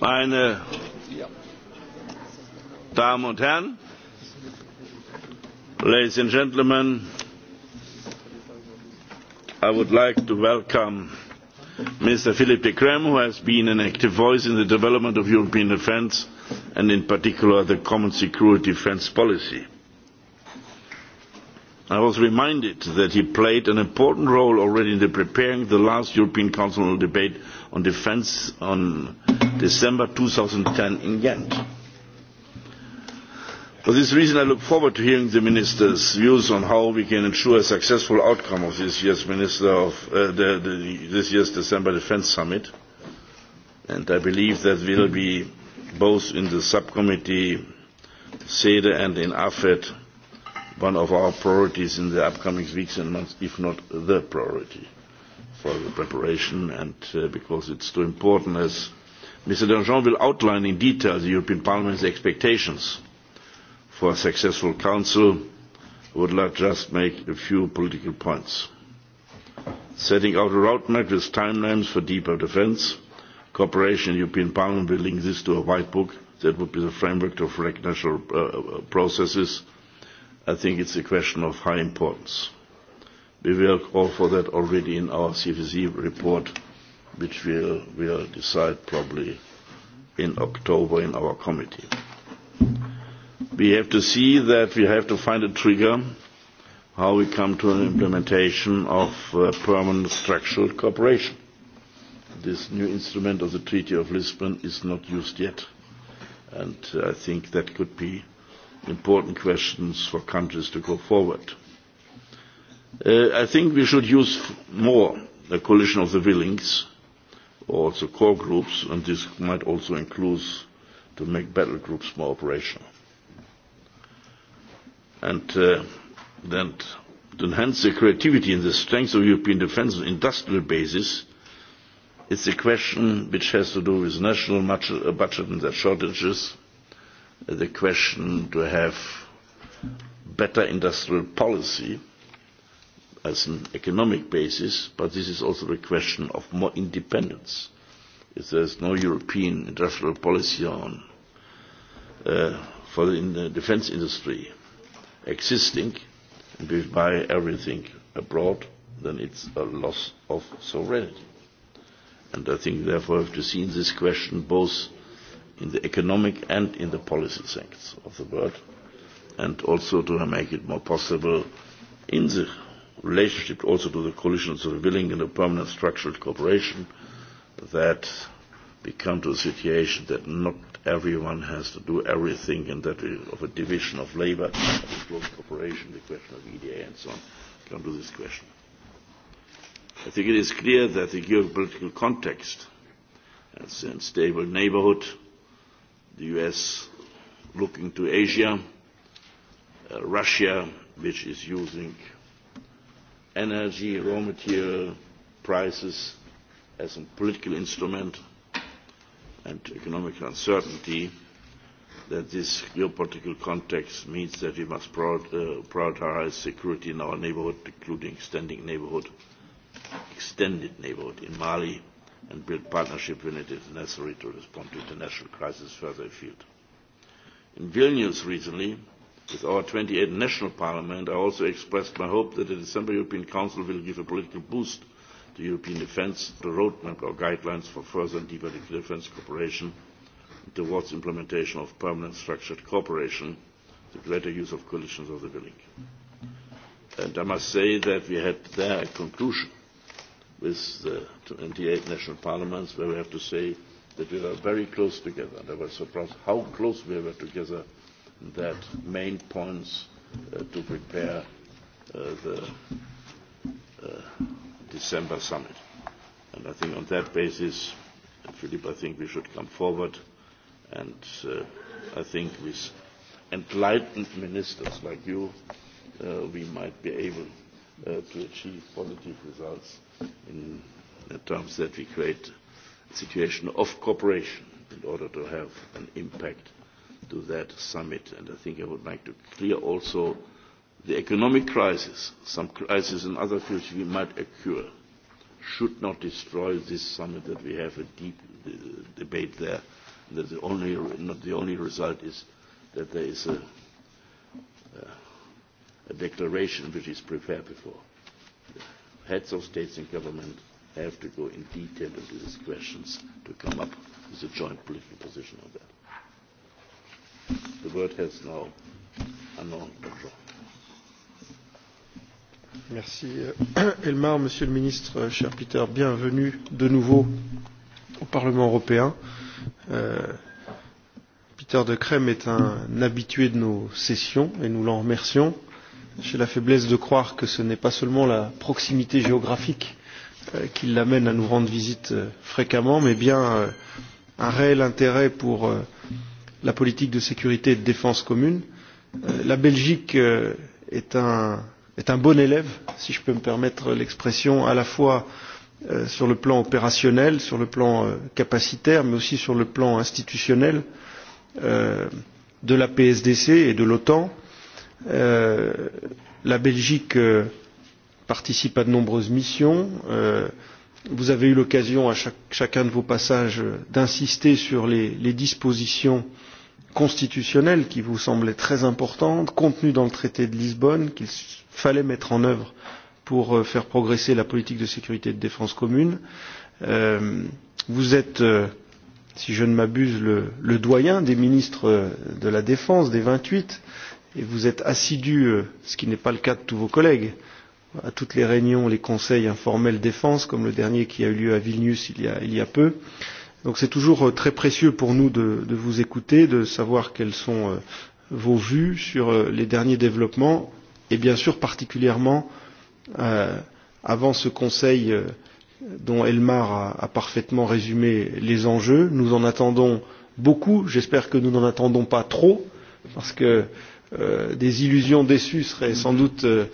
Meine Damen und Herren, ladies and gentlemen, I would like to welcome Mr. Philip de Krem, who has been an active voice in the development of European defence and in particular the common security defence policy. I was reminded that he played an important role already in the preparing the last European Council debate on defence on December ten in Ghent. For this reason, I look forward to hearing the Minister's views on how we can ensure a successful outcome of this year's, Minister of, uh, the, the, this year's December Defence Summit. And I believe that will be both in the subcommittee SEDE and in AFED one of our priorities in the upcoming weeks and months, if not the priority for the preparation, and uh, because it's too important as Mr. Danjean will outline in detail the European Parliament's expectations for a successful Council. I would like just make a few political points. Setting out a roadmap with timelines for deeper defence, cooperation in the European Parliament will link this to a white book that would be the framework of recognition uh, uh processes i think it's a question of high importance. We will call for that already in our CVC report, which will we'll decide probably in October in our committee. We have to see that we have to find a trigger how we come to an implementation of uh, permanent structural cooperation. This new instrument of the Treaty of Lisbon is not used yet, and uh, I think that could be important questions for countries to go forward. Uh, I think we should use more the coalition of the willings, or also core groups, and this might also include to make battle groups more operational. And uh, then to enhance the creativity and the strength of European defence and industrial basis it's a question which has to do with national uh, budget and their shortages, the question to have better industrial policy as an economic basis, but this is also the question of more independence. If there is no European industrial policy on uh, for the, in the defense industry existing, and we buy everything abroad, then it's a loss of sovereignty. And I think therefore we have to see in this question both in the economic and in the policy sectors of the world, and also to make it more possible in the relationship also to the coalitions of the willing and a permanent structured cooperation that we come to a situation that not everyone has to do everything and that of a division of labor, of close cooperation, the question of EDA and so on, come to this question. I think it is clear that the geopolitical context and stable neighborhood the US looking to Asia, uh, Russia, which is using energy, raw material prices as a political instrument and economic uncertainty, that this geopolitical context means that we must uh, prioritize security in our neighborhood, including extending neighborhood, extended neighborhood in Mali, and build partnership when it is necessary to respond to international crises further afield. In Vilnius recently, with our 28 national parliament, I also expressed my hope that the December European Council will give a political boost to European defence, the roadmap or guidelines for further and deeper defence cooperation towards implementation of permanent structured cooperation, the greater use of coalitions of the willing. And I must say that we had there a conclusion with the 28 national parliaments where we have to say that we were very close together. And I was surprised how close we were together that main points uh, to prepare uh, the uh, December summit. And I think on that basis, Philippe, I think we should come forward and uh, I think with enlightened ministers like you, uh, we might be able uh, to achieve positive results in the terms that we create a situation of cooperation in order to have an impact to that summit. And I think I would like to clear also the economic crisis, some crisis in other fields we might occur, should not destroy this summit that we have a deep uh, debate there. That the only, not the only result is that there is a, uh, a declaration which is prepared before heads of states and government have to go in detail into these questions to come up with a joint political position on that. The word has now Arnaud Bergeron. Merci euh, Elmar, Monsieur le Ministre, euh, cher Peter, bienvenue de nouveau au Parlement européen. Euh, Peter de Crème est un habitué de nos sessions et nous l'en remercions. Euh, j'ai la faiblesse de croire que ce n'est pas seulement la proximité géographique euh, qui l'amène à nous rendre visite euh, fréquemment, mais bien euh, un réel intérêt pour la politique de sécurité et de défense commune. La Belgique est un, est un bon élève, si je peux me permettre l'expression, à la fois sur le plan opérationnel, sur le plan capacitaire, mais aussi sur le plan institutionnel de la PSDC et de l'OTAN Euh, la Belgique euh, participe à de nombreuses missions. Euh, vous avez eu l'occasion à chaque, chacun de vos passages d'insister sur les, les dispositions constitutionnelles qui vous semblaient très importantes, contenues dans le traité de Lisbonne, qu'il fallait mettre en œuvre pour faire progresser la politique de sécurité et de défense commune. vous êtes, si je ne m'abuse, le, le doyen des ministres de la Défense des vingt huit et vous êtes assidu, euh, ce qui n'est pas le cas de tous vos collègues, à toutes les réunions, les conseils informels défense, comme le dernier qui a eu lieu à Vilnius il y a, il y a peu. Donc c'est toujours euh, très précieux pour nous de, de vous écouter, de savoir quelles sont euh, vos vues sur les derniers développements et bien sûr particulièrement euh, avant ce Conseil dont Elmar a, a parfaitement résumé les enjeux. Nous en attendons beaucoup, j'espère que nous n'en attendons pas trop, parce que Euh, des illusions déçues serait sans doute euh,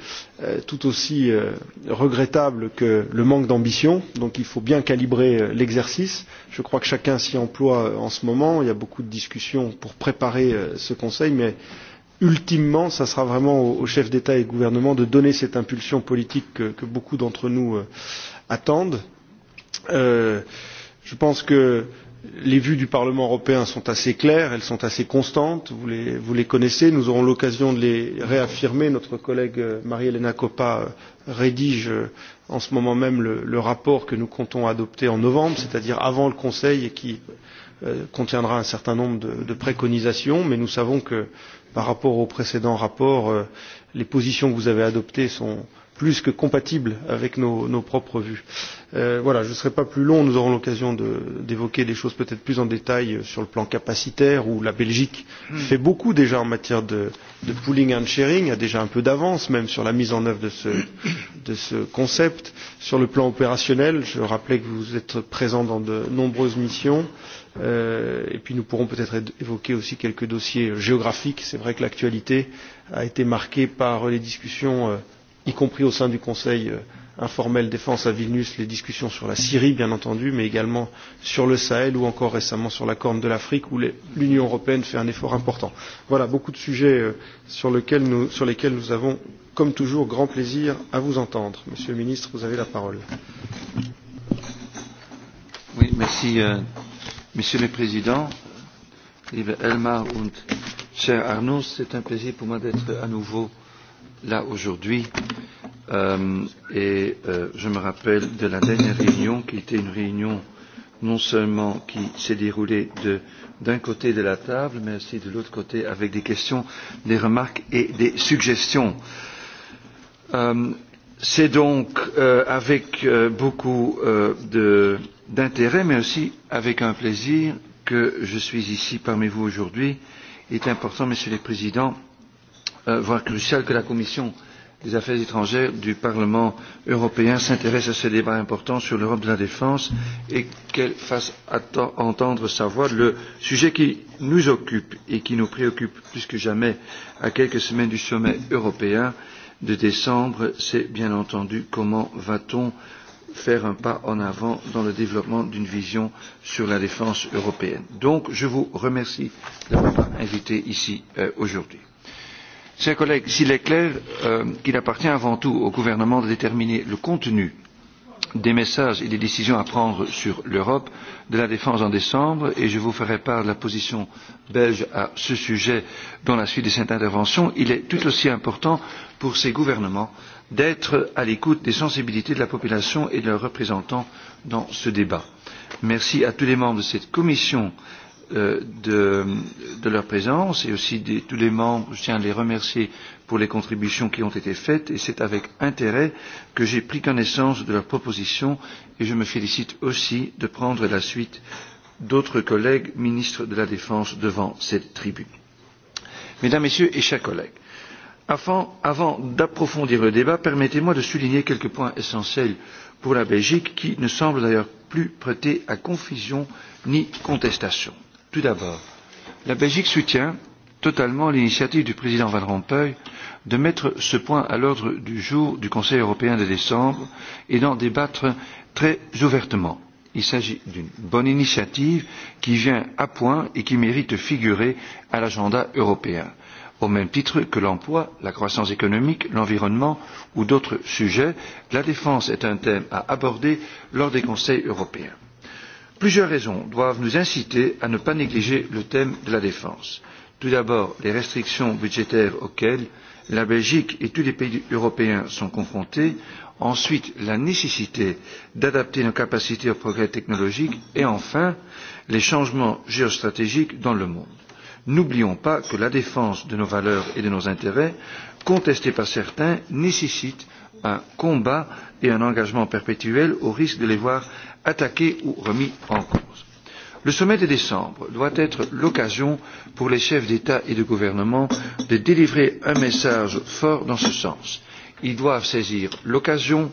euh, tout aussi regrettable que le manque d'ambition. Donc il faut bien calibrer l'exercice. Je crois que chacun s'y emploie en ce moment. Il y a beaucoup de discussions pour préparer ce Conseil, mais ultimement, ce sera vraiment aux, chefs d'État et de gouvernement de donner cette impulsion politique que, que beaucoup d'entre nous attendent. je pense que les vues du parlement européen sont assez claires elles sont assez constantes vous les, vous les connaissez nous aurons l'occasion de les réaffirmer notre collègue euh, marie helena coppa euh, rédige euh, en ce moment même le, le rapport que nous comptons adopter en novembre c'est à dire avant le conseil et qui contiendra un certain nombre de, de préconisations mais nous savons que par rapport au précédent rapport les positions que vous avez adoptées sont plus que compatible avec nos, nos propres vues. Euh, voilà, je ne serai pas plus long, nous aurons l'occasion d'évoquer de, des choses peut-être plus en détail euh, sur le plan capacitaire où la Belgique hmm. fait beaucoup déjà en matière de, de pooling and sharing, a déjà un peu d'avance même sur la mise en œuvre de ce, de ce concept. Sur le plan opérationnel, je rappelais que vous êtes présent dans de nombreuses missions euh, et puis nous pourrons peut-être évoquer aussi quelques dossiers géographiques. C'est vrai que l'actualité a été marquée par les discussions euh, y compris au sein du Conseil euh, informel défense à Vilnius, les discussions sur la Syrie, bien entendu, mais également sur le Sahel ou encore récemment sur la Corne de l'Afrique, où l'Union européenne fait un effort important. Voilà beaucoup de sujets euh, sur, lesquels nous, sur lesquels nous avons, comme toujours, grand plaisir à vous entendre. Monsieur le ministre, vous avez la parole. Oui, merci, euh, Monsieur le Président, liebe Elmar und cher Arnaud, c'est un plaisir pour moi d'être à nouveau euh, là aujourd'hui. Euh, et euh, je me rappelle de la dernière réunion qui était une réunion non seulement qui s'est déroulée d'un côté de la table, mais aussi de l'autre côté avec des questions, des remarques et des suggestions. Euh, C'est donc euh, avec euh, beaucoup euh, d'intérêt, mais aussi avec un plaisir que je suis ici parmi vous aujourd'hui. Il est important, Monsieur le Président, Euh, voire crucial que la Commission des affaires étrangères du Parlement européen s'intéresse à ce débat important sur l'Europe de la défense et qu'elle fasse entendre sa voix. Le sujet qui nous occupe et qui nous préoccupe plus que jamais à quelques semaines du sommet européen de décembre, c'est bien entendu comment va-t-on faire un pas en avant dans le développement d'une vision sur la défense européenne. Donc, je vous remercie de m'avoir invité ici euh, aujourd'hui. Chers collègues, s'il est clair euh, qu'il appartient avant tout au gouvernement de déterminer le contenu des messages et des décisions à prendre sur l'Europe de la défense en décembre et je vous ferai part de la position belge à ce sujet dans la suite de cette intervention, il est tout aussi important pour ces gouvernements d'être à l'écoute des sensibilités de la population et de leurs représentants dans ce débat. Merci à tous les membres de cette commission euh, de, de leur présence et aussi de tous les membres. Je tiens à les remercier pour les contributions qui ont été faites et c'est avec intérêt que j'ai pris connaissance de leurs propositions et je me félicite aussi de prendre la suite d'autres collègues ministres de la Défense devant cette tribune. Mesdames, Messieurs et chers collègues, avant, avant d'approfondir le débat, permettez-moi de souligner quelques points essentiels pour la Belgique qui ne semblent d'ailleurs plus prêter à confusion ni contestation Tout d'abord, la Belgique soutient totalement l'initiative du président Van Rompuy de mettre ce point à l'ordre du jour du Conseil européen de décembre et d'en débattre très ouvertement. Il s'agit d'une bonne initiative qui vient à point et qui mérite de figurer à l'agenda européen, au même titre que l'emploi, la croissance économique, l'environnement ou d'autres sujets. La défense est un thème à aborder lors des conseils européens Plusieurs raisons doivent nous inciter à ne pas négliger le thème de la défense. Tout d'abord, les restrictions budgétaires auxquelles la Belgique et tous les pays européens sont confrontés. Ensuite, la nécessité d'adapter nos capacités aux progrès technologiques. Et enfin, les changements géostratégiques dans le monde. N'oublions pas que la défense de nos valeurs et de nos intérêts, contestée par certains, nécessite un combat et un engagement perpétuel au risque de les voir attaqués ou remis en cause. Le sommet de décembre doit être l'occasion pour les chefs d'État et de gouvernement de délivrer un message fort dans ce sens. Ils doivent saisir l'occasion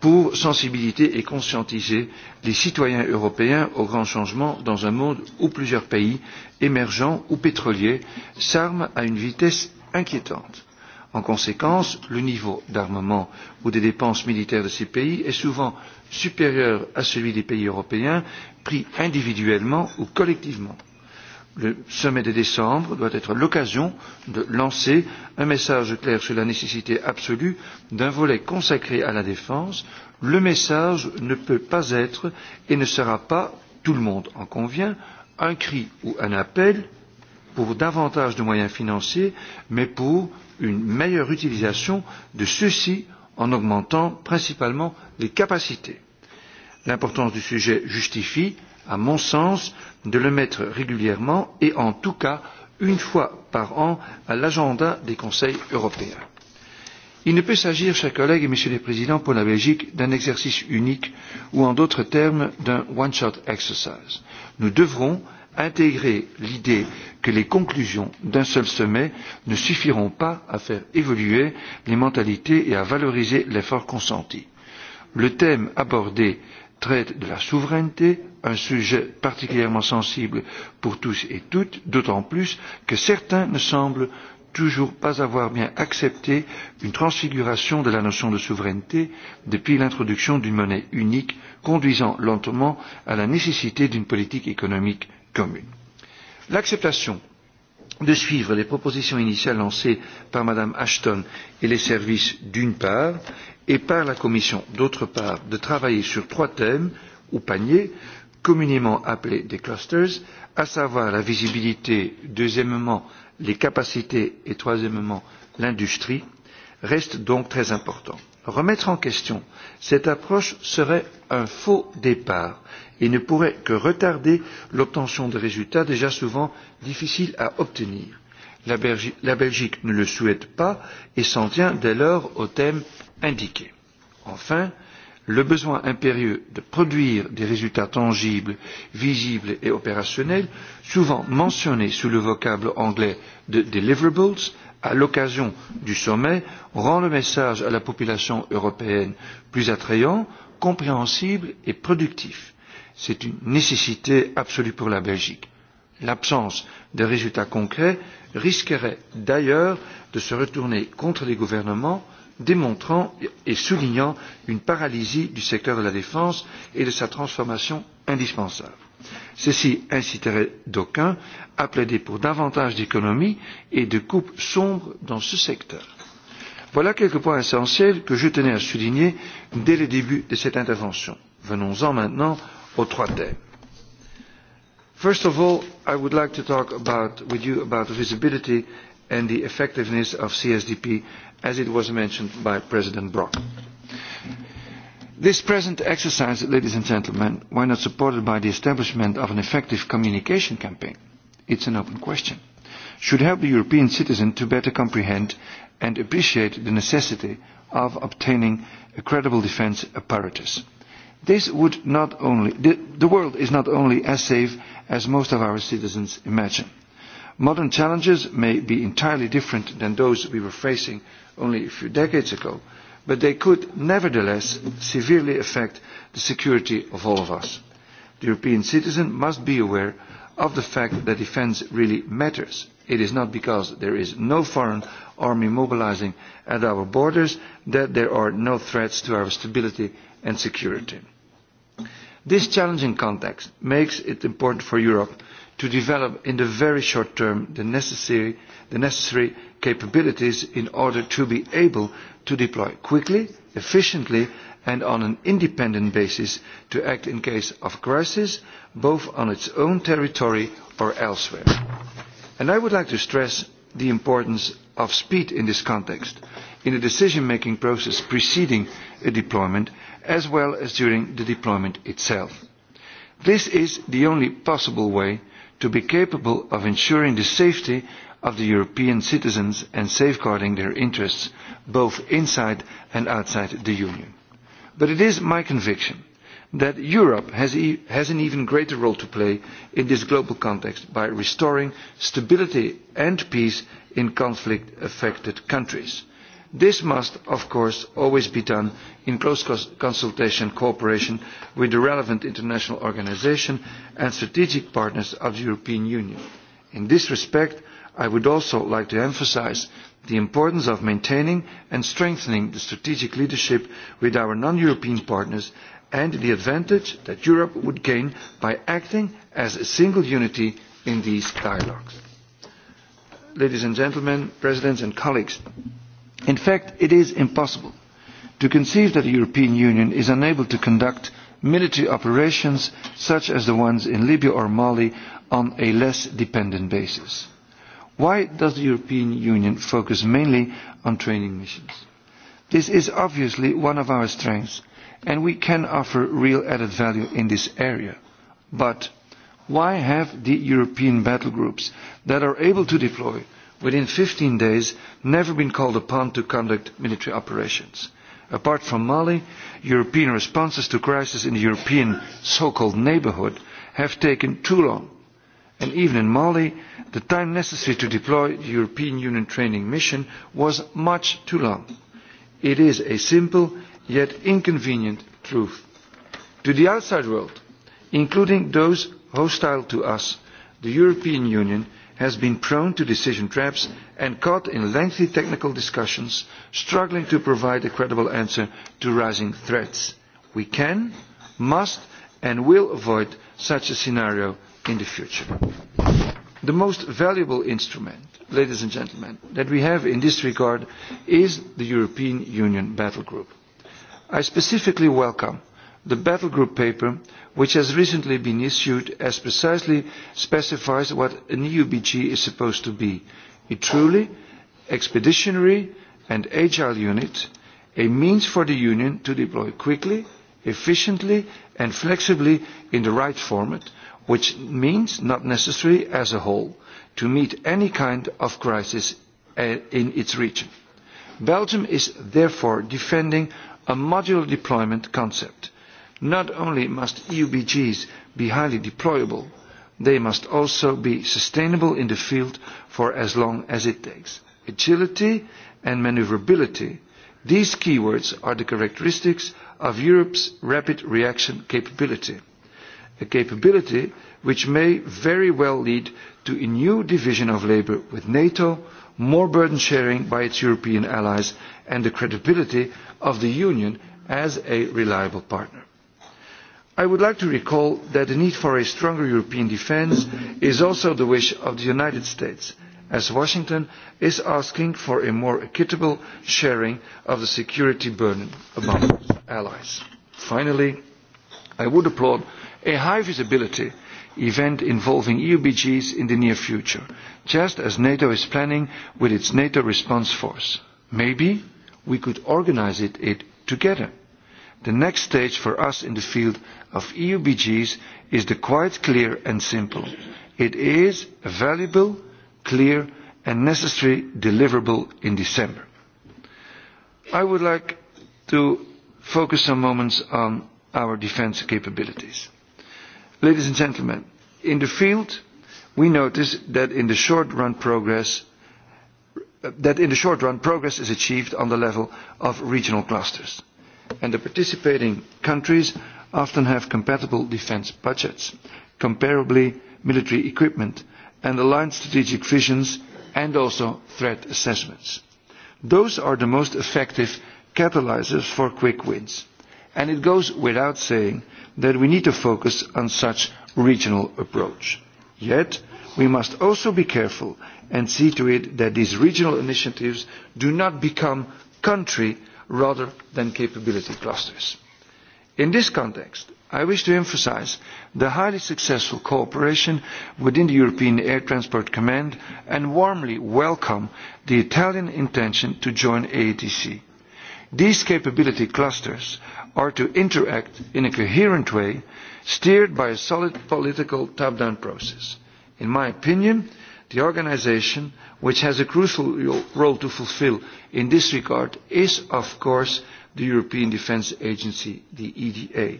pour sensibiliser et conscientiser les citoyens européens aux grands changements dans un monde où plusieurs pays émergents ou pétroliers s'arment à une vitesse inquiétante. En conséquence, le niveau d'armement ou des dépenses militaires de ces pays est souvent supérieur à celui des pays européens pris individuellement ou collectivement. Le sommet de décembre doit être l'occasion de lancer un message clair sur la nécessité absolue d'un volet consacré à la défense. Le message ne peut pas être et ne sera pas, tout le monde en convient, un cri ou un appel pour davantage de moyens financiers, mais pour une meilleure utilisation de ceux-ci en augmentant principalement les capacités l'importance du sujet justifie, à mon sens, de le mettre régulièrement et en tout cas une fois par an à l'agenda des conseils européens. Il ne peut s'agir, chers collègues et messieurs les présidents, pour la Belgique d'un exercice unique ou en d'autres termes d'un one-shot exercise. Nous devrons intégrer l'idée que les conclusions d'un seul sommet ne suffiront pas à faire évoluer les mentalités et à valoriser l'effort consenti. Le thème abordé traite de la souveraineté, un sujet particulièrement sensible pour tous et toutes, d'autant plus que certains ne semblent toujours pas avoir bien accepté une transfiguration de la notion de souveraineté depuis l'introduction d'une monnaie unique, conduisant lentement à la nécessité d'une politique économique commune. L'acceptation de suivre les propositions initiales lancées par Mme Ashton et les services d'une part, et par la Commission, d'autre part, de travailler sur trois thèmes ou paniers communément appelés des clusters, à savoir la visibilité, deuxièmement les capacités et troisièmement l'industrie, reste donc très important. Remettre en question cette approche serait un faux départ et ne pourrait que retarder l'obtention de résultats déjà souvent difficiles à obtenir. La Belgique, la Belgique ne le souhaite pas et s'en tient dès lors au thème indiquées. Enfin, le besoin impérieux de produire des résultats tangibles, visibles et opérationnels, souvent mentionné sous le vocable anglais de deliverables, à l'occasion du sommet, rend le message à la population européenne plus attrayant, compréhensible et productif. C'est une nécessité absolue pour la Belgique. L'absence de résultats concrets risquerait d'ailleurs de se retourner contre les gouvernements démontrant et soulignant une paralysie du secteur de la défense et de sa transformation indispensable. Ceci inciterait d'aucuns à plaider pour davantage d'économies et de coupes sombres dans ce secteur. Voilà quelques points essentiels que je tenais à souligner dès le début de cette intervention. Venons-en maintenant aux trois thèmes. First of all, I would like to talk about, with you about the visibility and the effectiveness of CSDP as it was mentioned by President Brok. This present exercise, ladies and gentlemen, why not supported by the establishment of an effective communication campaign? It's an open question. Should help the European citizen to better comprehend and appreciate the necessity of obtaining a credible defence apparatus. This would not only, the, the world is not only as safe as most of our citizens imagine. Modern challenges may be entirely different than those we were facing only a few decades ago, but they could nevertheless severely affect the security of all of us. The European citizen must be aware of the fact that defence really matters. It is not because there is no foreign army mobilising at our borders that there are no threats to our stability and security. This challenging context makes it important for Europe to develop in the very short term the necessary, the necessary capabilities in order to be able to deploy quickly, efficiently and on an independent basis to act in case of crisis, both on its own territory or elsewhere. And I would like to stress the importance of speed in this context, in the decision-making process preceding a deployment, as well as during the deployment itself. This is the only possible way to be capable of ensuring the safety of the European citizens and safeguarding their interests both inside and outside the Union. But it is my conviction that Europe has, e has an even greater role to play in this global context by restoring stability and peace in conflict-affected countries This must, of course, always be done in close consultation and cooperation with the relevant international organisations and strategic partners of the European Union. In this respect, I would also like to emphasise the importance of maintaining and strengthening the strategic leadership with our non-European partners and the advantage that Europe would gain by acting as a single unity in these dialogues. Ladies and gentlemen, presidents and colleagues, In fact, it is impossible to conceive that the European Union is unable to conduct military operations such as the ones in Libya or Mali on a less dependent basis. Why does the European Union focus mainly on training missions? This is obviously one of our strengths, and we can offer real added value in this area. But why have the European battle groups that are able to deploy within 15 days, never been called upon to conduct military operations. Apart from Mali, European responses to crisis in the European so-called neighbourhood have taken too long. And even in Mali, the time necessary to deploy the European Union training mission was much too long. It is a simple yet inconvenient truth. To the outside world, including those hostile to us, the European Union has been prone to decision traps and caught in lengthy technical discussions, struggling to provide a credible answer to rising threats. We can, must and will avoid such a scenario in the future. The most valuable instrument, ladies and gentlemen, that we have in this regard is the European Union Battle Group. I specifically welcome the battle group paper, which has recently been issued, as precisely specifies what an EUBG is supposed to be. A truly expeditionary and agile unit, a means for the Union to deploy quickly, efficiently and flexibly in the right format, which means not necessarily as a whole to meet any kind of crisis eh, in its region. Belgium is therefore defending a modular deployment concept Not only must EUBGs be highly deployable, they must also be sustainable in the field for as long as it takes. Agility and manoeuvrability these keywords are the characteristics of Europe's rapid reaction capability, a capability which may very well lead to a new division of labour with NATO, more burden sharing by its European allies, and the credibility of the Union as a reliable partner. I would like to recall that the need for a stronger European defence is also the wish of the United States, as Washington is asking for a more equitable sharing of the security burden among allies. Finally, I would applaud a high visibility event involving EU BGs in the near future, just as NATO is planning with its NATO response force. Maybe we could organise it, it together The next stage for us in the field of EU BGs is the quite clear and simple. It is a valuable, clear and necessary deliverable in December. I would like to focus some moments on our defence capabilities. Ladies and gentlemen, in the field, we notice that in the short run progress that in the short run progress is achieved on the level of regional clusters and the participating countries often have compatible defence budgets, comparably military equipment, and aligned strategic visions and also threat assessments. Those are the most effective catalyzers for quick wins. And it goes without saying that we need to focus on such regional approach. Yet, we must also be careful and see to it that these regional initiatives do not become country rather than capability clusters. In this context, I wish to emphasise the highly successful cooperation within the European Air Transport Command and warmly welcome the Italian intention to join AATC. These capability clusters are to interact in a coherent way, steered by a solid political top-down process. In my opinion, The organisation, which has a crucial role to fulfil in this regard, is, of course, the European Defence Agency, the EDA.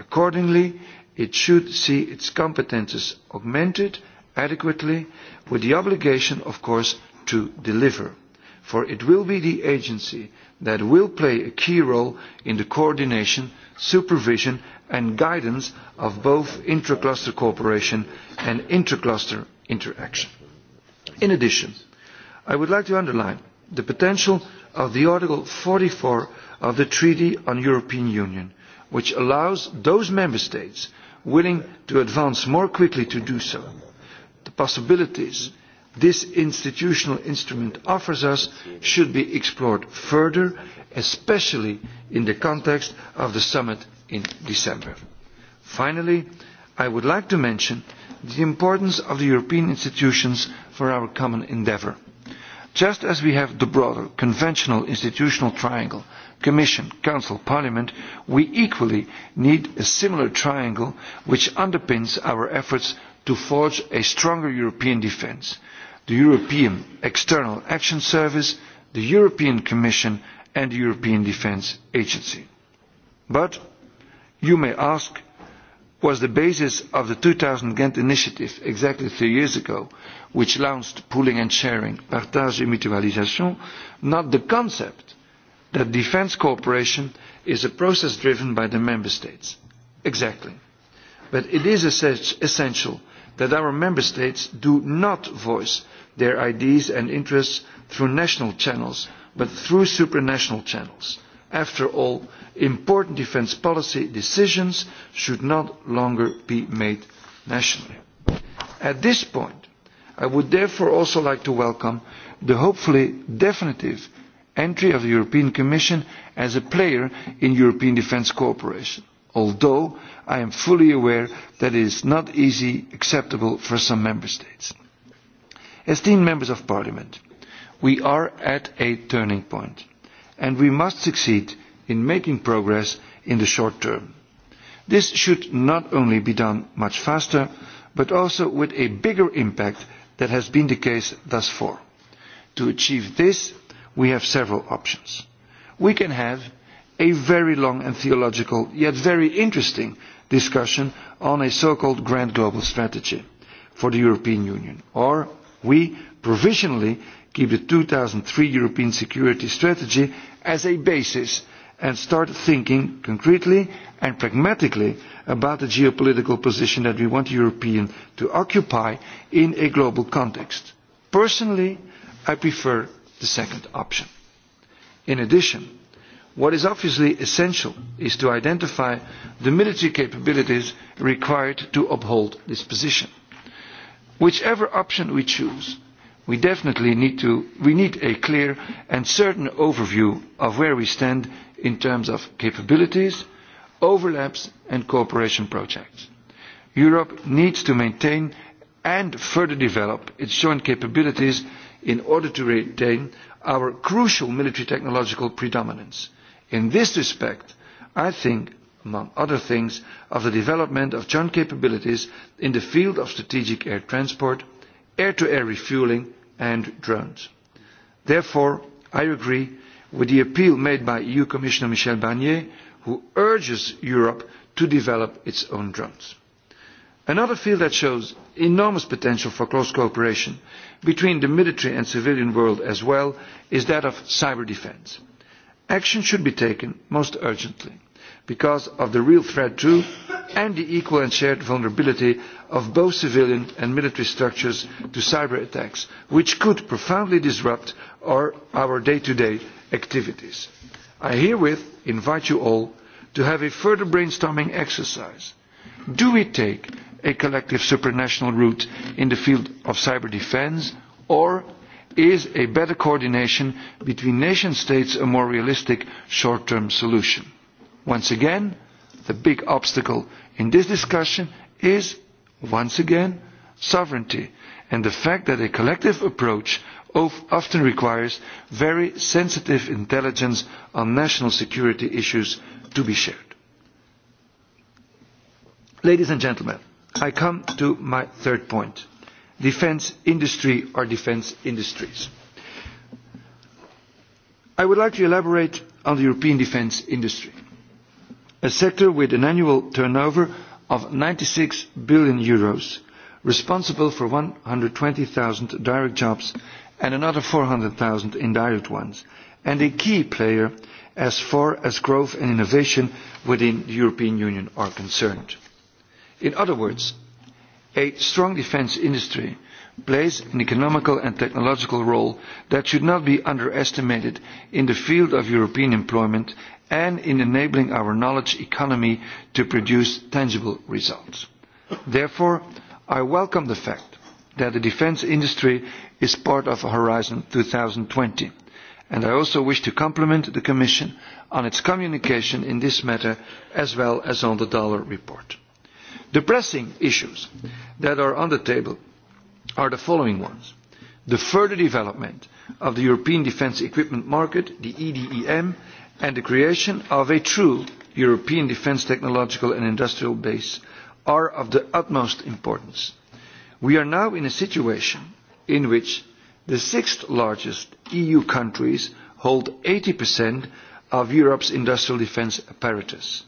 Accordingly, it should see its competences augmented adequately, with the obligation, of course, to deliver. For it will be the agency that will play a key role in the coordination, supervision and guidance of both intra-cluster cooperation and intra-cluster interaction. In addition, I would like to underline the potential of the Article forty four of the Treaty on European Union, which allows those member states willing to advance more quickly to do so. The possibilities this institutional instrument offers us should be explored further, especially in the context of the summit in December. Finally, I would like to mention the importance of the European institutions for our common endeavour. Just as we have the broader conventional institutional triangle, Commission, Council, Parliament, we equally need a similar triangle which underpins our efforts to forge a stronger European defence. The European External Action Service, the European Commission and the European Defence Agency. But you may ask, was the basis of the 2000 Ghent initiative exactly three years ago, which launched pooling and sharing, partage et mutualisation, not the concept that defence cooperation is a process driven by the member states. Exactly. But it is essential that our member states do not voice their ideas and interests through national channels, but through supranational channels After all, important defence policy decisions should no longer be made nationally. At this point, I would therefore also like to welcome the hopefully definitive entry of the European Commission as a player in European defence cooperation, although I am fully aware that it is not easy acceptable for some Member States. Esteemed Members of Parliament, we are at a turning point and we must succeed in making progress in the short term. This should not only be done much faster, but also with a bigger impact than has been the case thus far. To achieve this, we have several options. We can have a very long and theological, yet very interesting, discussion on a so-called grand global strategy for the European Union. Or we provisionally keep the two thousand and three European security strategy as a basis and start thinking concretely and pragmatically about the geopolitical position that we want the European to occupy in a global context. Personally, I prefer the second option. In addition, what is obviously essential is to identify the military capabilities required to uphold this position. Whichever option we choose, we definitely need to we need a clear and certain overview of where we stand in terms of capabilities, overlaps and cooperation projects. Europe needs to maintain and further develop its joint capabilities in order to retain our crucial military technological predominance. In this respect, I think, among other things, of the development of joint capabilities in the field of strategic air transport, air-to-air -air refuelling, and drones. Therefore, I agree with the appeal made by EU Commissioner Michel Barnier, who urges Europe to develop its own drones. Another field that shows enormous potential for close cooperation between the military and civilian world as well is that of cyber defence. Action should be taken most urgently because of the real threat to and the equal and shared vulnerability of both civilian and military structures to cyber attacks, which could profoundly disrupt our, our day to day activities. I herewith invite you all to have a further brainstorming exercise. Do we take a collective supranational route in the field of cyber defence, or is a better coordination between nation states a more realistic short term solution? Once again, the big obstacle in this discussion is, once again, sovereignty and the fact that a collective approach often requires very sensitive intelligence on national security issues to be shared. Ladies and gentlemen, I come to my third point, defence industry or defence industries. I would like to elaborate on the European defence industry a sector with an annual turnover of EUR ninety six billion Euros, responsible for one hundred twenty 120,000 direct jobs and another four hundred thousand indirect ones, and a key player as far as growth and innovation within the European Union are concerned. In other words, a strong defence industry plays an economical and technological role that should not be underestimated in the field of European employment and in enabling our knowledge economy to produce tangible results. Therefore, I welcome the fact that the defence industry is part of Horizon 2020, and I also wish to compliment the Commission on its communication in this matter as well as on the dollar report. The pressing issues that are on the table are the following ones. The further development of the European Defence Equipment Market, the EDEM, and the creation of a true European defence technological and industrial base are of the utmost importance. We are now in a situation in which the sixth largest EU countries hold 80% of Europe's industrial defence apparatus.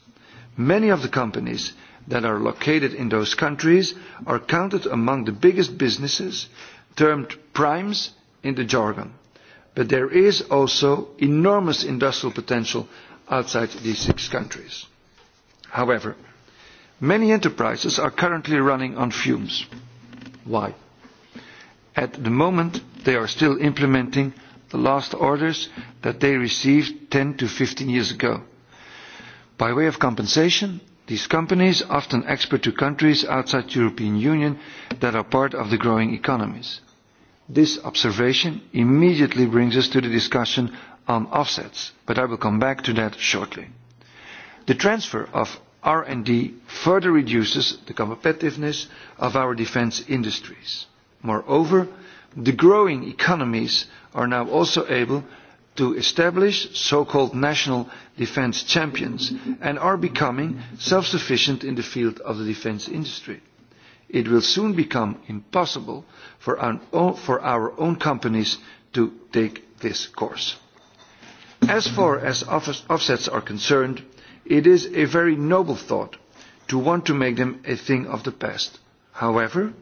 Many of the companies that are located in those countries are counted among the biggest businesses termed primes in the jargon but there is also enormous industrial potential outside these six countries. However, many enterprises are currently running on fumes. Why? At the moment, they are still implementing the last orders that they received 10 to 15 years ago. By way of compensation, these companies often export to countries outside the European Union that are part of the growing economies. This observation immediately brings us to the discussion on offsets, but I will come back to that shortly. The transfer of R&D further reduces the competitiveness of our defense industries. Moreover, the growing economies are now also able to establish so-called national defense champions and are becoming self-sufficient in the field of the defense industry it will soon become impossible for our own, for our own companies to take this course. As far as offsets are concerned, it is a very noble thought to want to make them a thing of the past. However,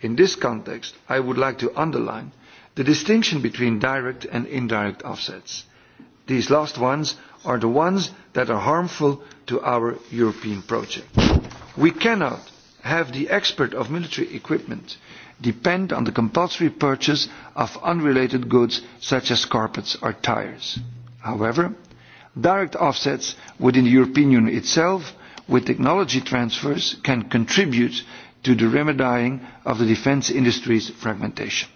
in this context, I would like to underline the distinction between direct and indirect offsets. These last ones are the ones that are harmful to our European project. We cannot have the export of military equipment depend on the compulsory purchase of unrelated goods such as carpets or tires. However, direct offsets within the European Union itself with technology transfers can contribute to the remedying of the defence industry's fragmentation.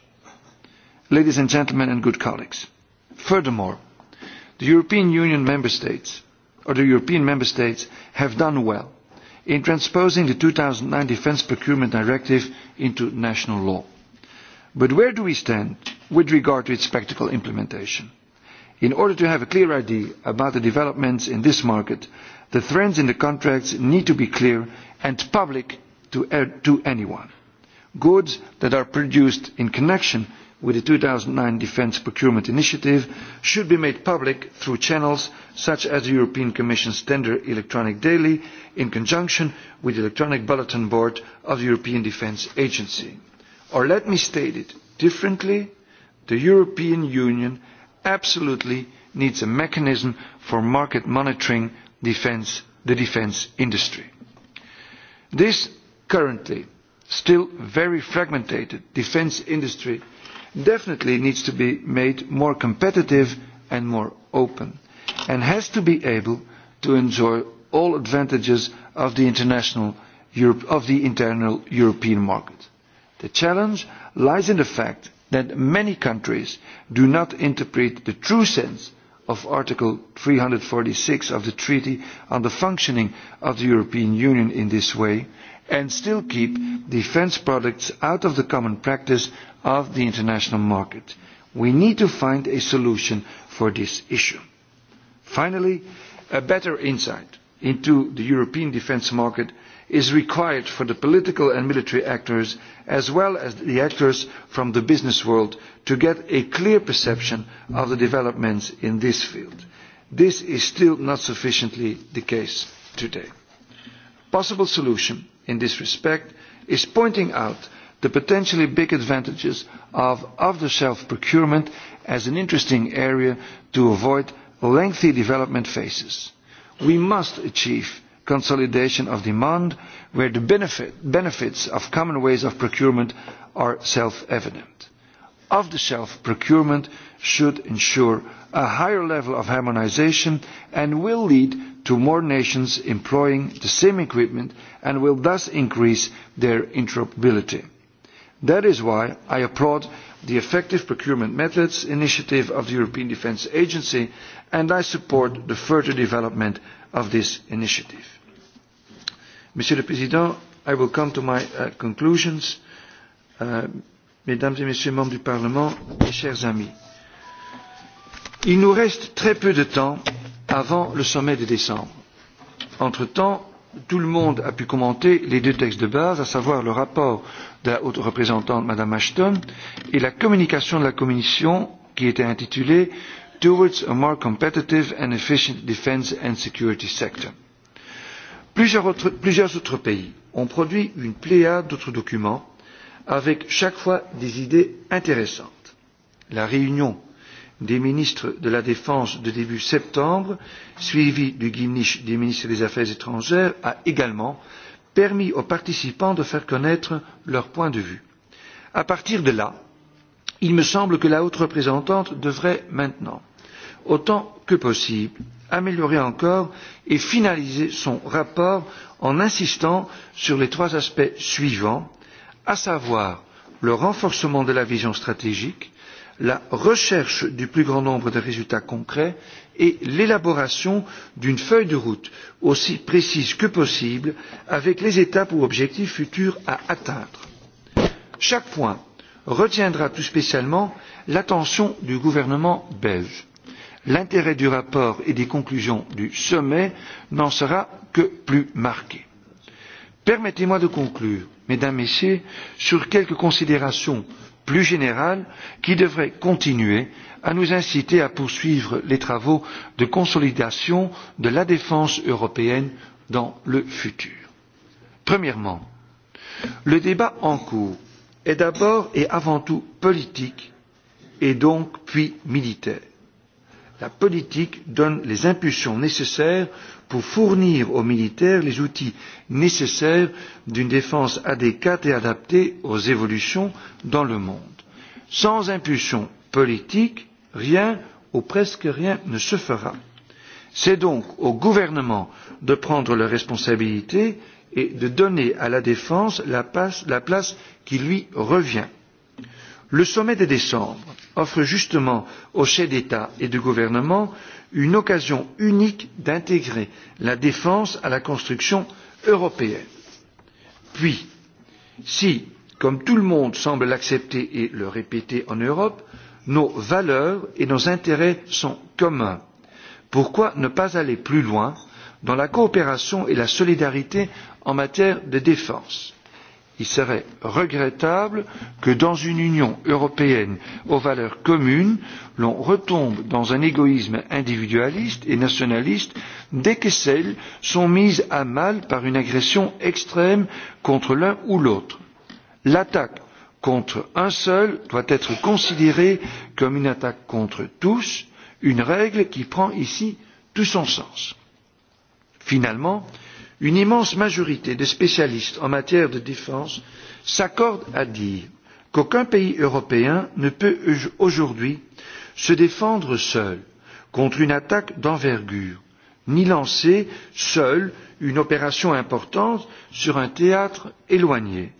Ladies and gentlemen and good colleagues, furthermore, the European Union member states or the European member states have done well in transposing the two thousand and nine Defence Procurement Directive into national law. But where do we stand with regard to its practical implementation? In order to have a clear idea about the developments in this market, the trends in the contracts need to be clear and public to, uh, to anyone. Goods that are produced in connection with the two thousand and nine Defence Procurement Initiative should be made public through channels such as the European Commission's Tender Electronic Daily in conjunction with the Electronic Bulletin Board of the European Defence Agency. Or let me state it differently, the European Union absolutely needs a mechanism for market monitoring defense, the defence industry. This currently still very fragmented defence industry definitely needs to be made more competitive and more open, and has to be able to enjoy all advantages of the, international Europe, of the internal European market. The challenge lies in the fact that many countries do not interpret the true sense of Article three hundred and forty six of the Treaty on the Functioning of the European Union in this way, and still keep defence products out of the common practice of the international market. We need to find a solution for this issue. Finally, a better insight into the European defence market is required for the political and military actors as well as the actors from the business world to get a clear perception of the developments in this field. This is still not sufficiently the case today. A possible solution in this respect is pointing out the potentially big advantages of off-the-shelf procurement as an interesting area to avoid lengthy development phases. We must achieve consolidation of demand where the benefit, benefits of common ways of procurement are self-evident. Off-the-shelf procurement should ensure a higher level of harmonisation and will lead to more nations employing the same equipment and will thus increase their interoperability. That is why I applaud the Effective Procurement Methods initiative of the European Defence Agency and I support the further development of this initiative. Monsieur le Président, I will come to my uh, conclusions. Uh, Mesdames et Messieurs membres du Parlement, mes chers amis, il nous reste très peu de temps avant le sommet de décembre. Entre-temps, tout le monde a pu commenter les deux textes de base, à savoir le rapport de la haute représentante Mme Ashton et la communication de la Commission qui était intitulée Towards a more competitive and efficient defence and security sector. Plusieurs autres, plusieurs autres pays ont produit une pléiade d'autres documents avec chaque fois des idées intéressantes. La réunion des ministres de la Défense de début septembre, suivi du Gimnich des ministres des Affaires étrangères, a également permis aux participants de faire connaître leur point de vue. À partir de là, il me semble que la haute représentante devrait maintenant, autant que possible, améliorer encore et finaliser son rapport en insistant sur les trois aspects suivants, à savoir le renforcement de la vision stratégique, la recherche du plus grand nombre de résultats concrets et l'élaboration d'une feuille de route aussi précise que possible avec les étapes ou objectifs futurs à atteindre. chaque point retiendra tout spécialement l'attention du gouvernement belge. l'intérêt du rapport et des conclusions du sommet n'en sera que plus marqué. permettez moi de conclure mesdames et messieurs sur quelques considérations plus générale qui devrait continuer à nous inciter à poursuivre les travaux de consolidation de la défense européenne dans le futur. Premièrement, le débat en cours est d'abord et avant tout politique et donc puis militaire. La politique donne les impulsions nécessaires pour fournir aux militaires les outils nécessaires d'une défense adéquate et adaptée aux évolutions dans le monde. Sans impulsion politique, rien ou presque rien ne se fera. C'est donc au gouvernement de prendre leurs responsabilités et de donner à la défense la place, la place qui lui revient. Le sommet de décembre offre justement aux chefs d'État et de gouvernement une occasion unique d'intégrer la défense à la construction européenne. Puis, si, comme tout le monde semble l'accepter et le répéter en Europe, nos valeurs et nos intérêts sont communs, pourquoi ne pas aller plus loin dans la coopération et la solidarité en matière de défense? il serait regrettable que dans une union européenne aux valeurs communes l'on retombe dans un égoïsme individualiste et nationaliste dès que celles sont mises à mal par une agression extrême contre l'un ou l'autre. l'attaque contre un seul doit être considérée comme une attaque contre tous une règle qui prend ici tout son sens. finalement une immense majorité de spécialistes en matière de défense s'accordent à dire qu'aucun pays européen ne peut aujourd'hui se défendre seul contre une attaque d'envergure ni lancer seul une opération importante sur un théâtre éloigné.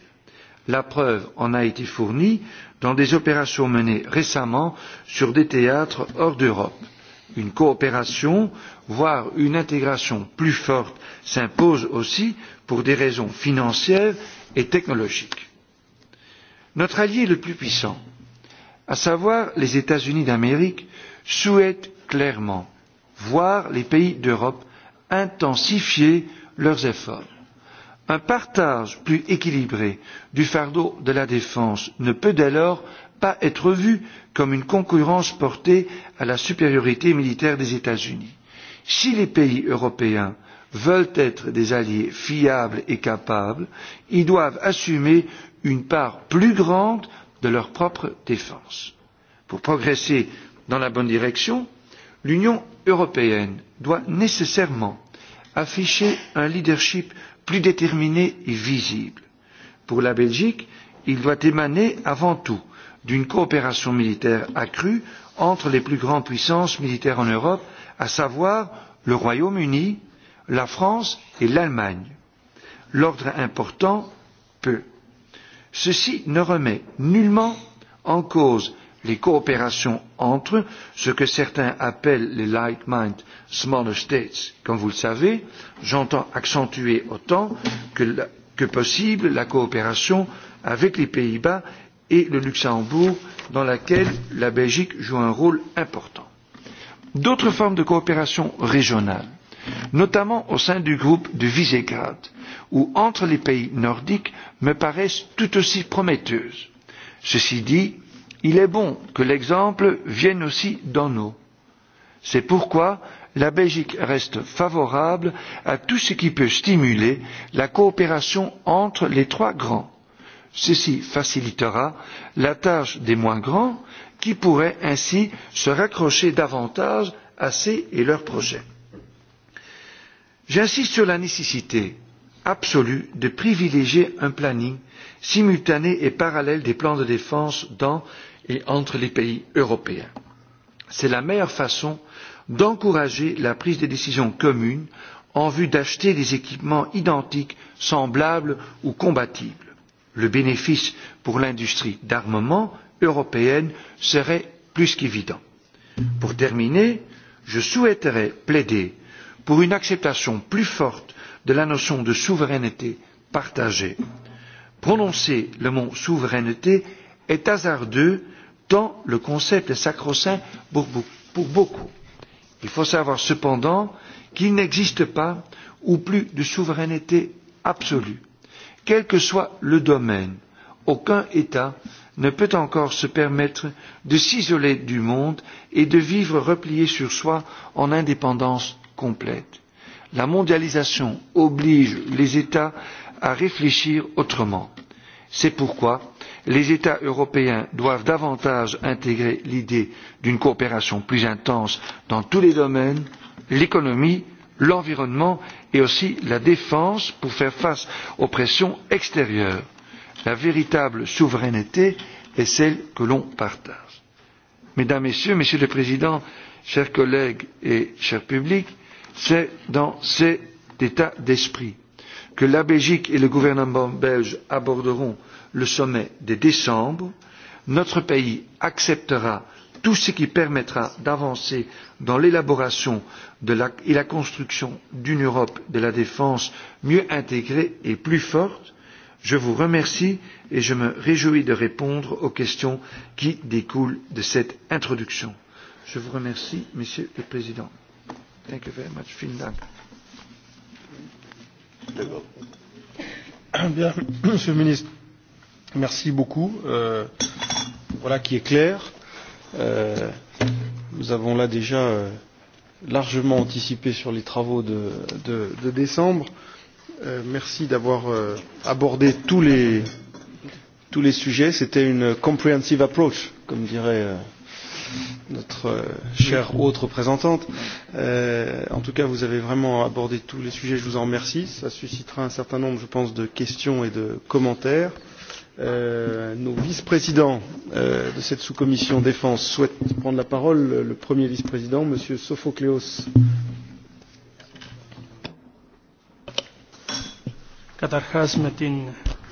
La preuve en a été fournie dans des opérations menées récemment sur des théâtres hors d'Europe. Une coopération voire une intégration plus forte s'impose aussi pour des raisons financières et technologiques. Notre allié le plus puissant, à savoir les États Unis d'Amérique, souhaite clairement voir les pays d'Europe intensifier leurs efforts. Un partage plus équilibré du fardeau de la défense ne peut dès lors pas être vu comme une concurrence portée à la supériorité militaire des États Unis. Si les pays européens veulent être des alliés fiables et capables, ils doivent assumer une part plus grande de leur propre défense. Pour progresser dans la bonne direction, l'Union européenne doit nécessairement afficher un leadership plus déterminé et visible. Pour la Belgique, il doit émaner avant tout d'une coopération militaire accrue entre les plus grandes puissances militaires en Europe à savoir le Royaume Uni, la France et l'Allemagne. L'ordre important peu. Ceci ne remet nullement en cause les coopérations entre eux, ce que certains appellent les like mind smaller states. Comme vous le savez, j'entends accentuer autant que, la, que possible la coopération avec les Pays Bas et le Luxembourg, dans laquelle la Belgique joue un rôle important d'autres formes de coopération régionale, notamment au sein du groupe du Visegrad ou entre les pays nordiques, me paraissent tout aussi prometteuses. Ceci dit, il est bon que l'exemple vienne aussi d'en haut. C'est pourquoi la Belgique reste favorable à tout ce qui peut stimuler la coopération entre les trois grands. Ceci facilitera la tâche des moins grands qui pourraient ainsi se raccrocher davantage à ces et leurs projets. J'insiste sur la nécessité absolue de privilégier un planning simultané et parallèle des plans de défense dans et entre les pays européens. C'est la meilleure façon d'encourager la prise de décisions communes en vue d'acheter des équipements identiques, semblables ou compatibles. Le bénéfice pour l'industrie d'armement européenne serait plus qu'évident. Pour terminer, je souhaiterais plaider pour une acceptation plus forte de la notion de souveraineté partagée. Prononcer le mot souveraineté est hasardeux tant le concept est sacro-saint pour, beaucoup. Il faut savoir cependant qu'il n'existe pas ou plus de souveraineté absolue. Quel que soit le domaine, aucun État ne peut encore se permettre de s'isoler du monde et de vivre replié sur soi en indépendance complète. La mondialisation oblige les États à réfléchir autrement. C'est pourquoi les États européens doivent davantage intégrer l'idée d'une coopération plus intense dans tous les domaines l'économie, l'environnement et aussi la défense pour faire face aux pressions extérieures La véritable souveraineté est celle que l'on partage. Mesdames, Messieurs, Monsieur le Président, chers collègues et chers publics, c'est dans cet état d'esprit que la Belgique et le gouvernement belge aborderont le sommet de décembre. Notre pays acceptera tout ce qui permettra d'avancer dans l'élaboration et la construction d'une Europe de la défense mieux intégrée et plus forte je vous remercie et je me réjouis de répondre aux questions qui découlent de cette introduction. Je vous remercie, Monsieur le Président. Thank you very much. Vielen Dank. Bien, Monsieur le Ministre, merci beaucoup. Euh, voilà qui est clair. Euh, nous avons là déjà euh, largement anticipé sur les travaux de, de, de décembre. Euh, Euh, merci d'avoir euh, abordé tous les, tous les sujets. C'était une comprehensive approach, comme dirait euh, notre chère haute représentante. Euh, en tout cas, vous avez vraiment abordé tous les sujets. Je vous en remercie. Ça suscitera un certain nombre, je pense, de questions et de commentaires. Euh, nos vice-présidents euh, de cette sous-commission défense souhaitent prendre la parole. Le premier vice-président, Monsieur Sophocléos Καταρχάς με την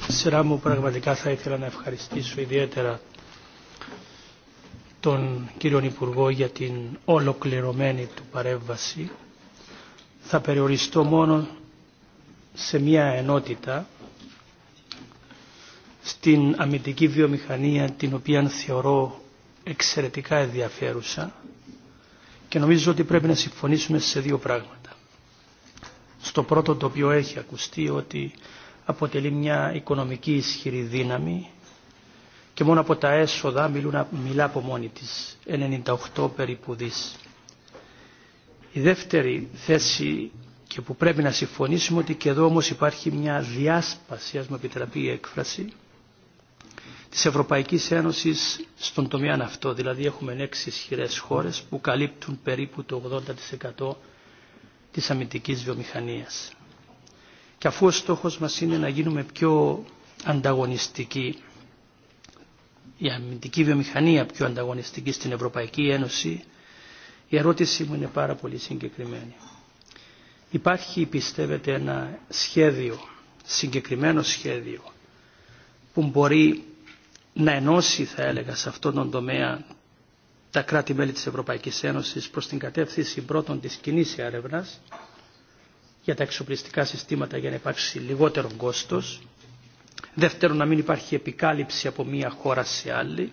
σειρά μου πραγματικά θα ήθελα να ευχαριστήσω ιδιαίτερα τον κύριο Υπουργό για την ολοκληρωμένη του παρέμβαση. Θα περιοριστώ μόνο σε μια ενότητα στην αμυντική βιομηχανία την οποία θεωρώ εξαιρετικά ενδιαφέρουσα και νομίζω ότι πρέπει να συμφωνήσουμε σε δύο πράγματα στο πρώτο το οποίο έχει ακουστεί ότι αποτελεί μια οικονομική ισχυρή δύναμη και μόνο από τα έσοδα μιλούν, μιλά από μόνη της 98 περίπου δις. Η δεύτερη θέση και που πρέπει να συμφωνήσουμε ότι και εδώ όμως υπάρχει μια διάσπαση, ας μου επιτραπεί η έκφραση, της Ευρωπαϊκής Ένωσης στον τομέα αυτό. Δηλαδή έχουμε έξι ισχυρές χώρες που καλύπτουν περίπου το 80% της αμυντικής βιομηχανίας. Και αφού ο στόχος μας είναι να γίνουμε πιο ανταγωνιστικοί, η αμυντική βιομηχανία πιο ανταγωνιστική στην Ευρωπαϊκή Ένωση, η ερώτησή μου είναι πάρα πολύ συγκεκριμένη. Υπάρχει, πιστεύετε, ένα σχέδιο, συγκεκριμένο σχέδιο, που μπορεί να ενώσει, θα έλεγα, σε αυτόν τον τομέα τα κράτη-μέλη της Ευρωπαϊκής Ένωσης προς την κατεύθυνση πρώτον της κοινή έρευνα για τα εξοπλιστικά συστήματα για να υπάρξει λιγότερο κόστος. Δεύτερον, να μην υπάρχει επικάλυψη από μία χώρα σε άλλη.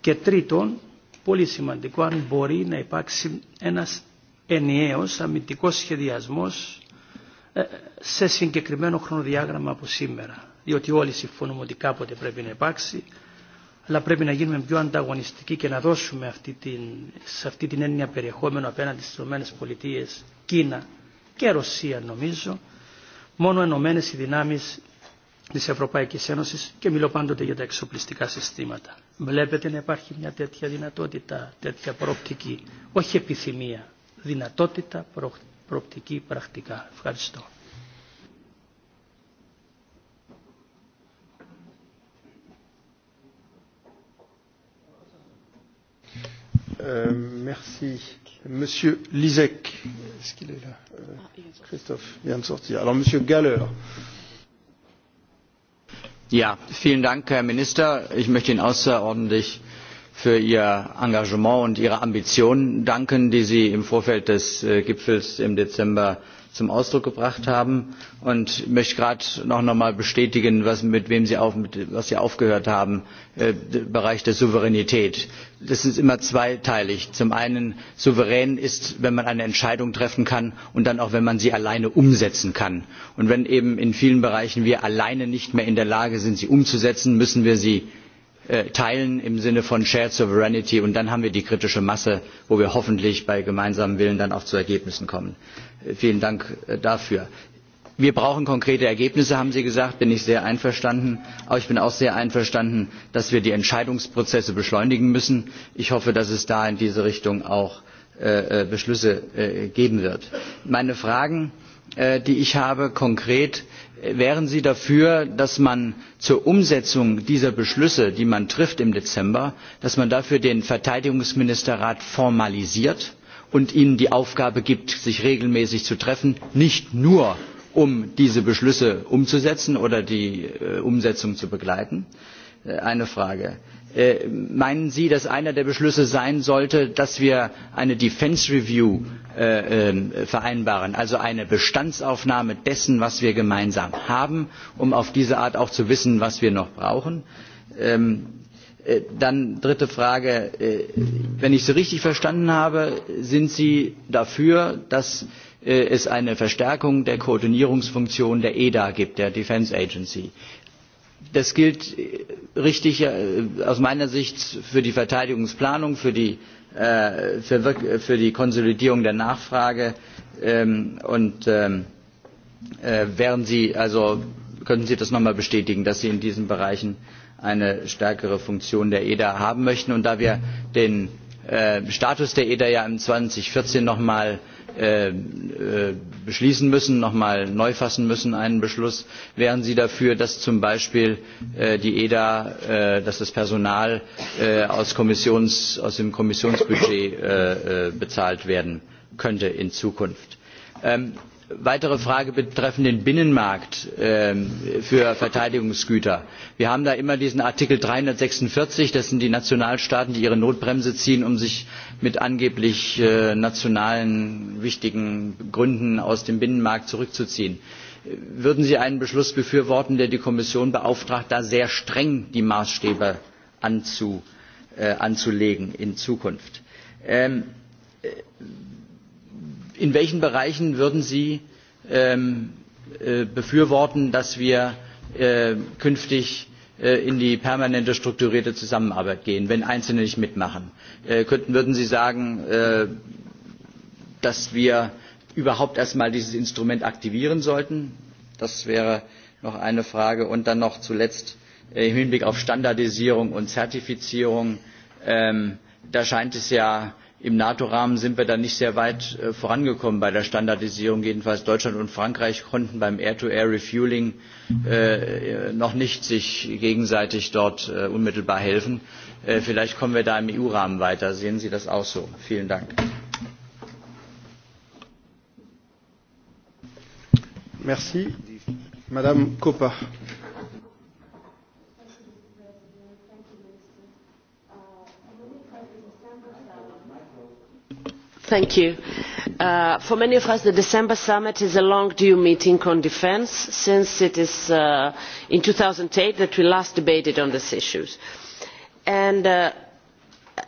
Και τρίτον, πολύ σημαντικό, αν μπορεί να υπάρξει ένας ενιαίος αμυντικός σχεδιασμός σε συγκεκριμένο χρονοδιάγραμμα από σήμερα. Διότι όλοι συμφωνούμε ότι κάποτε πρέπει να υπάρξει αλλά πρέπει να γίνουμε πιο ανταγωνιστικοί και να δώσουμε αυτή την, σε αυτή την έννοια περιεχόμενο απέναντι στις ΗΠΑ, Κίνα και Ρωσία νομίζω, μόνο ενωμένε οι δυνάμεις της Ευρωπαϊκής Ένωσης και μιλώ πάντοτε για τα εξοπλιστικά συστήματα. Βλέπετε να υπάρχει μια τέτοια δυνατότητα, τέτοια προοπτική, όχι επιθυμία, δυνατότητα προοπτική πρακτικά. Ευχαριστώ. Euh, Monsieur Lisek, est-ce qu'il euh, ah, est là Christophe vient de sortir. Alors Monsieur vielen Dank, Herr Minister. Ich möchte Ihnen außerordentlich für Ihr Engagement und Ihre Ambitionen danken, die Sie im Vorfeld des äh, Gipfels im Dezember zum Ausdruck gebracht haben. Und ich möchte gerade noch einmal bestätigen, was, mit wem Sie, auf, Sie aufgehört haben, äh, den Bereich der Souveränität. Das ist immer zweiteilig. Zum einen, souverän ist, wenn man eine Entscheidung treffen kann und dann auch, wenn man sie alleine umsetzen kann. Und wenn eben in vielen Bereichen wir alleine nicht mehr in der Lage sind, sie umzusetzen, müssen wir sie Äh, teilen im Sinne von Shared Sovereignty. Und dann haben wir die kritische Masse, wo wir hoffentlich bei gemeinsamem Willen dann auch zu Ergebnissen kommen. Äh, vielen Dank äh, dafür. Wir brauchen konkrete Ergebnisse, haben Sie gesagt, bin ich sehr einverstanden. Aber ich bin auch sehr einverstanden, dass wir die Entscheidungsprozesse beschleunigen müssen. Ich hoffe, dass es da in diese Richtung auch Beschlüsse geben wird. Meine Fragen, die ich habe konkret, wären sie dafür dass man zur umsetzung dieser beschlüsse die man im dezember trifft den verteidigungsministerrat formalisiert und ihm die aufgabe gibt sich regelmäßig zu treffen nicht nur um diese beschlüsse umzusetzen oder die äh, umsetzung zu begleiten? Äh, eine frage. Äh, meinen sie dass einer der beschlüsse sein sollte dass wir eine defence review äh, ähm, vereinbaren also eine bestandsaufnahme dessen was wir gemeinsam haben um auf diese art auch zu wissen was wir noch brauchen? dann ähm, die äh, dann dritte frage wenn ich sie richtig verstanden habe sind sie dafür dass es eine verstärkung der koordinierungsfunktion der eda gibt der defence agency? das gilt äh, richtig äh, aus meiner Sicht für die Verteidigungsplanung, für die, äh, Konsolidierung der Nachfrage. Ähm, und ähm, Sie, können Sie das nochmal bestätigen, dass Sie in diesen Bereichen eine stärkere Funktion der EDA haben möchten? Und da wir den Status der EDA ja im noch nochmal Äh, äh, beschließen müssen, nochmal neu fassen müssen, einen Beschluss. Wären Sie dafür, dass zum Beispiel äh, die EDA, dass das Personal aus, dem Kommissionsbudget bezahlt werden könnte in Zukunft? Ähm, weitere frage betreffend den binnenmarkt ähm, für verteidigungsgüter wir haben da immer diesen artikel dreihundertsechsundvierzig das sind die nationalstaaten die ihre notbremse ziehen um sich mit angeblich äh, nationalen wichtigen gründen aus dem binnenmarkt zurückzuziehen. würden sie einen beschluss befürworten der die kommission beauftragt da sehr streng die maßstäbe äh, anzulegen in zukunft? Ähm, äh, in welchen bereichen würden Sie ähm, äh, befürworten, dass wir äh, künftig äh, in die permanente strukturierte Zusammenarbeit gehen, wenn Einzelne nicht mitmachen? würden Sie sagen, dass wir überhaupt erst einmal dieses Instrument aktivieren sollten? Das wäre noch eine Frage. Und dann noch zuletzt im Hinblick auf Standardisierung und Zertifizierung. Ähm, da scheint es ja im nato rahmen sind wir da nicht sehr weit äh, vorangekommen bei der standardisierung jedenfalls deutschland und frankreich konnten beim air to air refuelling äh, noch nicht sich gegenseitig dort äh, unmittelbar helfen. vielleicht kommen wir da im eu rahmen weiter. sehen sie das auch so? vielen dank. Uh, for many of us the december summit is a long due meeting on defence since it was uh, in two thousand and eight that we last debated on these issues and uh,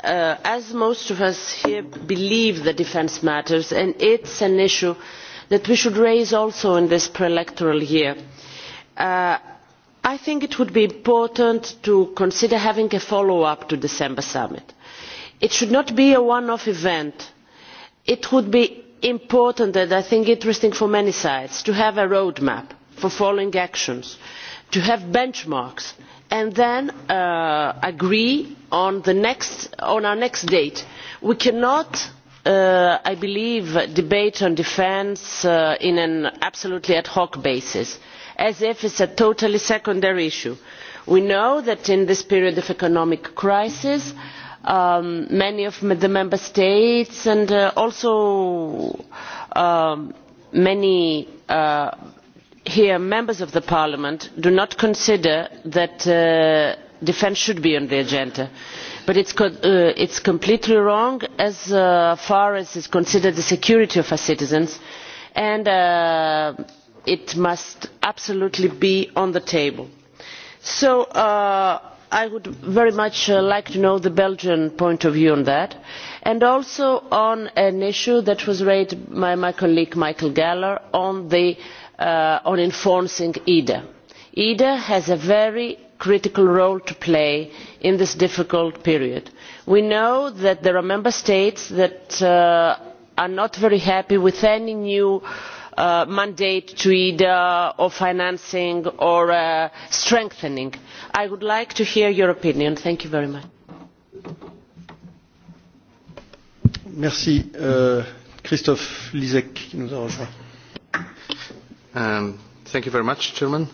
as most of us here believe that defence matters and it is an issue that we should raise also in this pre electoral year i think it would be important to consider having a follow up to the december summit. it should not be a one off event it would be important and i think interesting for many sides to have a road map for following actions to have benchmarks and then uh, agree on, the next, on our next date. we cannot uh, i believe debate on defence on uh, an absolutely ad hoc basis as if it is a totally secondary issue. we know that in this period of economic crisis um, many of the member states and uh, also um, many uh, here members of parliament parliament do not consider that uh, defence should be on the agenda but it is completely wrong as far as is considered the security of our citizens and it must absolutely be on the table. so i would very much uh, like to know the belgian point of view on that and also on an issue that was raised by my colleague michael gahler uh, on enforcing eda. eda has a very critical role to play in this difficult period. we know that there are member states that uh, are not very happy with any new Uh, mandate to either uh, or financing or uh, strengthening. i would like to hear your opinion. thank you very much. Christophe Lisek qui nous a rejoint. Um, thank you very much, Chairman.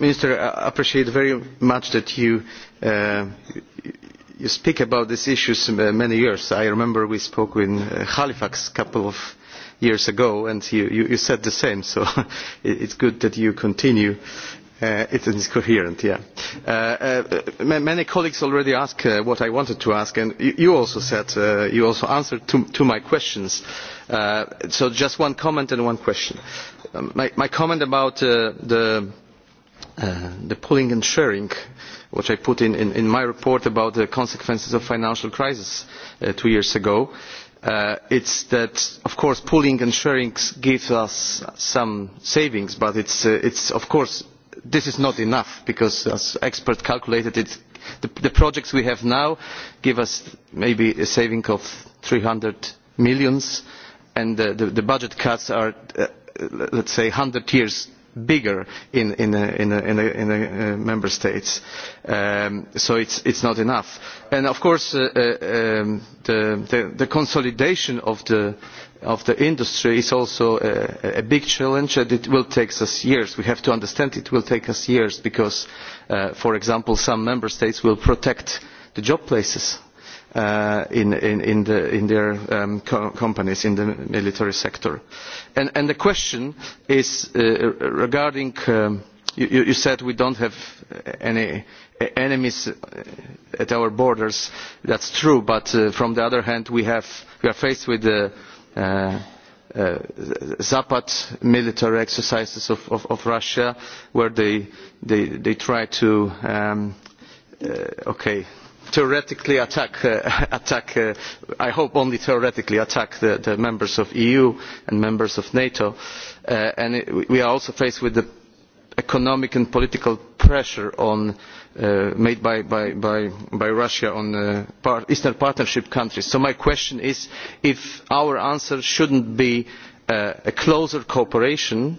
Minister, I appreciate very much that you, uh, you speak about these issues many years. I remember we spoke in Halifax a couple of years ago, and you, you, you said the same, so it, it's good that you continue. Uh, it is coherent, yeah. Uh, uh, many colleagues already asked uh, what I wanted to ask, and you, you also said, uh, you also answered to, to my questions. Uh, so just one comment and one question. Um, my, my comment about uh, the, uh, the pooling and sharing which I put in, in, in my report about the consequences of the financial crisis uh, two years ago. Uh, it is that of course pooling and sharing gives us some savings but uh, of course this is not enough because as experts calculated the, the projects we have now give us maybe a saving of eur three hundred million and uh, the, the, budget cuts are let us say one hundred years bigger in, in, in, in, uh, member states. Um, so it is not enough. And of course, uh, uh, um, the, consolidation of the, industry is also a, big challenge and it will take us years. We have to understand it will take us years because, for example, some member states will protect the job places uh, in, in, in, the, in their um, co companies in the military sector. And, and the question is uh, regarding, um, you, you said we don't have any enemies at our borders. That's true, but uh, from the other hand, we, have, we are faced with the uh, uh, uh, Zapad military exercises of, of, of Russia, where they, they, they try to, um, uh, okay, theoretically attack, uh, uh, I hope only theoretically attack the, members of the EU and members of NATO. Uh, and we are also faced with the economic and political pressure made by, Russia on the Eastern Partnership countries. So my question is if our answer should not be a closer cooperation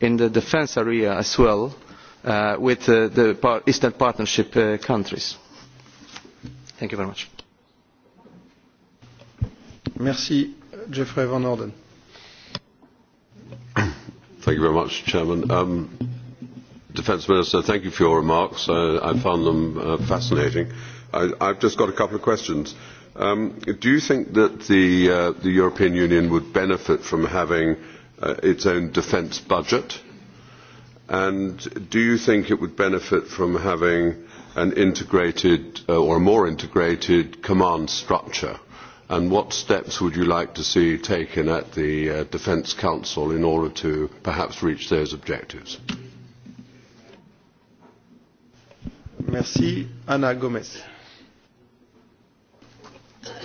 in the defence area as well with the Eastern Partnership countries. Thank you very much. Merci, Jeffrey Van Orden. Thank you very much, Chairman. Um, Defence Minister, thank you for your remarks. I, I found them uh, fascinating. I, I've just got a couple of questions. Um, do you think that the, uh, the European Union would benefit from having uh, its own defence budget? And do you think it would benefit from having uh, an integrated uh, or a more integrated command structure? And what steps would you like to see taken at the uh, Defence Council in order to perhaps reach those objectives? Merci. Anna Gomez.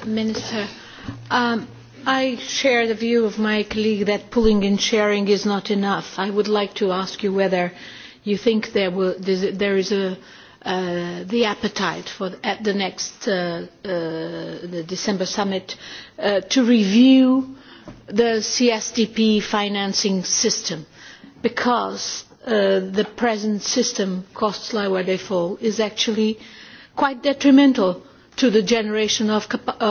Minister, um, I share the view of my colleague that pulling and sharing is not enough. I would like to ask you whether you think there, will, there is a uh, the appetite for the, at the next uh, uh, the December summit uh, to review the CSDP financing system because uh, the present system, costs lie where they fall, is actually quite detrimental to the generation of,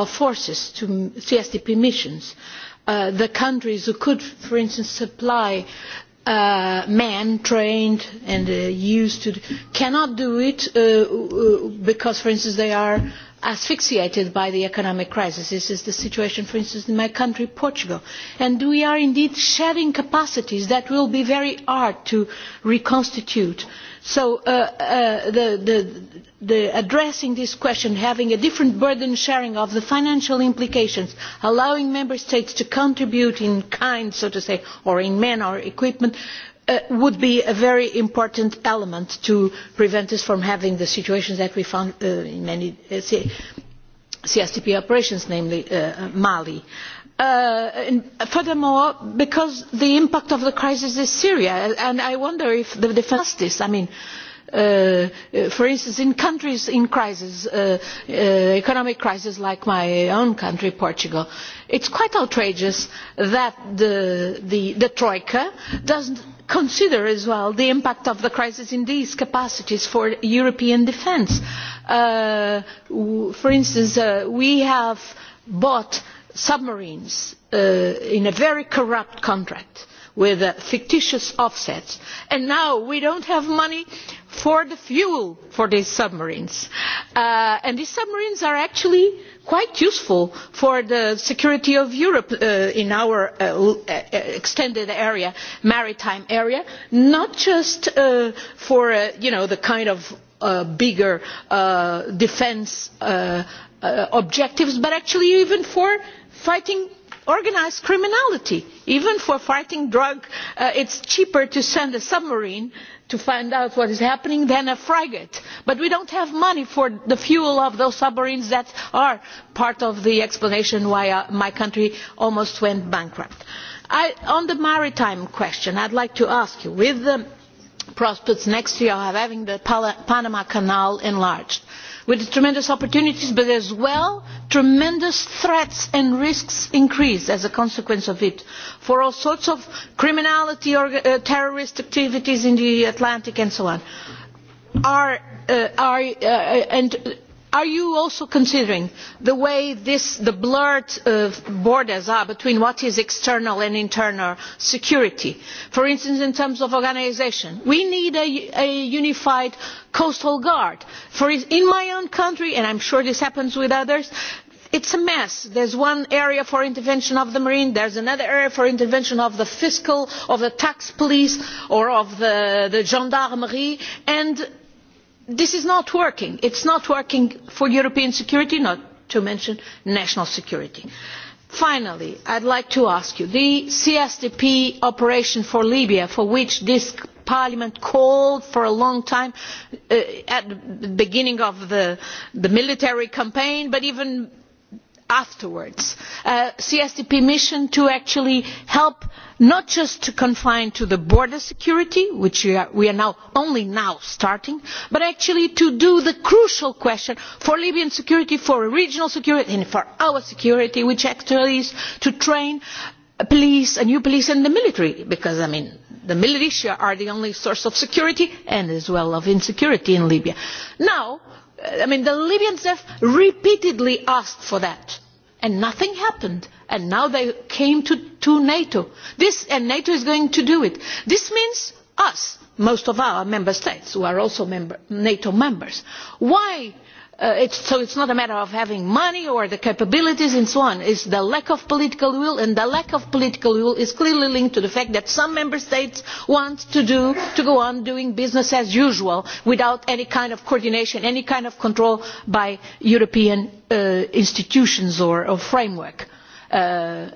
forces to CSDP missions. Uh, the countries who could, for instance, supply uh, men trained and uh, used to cannot do it uh, uh, because, for instance, they are asphyxiated by the economic crisis. This is the situation, for instance, in my country, Portugal. And we are indeed shedding capacities that will be very hard to reconstitute. Uh, so uh, uh, addressing this question having a different burden sharing of the financial implications allowing member states to contribute in kind so to say or in men or equipment uh, would be a very important element to prevent us from having the situations that we found in many csdp operations namely mali. Uh, furthermore because the impact of the crisis is syria and i wonder if the defence this i mean uh, for instance in countries in crisis uh, uh, economic crisis like my own country portugal it is quite outrageous that the troika does not consider as well the impact of the crisis in these capacities for european defence. for instance we have bought submarines uh, in a very corrupt contract with fictitious offsets and now we do not have money for the fuel for these submarines uh, these submarines are actually quite useful for the security of europe uh, in our extended area maritime area not just for the kind of bigger defence objectives but actually even for fighting organised criminality even for fighting drugs uh, it is cheaper to send a submarine to find out what is happening than a frigate but we do not have money for the fuel of those submarines that are part of the explanation why uh, my country almost went bankrupt. on the maritime question i would like to ask you with the prospects next year of having the panama canal enlarged with tremendous opportunities but as well tremendous threats and risks increase as a consequence of it for all sorts of criminality or uh, terrorist activities in the atlantic and so on. Are, uh, are, uh, and are you also considering the way the blurred uh, borders are between what is external and internal security for instance in terms of organisation? we need a, unified coastal guard. For in my own country and i am sure this happens with others it is a mess. there is one area for intervention of the marine there is another area for intervention of the fiscal of the tax police or of the, the gendarmerie and this is not working. it is not working for european security not to mention national security. finally i would like to ask you the csdp operation for libya for which this parliament called for a long time uh, at the beginning of the, the military campaign but even afterwards a uh, csdp mission to actually help not just to confine to the border security which we are, now only now starting but actually to do the crucial question for libyan security for regional security and for our security which actually is to train police a new police and the military because i mean the militia are the only source of security and as well of insecurity in libya now i mean, the Libyans have repeatedly asked for that, and nothing happened. And now they came to, to NATO. This, and NATO is going to do it. This means us, most of our member states, who are also member, NATO members. Why? Uh, so it is not a matter of having money or the capabilities and so on it is the lack of political will and the lack of political will is clearly linked to the fact that some member states want to, do, to go on doing business as usual without any kind of coordination any kind of control by european uh, institutions or, framework uh,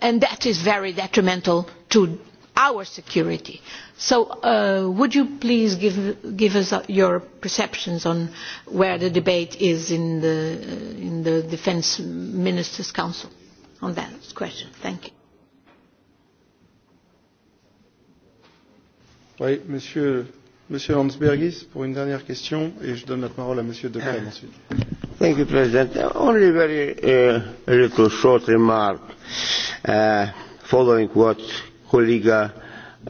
and that is very detrimental to our security. So uh, would you please give, give us uh, your perceptions on where the debate is in the, uh, in the Defence Ministers' Council on that question? Thank you. Oui, Monsieur, Monsieur pour une dernière question, et je donne la parole à Monsieur De euh, ensuite. Thank you, President. Only very uh, little short remark uh, following what Kollege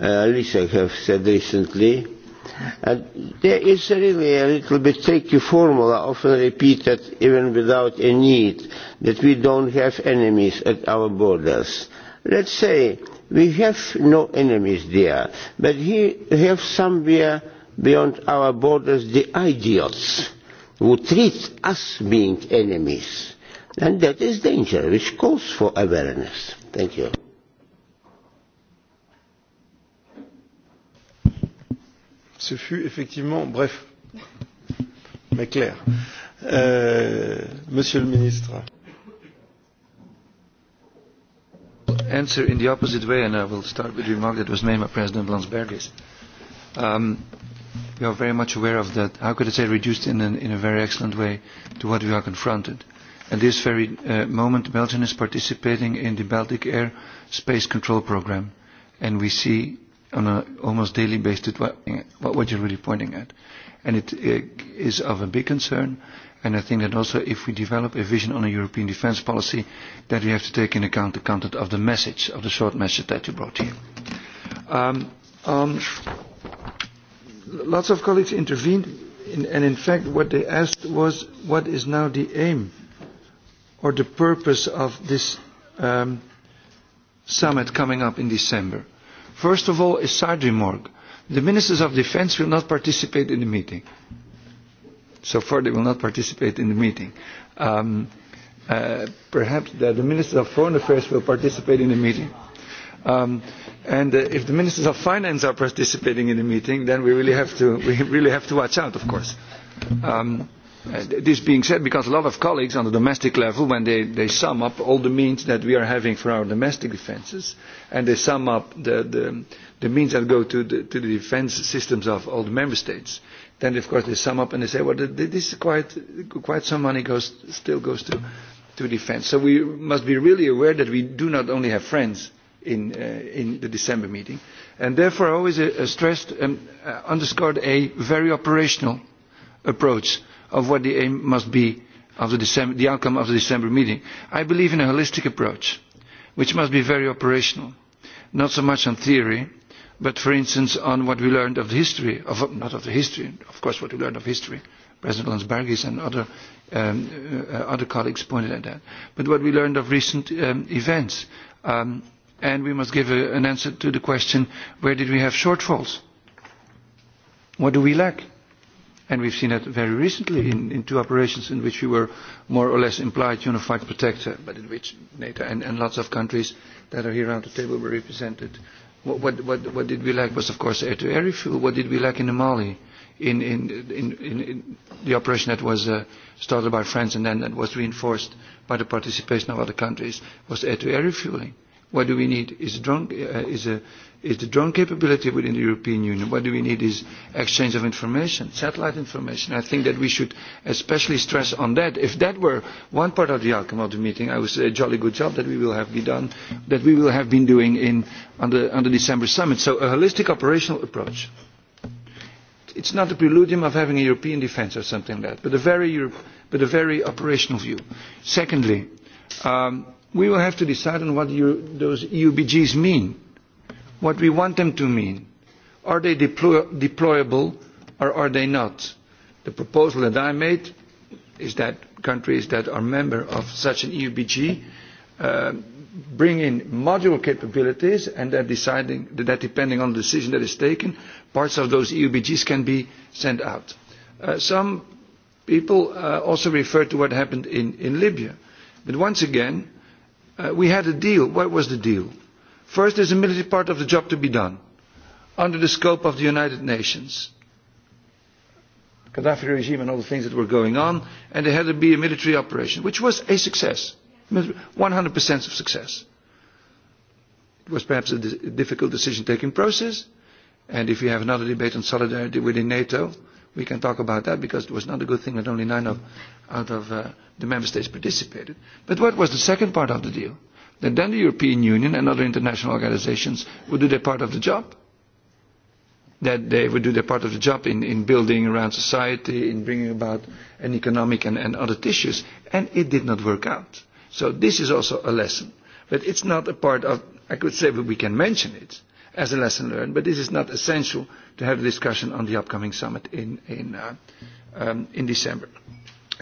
eh, Lisek have said recently. And there is really a little bit tricky formula, often repeated even without a need, that we don't have enemies at our borders. Let's say we have no enemies there, but we have somewhere beyond our borders the ideals who treat us being enemies. And that is danger, which calls for awareness. Thank you. ce fut effectivement bref, mais clair. Euh, monsieur le ministre. answer in the opposite way, and I will start with the remark that was made by President Landsbergis. Um, we are very much aware of that, how could I say, reduced in, an, in a very excellent way to what we are confronted. At this very uh, moment, Belgium is participating in the Baltic Air Space Control Program, and we see on a almost daily basis what, what you're really pointing at. And it, it is of a big concern. And I think that also if we develop a vision on a European defence policy, that we have to take into account the content of the message, of the short message that you brought here. Um, um, lots of colleagues intervened, in, and in fact what they asked was what is now the aim or the purpose of this um, summit coming up in December. First of all, is Sajimorg. The ministers of defense will not participate in the meeting. So far, they will not participate in the meeting. Um, uh, perhaps the, the ministers of foreign affairs will participate in the meeting. Um, and uh, if the ministers of finance are participating in the meeting, then we really have to, we really have to watch out, of course. Um, Uh, this being said, because a lot of colleagues on the domestic level, when they, they sum up all the means that we are having for our domestic defences, and they sum up the, the, the means that go to the, to the defence systems of all the member states, then of course they sum up and they say, well, this is quite, quite some money goes, still goes to, to defence. So we must be really aware that we do not only have friends in, uh, in the December meeting, and therefore I always uh, stressed and um, uh, underscored a very operational approach of what the aim must be of the, December, the outcome of the December meeting. I believe in a holistic approach, which must be very operational, not so much on theory, but for instance on what we learned of the history, of, not of the history, of course what we learned of history, President Landsbergis and other, um, uh, other colleagues pointed at that, but what we learned of recent um, events. Um, and we must give a, an answer to the question, where did we have shortfalls? What do we lack? And we've seen that very recently in, in two operations in which we were more or less implied unified protector, but in which NATO and, and lots of countries that are here around the table were represented. What, what, what, what did we lack was, of course, air-to-air refuel. What did we lack in Mali? In, in, in, in, in the operation that was uh, started by France and then that was reinforced by the participation of other countries was air-to-air -air refueling What do we need is, drunk uh, is, a, is the drone capability within the European Union. What do we need is exchange of information, satellite information. I think that we should especially stress on that. If that were one part of the outcome of the meeting, I would say a jolly good job that we will have be done, that we will have been doing in, on, the, on the December summit. So a holistic operational approach. It's not a preludium of having a European defence or something like that, but a very, Europe, but a very operational view. Secondly, um, we will have to decide on what you, those EUBGs mean, what we want them to mean. Are they deploy, deployable or are they not? The proposal that I made is that countries that are member of such an EUBG uh, bring in module capabilities and that, deciding, that depending on the decision that is taken, parts of those EUBGs can be sent out. Uh, some people uh, also refer to what happened in, in Libya. But once again, Uh, we had a deal. What was the deal? First, there is a military part of the job to be done under the scope of the United Nations. Gaddafi regime and all the things that were going on, and there had to be a military operation, which was a success, 100% of success. It was perhaps a difficult decision-taking process, and if you have another debate on solidarity within NATO, we can talk about that because it was not a good thing that only nine of, out of uh, the member states participated. But what was the second part of the deal? That then the European Union and other international organizations would do their part of the job. That they would do their part of the job in, in building around society, in bringing about an economic and, and other tissues. And it did not work out. So this is also a lesson. But it's not a part of, I could say we can mention it as a lesson learned, but this is not essential to have the discussion on the upcoming summit in, in, uh, um, in December.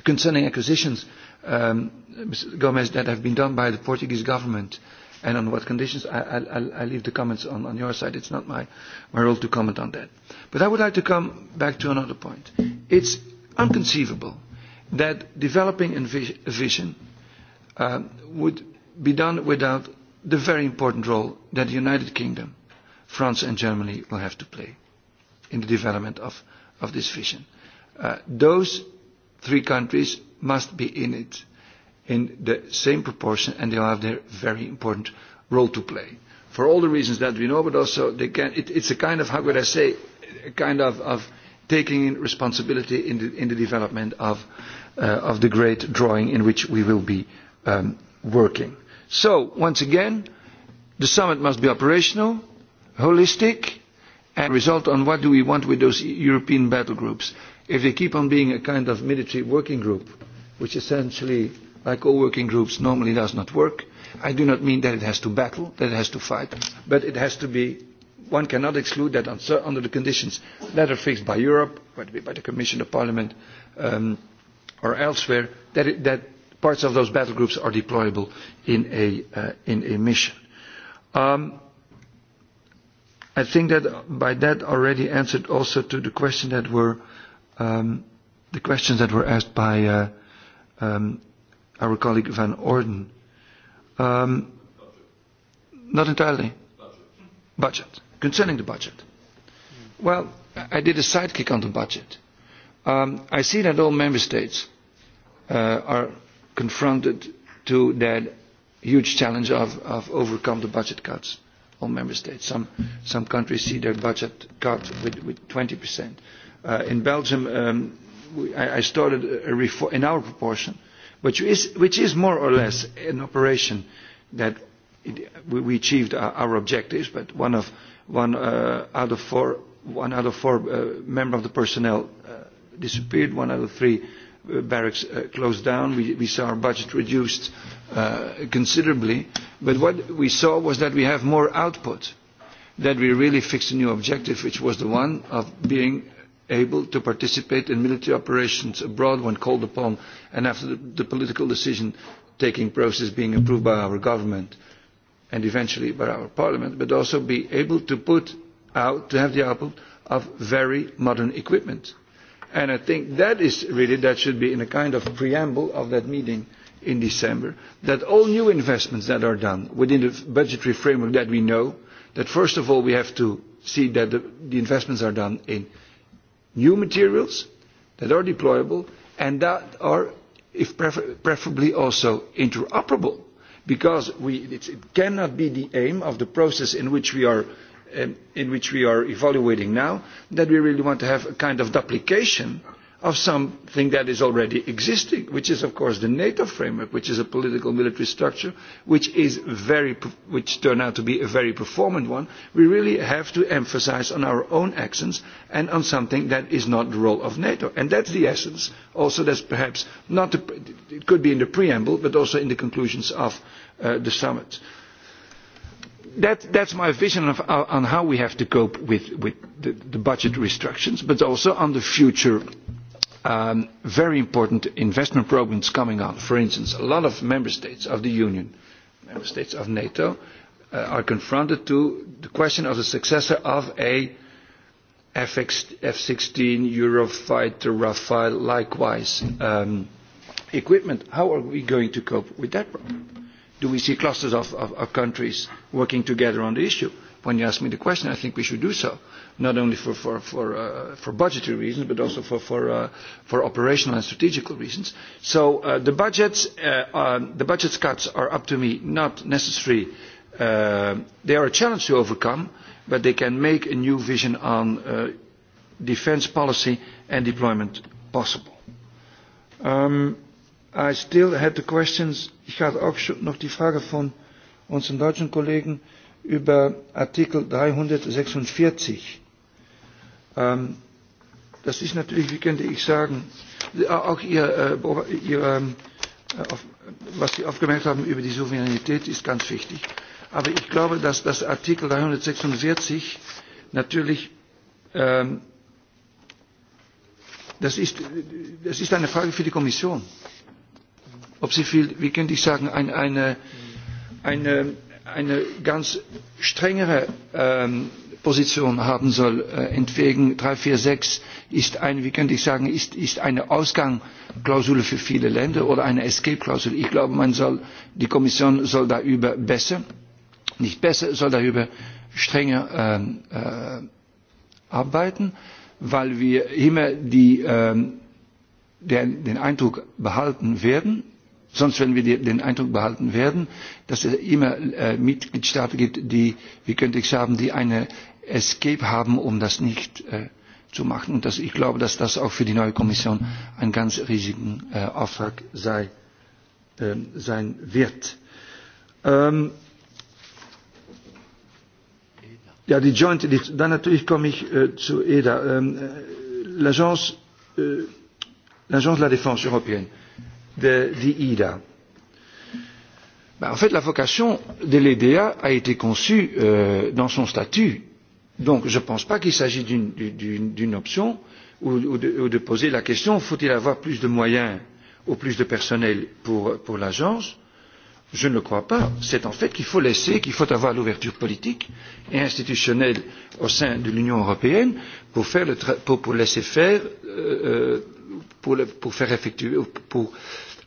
Concerning acquisitions, um, Ms. Gomez, that have been done by the Portuguese government and on what conditions, I, I, I leave the comments on, on your side. It's not my, my role to comment on that. But I would like to come back to another point. It's unconceivable that developing a vision uh, would be done without the very important role that the United Kingdom, France and Germany will have to play in the development of, of this vision. Uh, those three countries must be in it in the same proportion and they'll have their very important role to play. For all the reasons that we know, but also they can, it, it's a kind of, how could I say, a kind of, of taking in responsibility in the, in the development of, uh, of the great drawing in which we will be um, working. So, once again, the summit must be operational, holistic, and result on what do we want with those European battle groups. If they keep on being a kind of military working group, which essentially, like all working groups, normally does not work, I do not mean that it has to battle, that it has to fight, but it has to be, one cannot exclude that under the conditions that are fixed by Europe, whether it be by the Commission, the Parliament, um, or elsewhere, that, it, that parts of those battle groups are deployable in a, uh, in a mission. Um, i think that by that already answered also to the question that were um, the questions that were asked by uh, um, our colleague Van Orden. Um, not entirely. Budget. budget. Concerning the budget. Well, I did a sidekick on the budget. Um, I see that all member states uh, are confronted to that huge challenge of, of overcome the budget cuts all member states. Some, some countries see their budget cut with, with 20%. Uh, in Belgium, um, we, I, I started a reform in our proportion, which is, which is more or less an operation that it, we, we achieved our, our objectives, but one, of, one uh, out of four, one out of four uh, member of the personnel uh, disappeared, one out of three Uh, barracks uh, closed down. We, we saw our budget reduced uh, considerably. But what we saw was that we have more output, that we really fixed a new objective, which was the one of being able to participate in military operations abroad when called upon and after the, the political decision taking process being approved by our government and eventually by our parliament, but also be able to put out, to have the output of very modern equipment And I think that is really, that should be in a kind of preamble of that meeting in December, that all new investments that are done within the budgetary framework that we know, that first of all we have to see that the, the investments are done in new materials that are deployable and that are if prefer preferably also interoperable because we, it's, it cannot be the aim of the process in which we are Um, in which we are evaluating now, that we really want to have a kind of duplication of something that is already existing, which is, of course, the NATO framework, which is a political military structure, which, is very, which turned out to be a very performant one. We really have to emphasize on our own actions and on something that is not the role of NATO. And that's the essence. Also, that's perhaps not, the, it could be in the preamble, but also in the conclusions of uh, the summit that is my vision of, uh, on how we have to cope with, with the, budget restrictions, but also on the future um, very important investment programmes coming on. For instance, a lot of member states of the Union, member states of NATO, uh, are confronted to the question of the successor of a f sixteen, Eurofighter, Rafale, likewise um, equipment. How are we going to cope with that problem? do we see clusters of, of, of countries working together on the issue? When you ask me the question, I think we should do so, not only for, for, for, uh, for budgetary reasons, but also for, for, uh, for operational and strategical reasons. So uh, the, budgets, uh, uh the budget cuts are up to me, not necessary. Uh, they are a challenge to overcome, but they can make a new vision on uh, defence policy and deployment possible. Um, i still had the questions, ich hatte auch noch die Frage von unseren deutschen Kollegen über Artikel 346. Ähm, das ist natürlich, wie könnte ich sagen, auch Ihr, äh, ihr ähm, äh, auf, was Sie aufgemerkt haben über die Souveränität ist ganz wichtig. Aber ich glaube, dass das Artikel 346 natürlich, ähm, das, ist, das ist eine Frage für die Kommission ob sie viel, wie könnte ich sagen, ein, eine, eine, eine ganz strengere ähm, Position haben soll. Äh, entwegen 346 ist eine, wie könnte ich sagen, ist, ist eine Ausgangsklausel für viele Länder oder eine Escape-Klausel. Ich glaube, man soll, die Kommission soll darüber besser, nicht besser, soll darüber strenger ähm, äh, arbeiten, weil wir immer die, ähm, den, den Eindruck behalten werden, Sonst werden wir den Eindruck behalten werden, dass es immer äh, Mitgliedstaaten gibt, die, wie könnte ich sagen, die eine Escape haben, um das nicht äh, zu machen. Und das, ich glaube, dass das auch für die neue Kommission ein ganz riesigen äh, Auftrag sei, ähm, sein wird. Ähm, ja, die Joint, die, dann natürlich komme ich äh, zu EDA. Ähm, L'Agence, äh, l'Agence de la Défense européenne. Äh, de l'IDA. Ben, en fait, la vocation de l'EDA a été conçue euh, dans son statut. Donc, je ne pense pas qu'il s'agit d'une option ou, ou, de, ou de poser la question faut-il avoir plus de moyens ou plus de personnel pour, pour l'agence Je ne le crois pas. C'est en fait qu'il faut laisser, qu'il faut avoir l'ouverture politique et institutionnelle au sein de l'Union européenne pour, faire le pour, pour laisser faire euh, euh pour, le, pour faire effectuer, pour,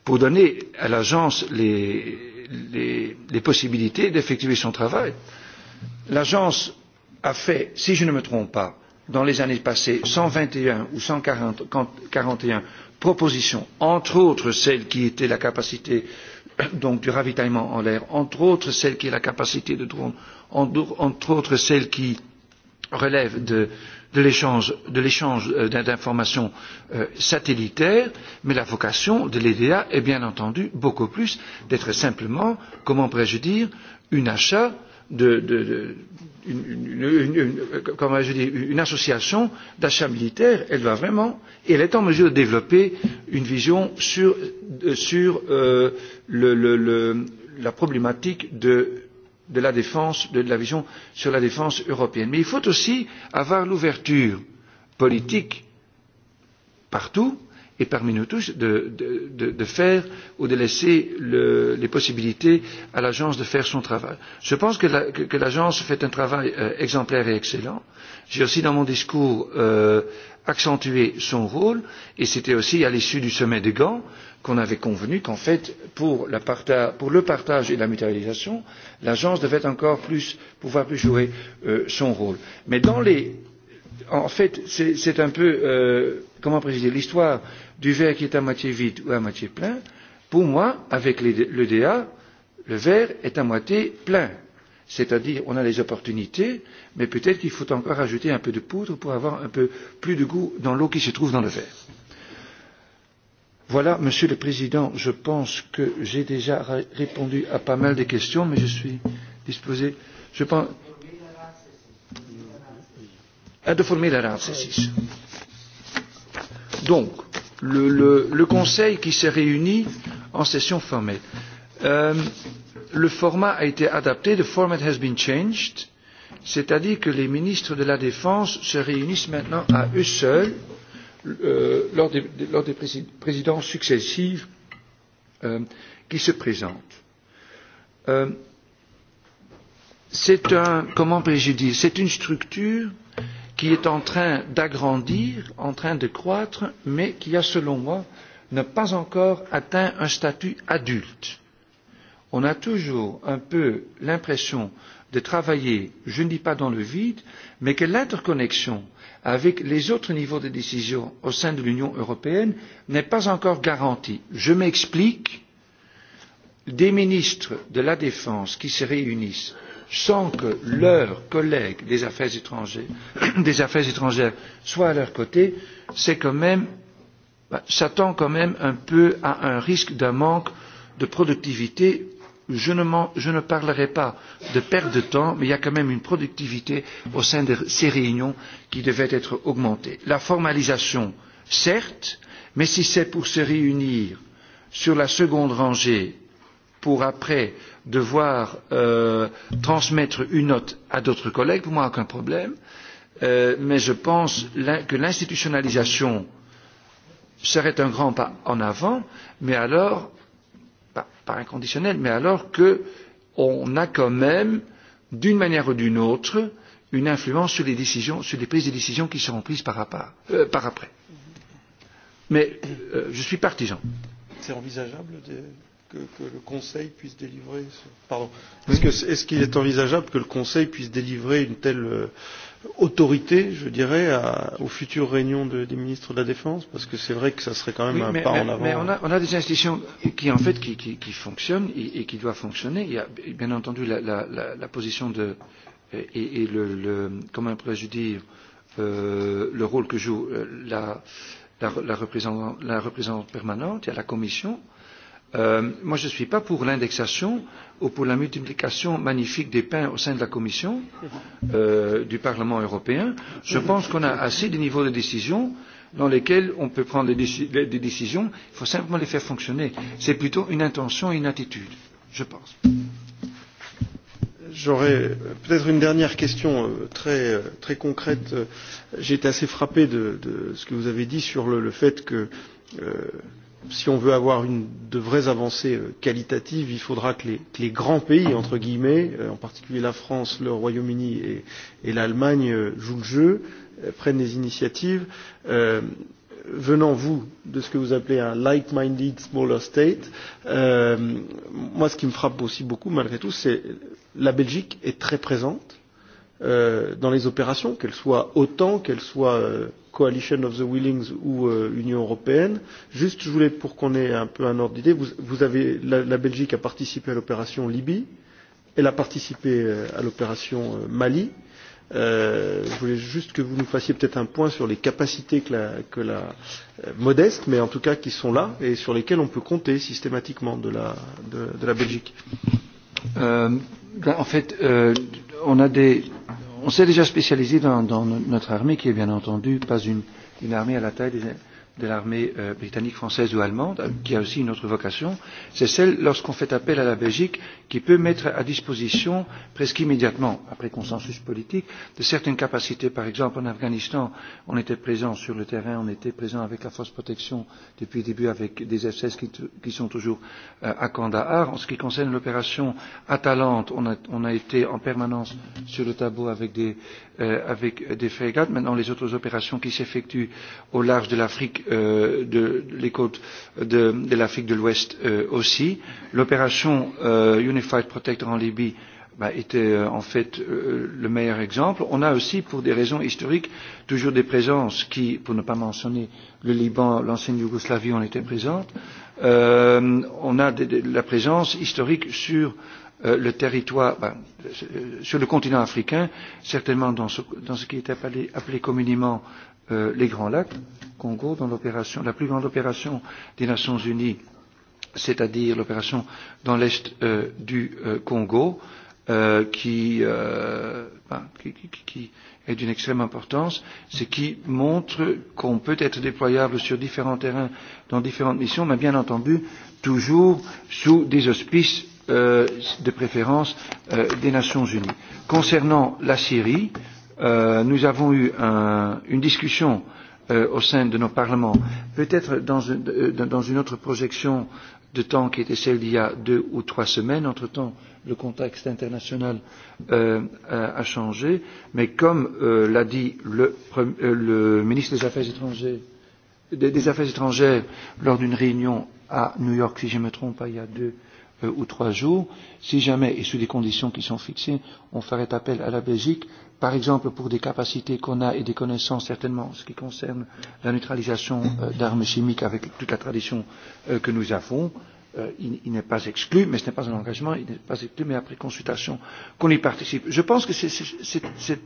pour donner à l'agence les, les, les possibilités d'effectuer son travail. L'agence a fait, si je ne me trompe pas, dans les années passées, 121 ou 141 propositions, entre autres celle qui était la capacité donc du ravitaillement en l'air, entre autres celle qui est la capacité de drone, entre autres celle qui relève de, de l'échange euh, d'informations euh, satellitaires, mais la vocation de l'EDA est bien entendu beaucoup plus d'être simplement, comment pourrais-je dire, un achat de, de, de une, une, une, une, euh, comment je dis, une association d'achat militaire, elle va vraiment, et elle est en mesure de développer une vision sur, sur euh, le, le, le, la problématique de de la défense, de la vision sur la défense européenne. Mais il faut aussi avoir l'ouverture politique partout et parmi nous tous de, de, de, de faire ou de laisser le, les possibilités à l'agence de faire son travail. Je pense que l'agence la, fait un travail euh, exemplaire et excellent. J'ai aussi dans mon discours euh, accentué son rôle et c'était aussi à l'issue du sommet de Gand qu'on avait convenu qu'en fait pour, la parta, pour, le partage et la mutualisation l'agence devait encore plus pouvoir plus jouer euh, son rôle. mais dans les en fait c'est un peu euh, comment préciser l'histoire du verre qui est à moitié vide ou à moitié plein pour moi avec l'eda le verre est à moitié plein c'est à dire on a les opportunités mais peut être qu'il faut encore ajouter un peu de poudre pour avoir un peu plus de goût dans l'eau qui se trouve dans le verre. Voilà, Monsieur le Président, je pense que j'ai déjà répondu à pas mal de questions, mais je suis disposé. Je pense, à de former la six. Donc, le, le, le Conseil qui s'est réuni en session formelle. Euh, le format a été adapté, the format has been changed, c'est-à-dire que les ministres de la Défense se réunissent maintenant à eux seuls, Euh, lors, des, lors des présidences successives euh, qui se présentent. Euh, c'est un comment puis-je dire c'est une structure qui est en train d'agrandir, en train de croître, mais qui a, selon moi, n'a pas encore atteint un statut adulte. On a toujours un peu l'impression de travailler, je ne dis pas dans le vide, mais que l'interconnexion avec les autres niveaux de décision au sein de l'Union européenne n'est pas encore garantie. Je m'explique des ministres de la Défense qui se réunissent sans que leurs collègues des affaires étrangères, des affaires étrangères soient à leur côté, c'est quand même s'attend quand même un peu à un risque d'un manque de productivité je ne, je ne parlerai pas de perte de temps, mais il y a quand même une productivité au sein de ces réunions qui devait être augmentée. La formalisation, certes, mais si c'est pour se réunir sur la seconde rangée pour après devoir euh, transmettre une note à d'autres collègues, pour moi, aucun problème. Euh, mais je pense que l'institutionnalisation serait un grand pas en avant, mais alors par inconditionnel, mais alors qu'on a quand même, d'une manière ou d'une autre, une influence sur les décisions, sur les prises de décisions qui seront prises par, rapport, euh, par après. Mais euh, je suis partisan. C'est envisageable de, que, que le Conseil puisse délivrer. Ce... Pardon. Est-ce qu'il est, qu est envisageable que le Conseil puisse délivrer une telle euh, autorité, je dirais, à, aux futures réunions de, des ministres de la Défense Parce que c'est vrai que ça serait quand même oui, un mais, pas mais, en avant. Mais on a, on a des institutions qui, en fait, qui, qui, qui fonctionnent et, et qui doivent fonctionner. Il y a, bien entendu, la, la, la, la position de. et, et le, le. comment pourrais-je dire euh, le rôle que joue euh, la, la, la, représentante, la représentante permanente, il y a la commission. Euh, moi, je ne suis pas pour l'indexation ou pour la multiplication magnifique des pains au sein de la Commission euh, du Parlement européen. Je pense qu'on a assez de niveaux de décision dans lesquels on peut prendre des, des décisions. Il faut simplement les faire fonctionner. C'est plutôt une intention et une attitude, je pense. J'aurais peut-être une dernière question euh, très, euh, très concrète. Euh, j'ai été assez frappé de, de ce que vous avez dit sur le, le fait que euh, si on veut avoir une, de vraies avancées euh, qualitatives, il faudra que les, que les grands pays, entre guillemets, euh, en particulier la France, le Royaume-Uni et, et l'Allemagne, euh, jouent le jeu, prennent des initiatives. Euh, venant vous de ce que vous appelez un like minded smaller state euh, moi ce qui me frappe aussi beaucoup malgré tout c'est que la Belgique est très présente Euh, dans les opérations, qu'elles soient OTAN, qu'elles soient euh, Coalition of the willing ou euh, Union européenne. Juste, je voulais, pour qu'on ait un peu un ordre d'idée, vous, avez, la, Belgique a participé à l'opération Libye, elle a participé à l'opération Mali. Euh, je voulais juste que vous nous fassiez peut-être un point sur les capacités que la, que la modeste, mais en tout cas qui sont là et sur lesquelles on peut compter systématiquement de la, de, de la Belgique. Euh, euh, en fait, euh, on a des, on s'est déjà spécialisé dans, dans no-, notre armée, qui est bien entendu pas une, une armée à la taille des, de l'armée euh, britannique, française ou allemande, euh, qui a aussi une autre vocation, c'est celle lorsqu'on fait appel à la Belgique, qui peut mettre à disposition presque immédiatement, après consensus politique, de certaines capacités. Par exemple, en Afghanistan, on était présent sur le terrain, on était présent avec la force protection depuis le début, avec des F-16 qui, qui sont toujours euh, à Kandahar. En ce qui concerne l'opération Atalante, on a, on a été en permanence sur le tableau avec des, euh, avec des frégates. Maintenant, les autres opérations qui s'effectuent au large de l'Afrique Euh, de les côtes de, de l'Afrique de l'Ouest euh, aussi. L'opération euh, Unified Protector en Libye bah, était euh, en fait euh, le meilleur exemple. On a aussi, pour des raisons historiques, toujours des présences qui, pour ne pas mentionner le Liban, l'ancienne Yougoslavie, on était présente. Euh, on a de, de, de la présence historique sur euh, le territoire, ben, sur le continent africain, certainement dans ce, dans ce qui est appelé, appelé communément euh, les Grands Lacs, Congo, dans l'opération, la plus grande opération des Nations Unies, c'est-à-dire l'opération dans l'est euh, du euh, Congo, euh, qui, euh, ben, qui, qui, qui est d'une extrême importance, ce qui montre qu'on peut être déployable sur différents terrains, dans différentes missions, mais bien entendu, toujours sous des auspices euh, de préférence euh, des Nations Unies. Concernant la Syrie, Euh, nous avons eu un, une discussion euh, au sein de nos parlements, peut-être dans, une, euh, dans une autre projection de temps qui était celle d'il y a deux ou trois semaines. Entre-temps, le contexte international euh, a changé, mais comme euh, l'a dit le, euh, le ministre des Affaires étrangères, des, des Affaires étrangères lors d'une réunion à New York, si je ne me trompe pas, il y a deux euh, ou trois jours, si jamais, et sous des conditions qui sont fixées, on ferait appel à la Belgique, par exemple pour des capacités qu'on a et des connaissances certainement en ce qui concerne la neutralisation euh, d'armes chimiques avec toute la tradition euh, que nous avons, euh, il, il n'est pas exclu, mais ce n'est pas un engagement, il n'est pas exclu, mais après consultation qu'on y participe. Je pense que c'est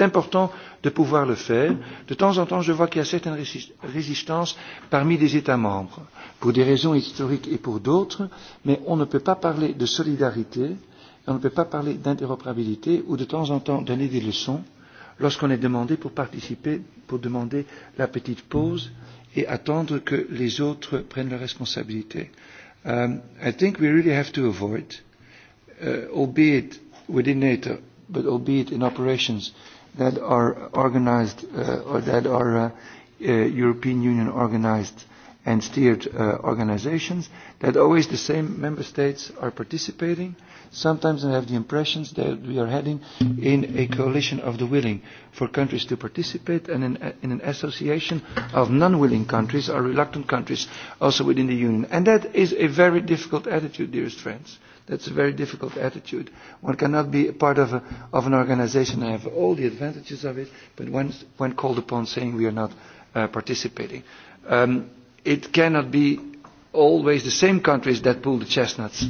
important de pouvoir le faire. De temps en temps, je vois qu'il y a certaines résistances parmi les États membres, pour des raisons historiques et pour d'autres, mais on ne peut pas parler de solidarité euh, on ne peut pas parler d'interopérabilité ou de temps en temps donner des leçons lorsqu'on est demandé pour participer, pour demander la petite pause et attendre que les autres prennent leurs responsabilités. Um, I think we really have to avoid, uh, albeit within NATO, but albeit in operations that are organized uh, or that are uh, uh, European Union organized and steered uh, organizations, that always the same member states are participating, Sometimes I have the impressions that we are heading in a coalition of the willing for countries to participate and in, in an association of non-willing countries or reluctant countries also within the Union. And that is a very difficult attitude, dearest friends. That's a very difficult attitude. One cannot be a part of, a, of an organization and have all the advantages of it, but when, when called upon saying we are not uh, participating. Um, it cannot be always the same countries that pull the chestnuts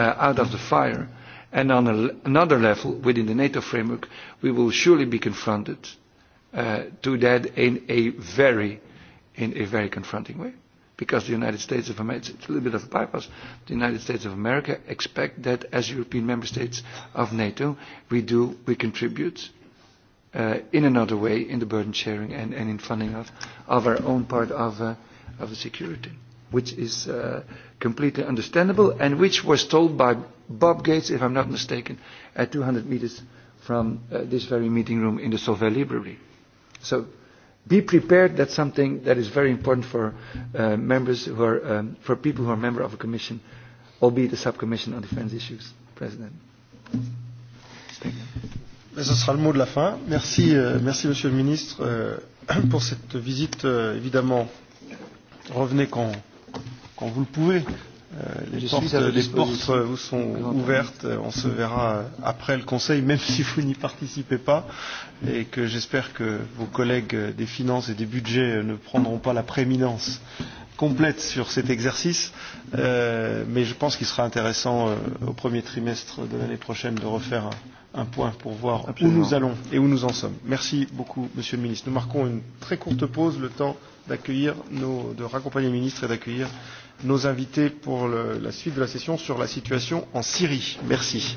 uh, out of the fire. And on a, another level, within the NATO framework, we will surely be confronted uh, to that in a very, in a very confronting way. Because the United States of America, it's a little bit of a bypass, the United States of America expect that as European member states of NATO, we do, we contribute uh, in another way in the burden sharing and, and in funding of, of our own part of, uh, of the security, which is uh, completely understandable, and which was told by Bob Gates, if I'm not mistaken, at 200 meters from uh, this very meeting room in the Solvay Library. So be prepared. That's something that is very important for uh, members who are, um, for people who are member of a commission, albeit a subcommission on defense issues. President. Thank you. Ce sera le mot de la fin. Merci, euh, merci Monsieur le Ministre, euh, pour cette visite. Euh, évidemment, revenez quand quand vous le pouvez. Euh, euh, les portes, les portes euh, vous sont ouvertes. On se verra après le Conseil, même si vous n'y participez pas, et que j'espère que vos collègues des finances et des budgets ne prendront pas la prééminence complète sur cet exercice, euh, mais je pense qu'il sera intéressant euh, au premier trimestre de l'année prochaine de refaire un, un point pour voir Absolument. où nous allons et où nous en sommes. Merci beaucoup, Monsieur le Ministre. Nous marquons une très courte pause, le temps d'accueillir nos, de raccompagner le ministre et d'accueillir nos invités pour le, la suite de la session sur la situation en Syrie. Merci.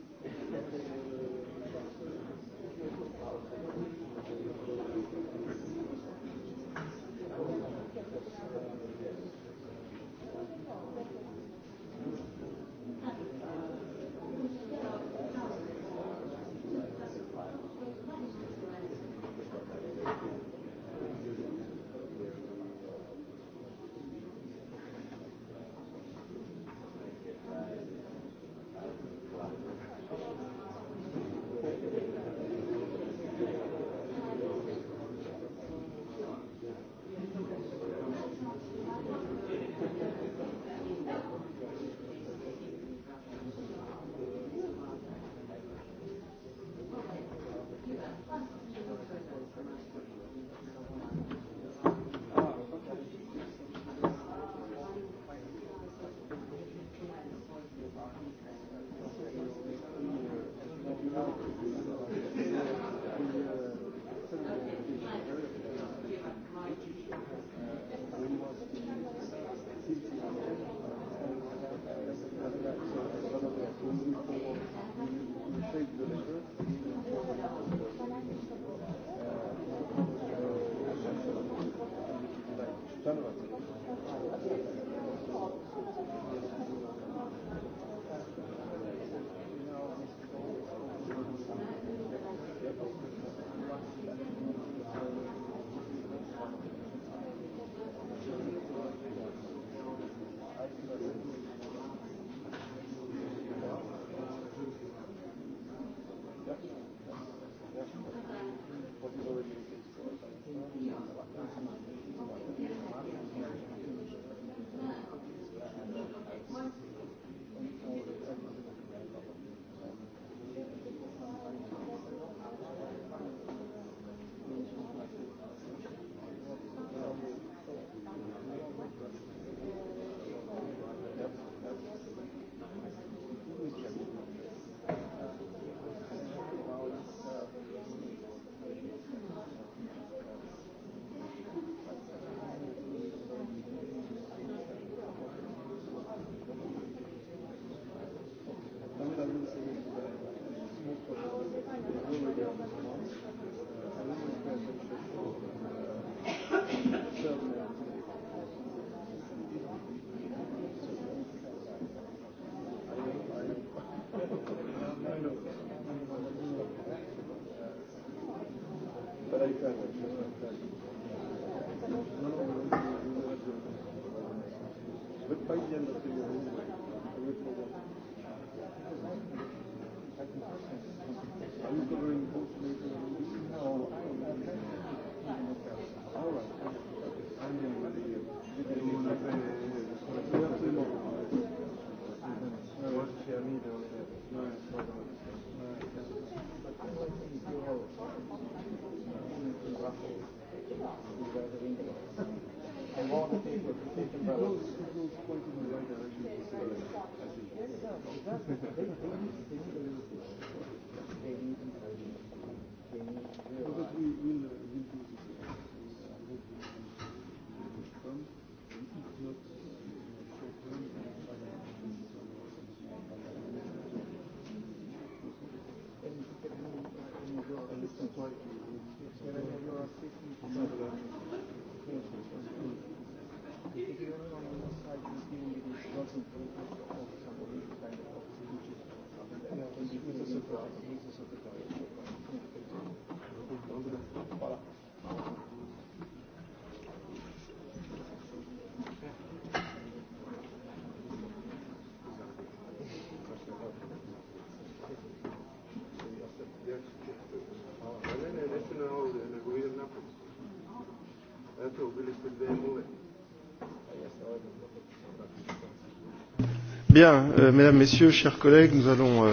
Bien, euh, mesdames, messieurs, chers collègues, nous allons euh,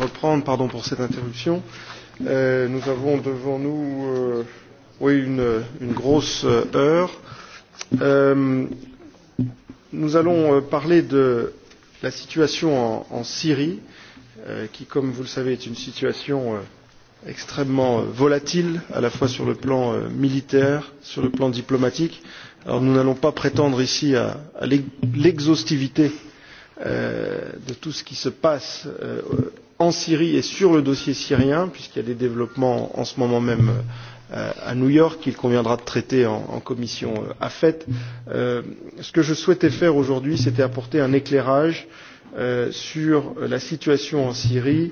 reprendre, pardon pour cette interruption. Euh, nous avons devant nous euh, oui, une, une grosse euh, heure. Euh, nous allons euh, parler de la situation en, en Syrie, euh, qui, comme vous le savez, est une situation euh, extrêmement euh, volatile, à la fois sur le plan euh, militaire, sur le plan diplomatique. Alors nous n'allons pas prétendre ici à, à l'exhaustivité euh, Euh, de tout ce qui se passe euh, en Syrie et sur le dossier syrien, puisqu'il y a des développements en ce moment même euh, à New York qu'il conviendra de traiter en, commission AFET. Ce que je souhaitais faire aujourd'hui, c'était apporter un éclairage sur la situation en Syrie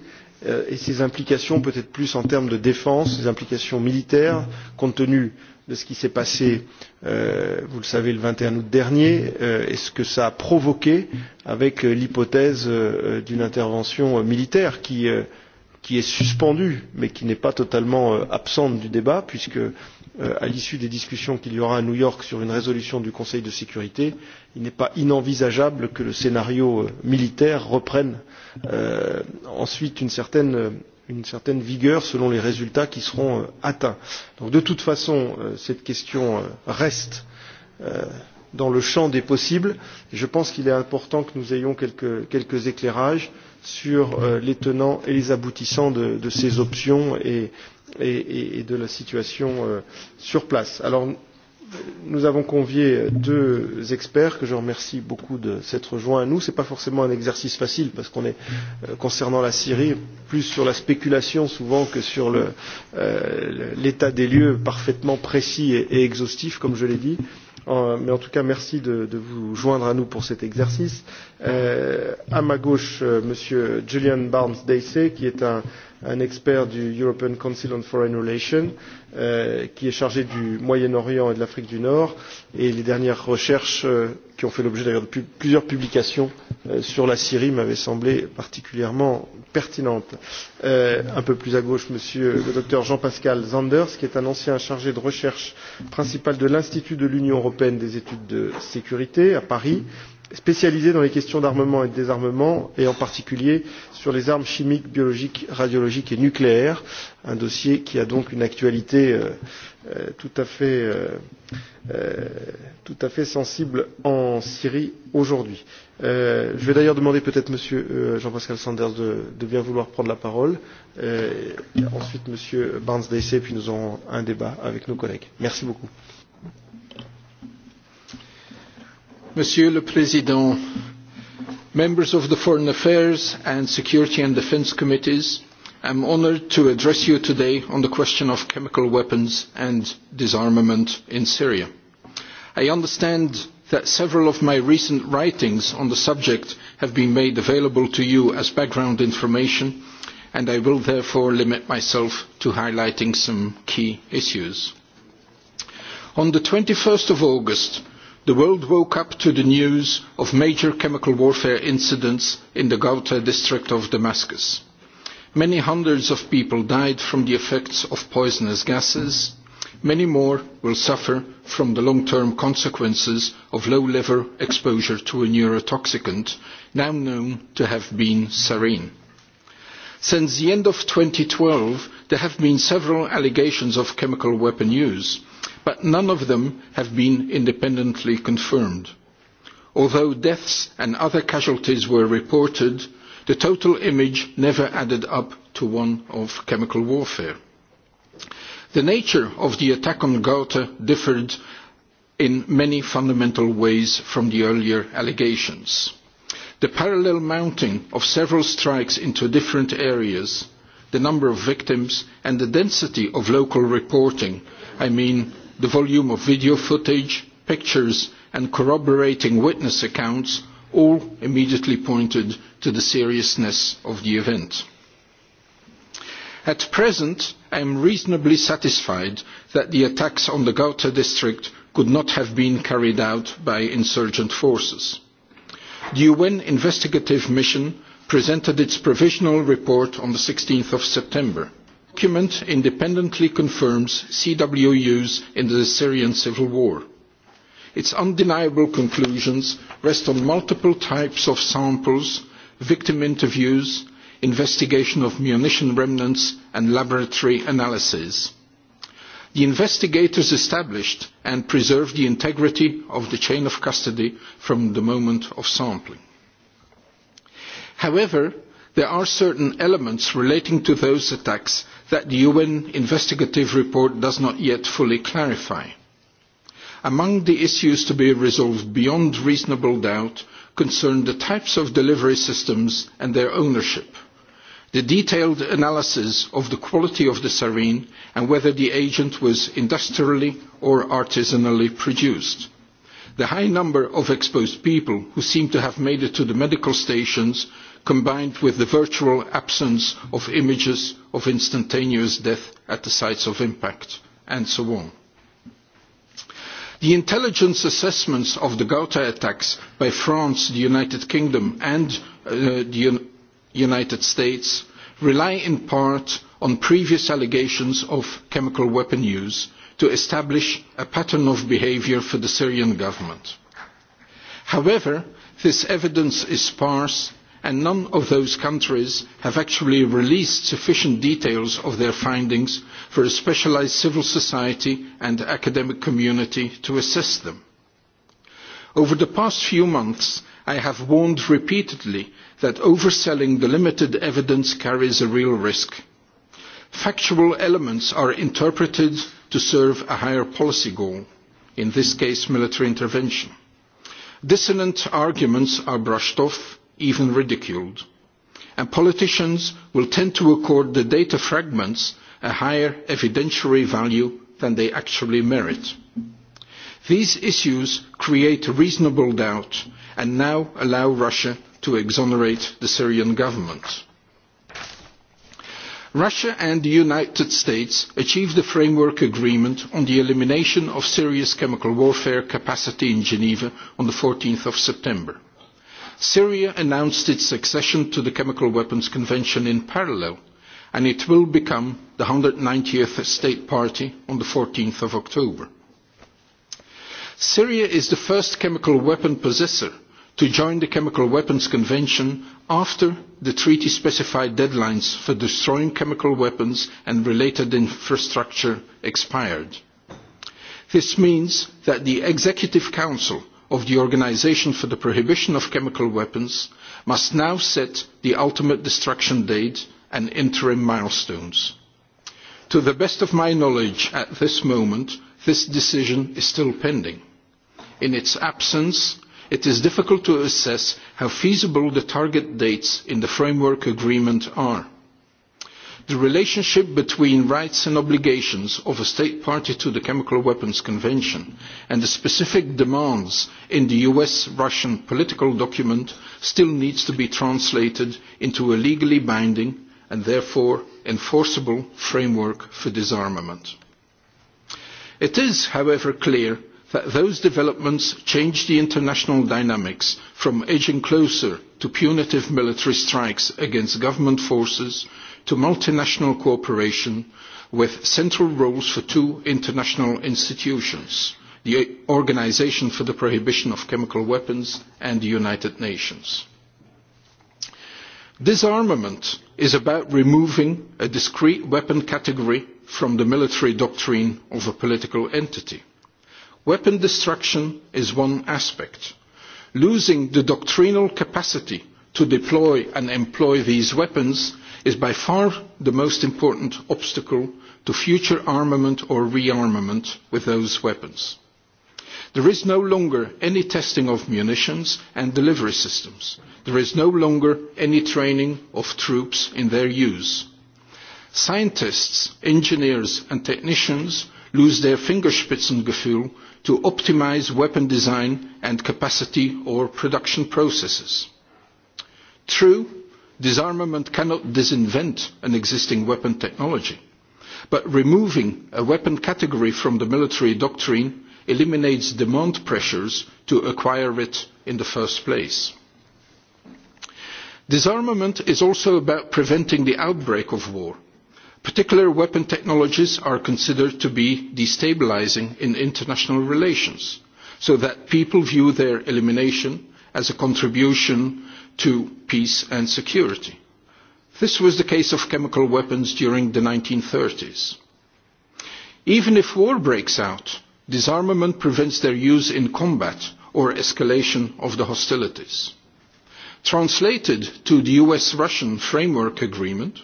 et ses implications peut être plus en termes de défense, ses implications militaires, compte tenu de ce qui s'est passé, euh, vous le savez, le 21 août dernier euh, et ce que ça a provoqué avec euh, l'hypothèse euh, euh, d'une intervention euh, militaire qui, qui, est suspendue mais qui n'est pas totalement absente du débat puisque à l'issue des discussions qu'il y aura à New York sur une résolution du Conseil de sécurité, il n'est pas inenvisageable que le scénario militaire reprenne ensuite une certaine une certaine vigueur selon les résultats qui seront euh, atteints. Donc, de toute façon, euh, cette question euh, reste dans le champ des possibles. Je pense qu'il est important que nous ayons quelques, quelques éclairages sur les tenants et les aboutissants de, de ces options et, et, et de la situation sur place. Alors, nous avons convié deux experts que je remercie beaucoup de s'être joints à nous. Ce n'est pas forcément un exercice facile parce qu'on est, euh, concernant la Syrie, plus sur la spéculation souvent que sur euh, l'état euh, des lieux parfaitement précis et, et exhaustif, comme je l'ai dit. En, mais en tout cas, merci de, de vous joindre à nous pour cet exercice. Euh, à ma gauche, euh, Monsieur Julian Barnes Daisy, qui est un un expert du European Council on Foreign Relations, euh, qui est chargé du Moyen-Orient et de l'Afrique du Nord, et les dernières recherches euh, qui ont fait l'objet d'ailleurs de pu plusieurs publications euh, sur la Syrie m'avaient semblé particulièrement pertinentes. Euh, un peu plus à gauche, monsieur le docteur Jean-Pascal Zanders, qui est un ancien chargé de recherche principal de l'Institut de l'Union européenne des études de sécurité à Paris, spécialisé dans les questions d'armement et de désarmement et en particulier sur les armes chimiques, biologiques, radiologiques et nucléaires, un dossier qui a donc une actualité euh, euh, tout, à fait, euh, euh, tout à fait sensible en Syrie aujourd'hui. Euh, je vais d'ailleurs demander peut-être Monsieur euh, Jean-Pascal Sanders de, de bien vouloir prendre la parole. Euh, et ensuite Monsieur Barnes Daisy, puis nous aurons un débat avec nos collègues. Merci beaucoup. Monsieur le Président, Members of the Foreign Affairs and Security and Defence Committees, I am honoured to address you today on the question of chemical weapons and disarmament in Syria. I understand that several of my recent writings on the subject have been made available to you as background information, and I will therefore limit myself to highlighting some key issues. On the 21st of August, The world woke up to the news of major chemical warfare incidents in the Ghouta district of Damascus. Many hundreds of people died from the effects of poisonous gases. Many more will suffer from the long-term consequences of low level exposure to a neurotoxicant, now known to have been sarin. Since the end of twelve there have been several allegations of chemical weapon use but none of them have been independently confirmed. Although deaths and other casualties were reported, the total image never added up to one of chemical warfare. The nature of the attack on Gotha differed in many fundamental ways from the earlier allegations. The parallel mounting of several strikes into different areas, the number of victims and the density of local reporting, I mean the volume of video footage, pictures and corroborating witness accounts all immediately pointed to the seriousness of the event. At present, I am reasonably satisfied that the attacks on the Gauta district could not have been carried out by insurgent forces. The UN investigative mission presented its provisional report on the 16th of September document independently confirms CWU's in the Syrian civil war. Its undeniable conclusions rest on multiple types of samples, victim interviews, investigation of munition remnants, and laboratory analyses. The investigators established and preserved the integrity of the chain of custody from the moment of sampling. However, there are certain elements relating to those attacks that the UN investigative report does not yet fully clarify. Among the issues to be resolved beyond reasonable doubt concern the types of delivery systems and their ownership, the detailed analysis of the quality of the sarin and whether the agent was industrially or artisanally produced, the high number of exposed people who seem to have made it to the medical stations combined with the virtual absence of images of instantaneous death at the sites of impact, and so on. The intelligence assessments of the Gauta attacks by France, the United Kingdom and uh, the Un United States rely in part on previous allegations of chemical weapon use to establish a pattern of behaviour for the Syrian government. However, this evidence is sparse and none of those countries have actually released sufficient details of their findings for a specialised civil society and academic community to assess them. Over the past few months, I have warned repeatedly that overselling the limited evidence carries a real risk. Factual elements are interpreted to serve a higher policy goal, in this case military intervention. Dissonant arguments are brushed off even ridiculed. And politicians will tend to accord the data fragments a higher evidentiary value than they actually merit. These issues create reasonable doubt and now allow Russia to exonerate the Syrian government. Russia and the United States achieved the framework agreement on the elimination of serious chemical warfare capacity in Geneva on the 14th of September. Syria announced its accession to the Chemical Weapons Convention in parallel, and it will become the one hundred and ninetieth state party on the 14 of October. Syria is the first chemical weapon possessor to join the Chemical Weapons Convention after the treaty specified deadlines for destroying chemical weapons and related infrastructure expired. This means that the Executive Council of the Organisation for the Prohibition of Chemical Weapons must now set the ultimate destruction date and interim milestones. To the best of my knowledge at this moment, this decision is still pending. In its absence, it is difficult to assess how feasible the target dates in the framework agreement are the relationship between rights and obligations of a state party to the Chemical Weapons Convention and the specific demands in the US-Russian political document still needs to be translated into a legally binding and therefore enforceable framework for disarmament. It is, however, clear that those developments change the international dynamics from edging closer to punitive military strikes against government forces to multinational cooperation with central roles for two international institutions, the Organisation for the Prohibition of Chemical Weapons and the United Nations. Disarmament is about removing a discrete weapon category from the military doctrine of a political entity. Weapon destruction is one aspect. Losing the doctrinal capacity to deploy and employ these weapons is by far the most important obstacle to future armament or rearmament with those weapons. There is no longer any testing of munitions and delivery systems. There is no longer any training of troops in their use. Scientists, engineers and technicians lose their Fingerspitzengefühl to optimise weapon design and capacity or production processes. True, disarmament cannot disinvent an existing weapon technology but removing a weapon category from the military doctrine eliminates demand pressures to acquire it in the first place. Disarmament is also about preventing the outbreak of war. Particular weapon technologies are considered to be destabilising in international relations, so that people view their elimination as a contribution to peace and security. This was the case of chemical weapons during the 1930s. Even if war breaks out, disarmament prevents their use in combat or escalation of the hostilities. Translated to the US-Russian framework agreement,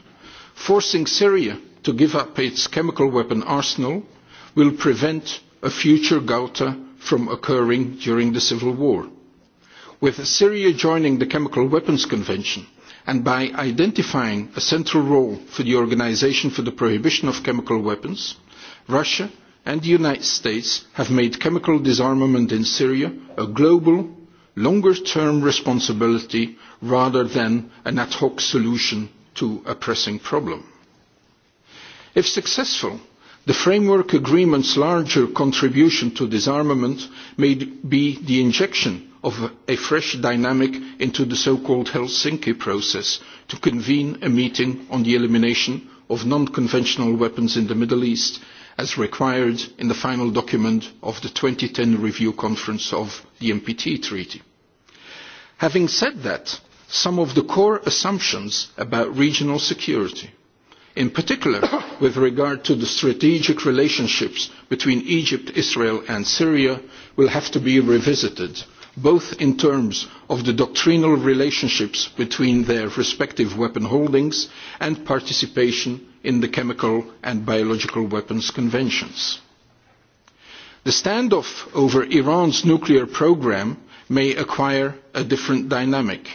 forcing Syria to give up its chemical weapon arsenal will prevent a future Gauta from occurring during the civil war. With Syria joining the Chemical Weapons Convention, and by identifying a central role for the Organisation for the Prohibition of Chemical Weapons, Russia and the United States have made chemical disarmament in Syria a global, longer-term responsibility rather than an ad hoc solution to a pressing problem. If successful, the framework agreement's larger contribution to disarmament may be the injection of a fresh dynamic into the so-called Helsinki process to convene a meeting on the elimination of non-conventional weapons in the Middle East as required in the final document of the ten review conference of the NPT Treaty. Having said that, some of the core assumptions about regional security, in particular with regard to the strategic relationships between Egypt, Israel and Syria, will have to be revisited both in terms of the doctrinal relationships between their respective weapon holdings and participation in the Chemical and Biological Weapons Conventions. The standoff over Iran's nuclear programme may acquire a different dynamic.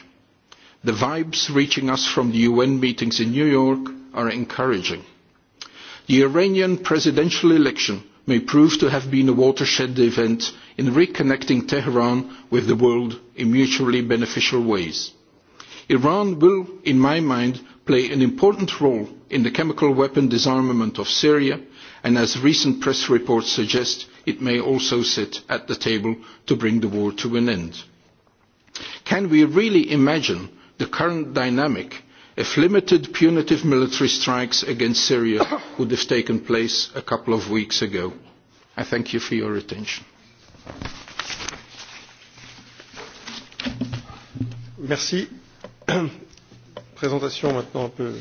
The vibes reaching us from the UN meetings in New York are encouraging. The Iranian presidential election may prove to have been a watershed event in reconnecting Tehran with the world in mutually beneficial ways. Iran will, in my mind, play an important role in the chemical weapon disarmament of Syria, and as recent press reports suggest, it may also sit at the table to bring the war to an end. Can we really imagine the current dynamic if limited punitive military strikes against Syria would have taken place a couple of weeks ago. I thank you for your attention. Merci. Présentation maintenant un peu,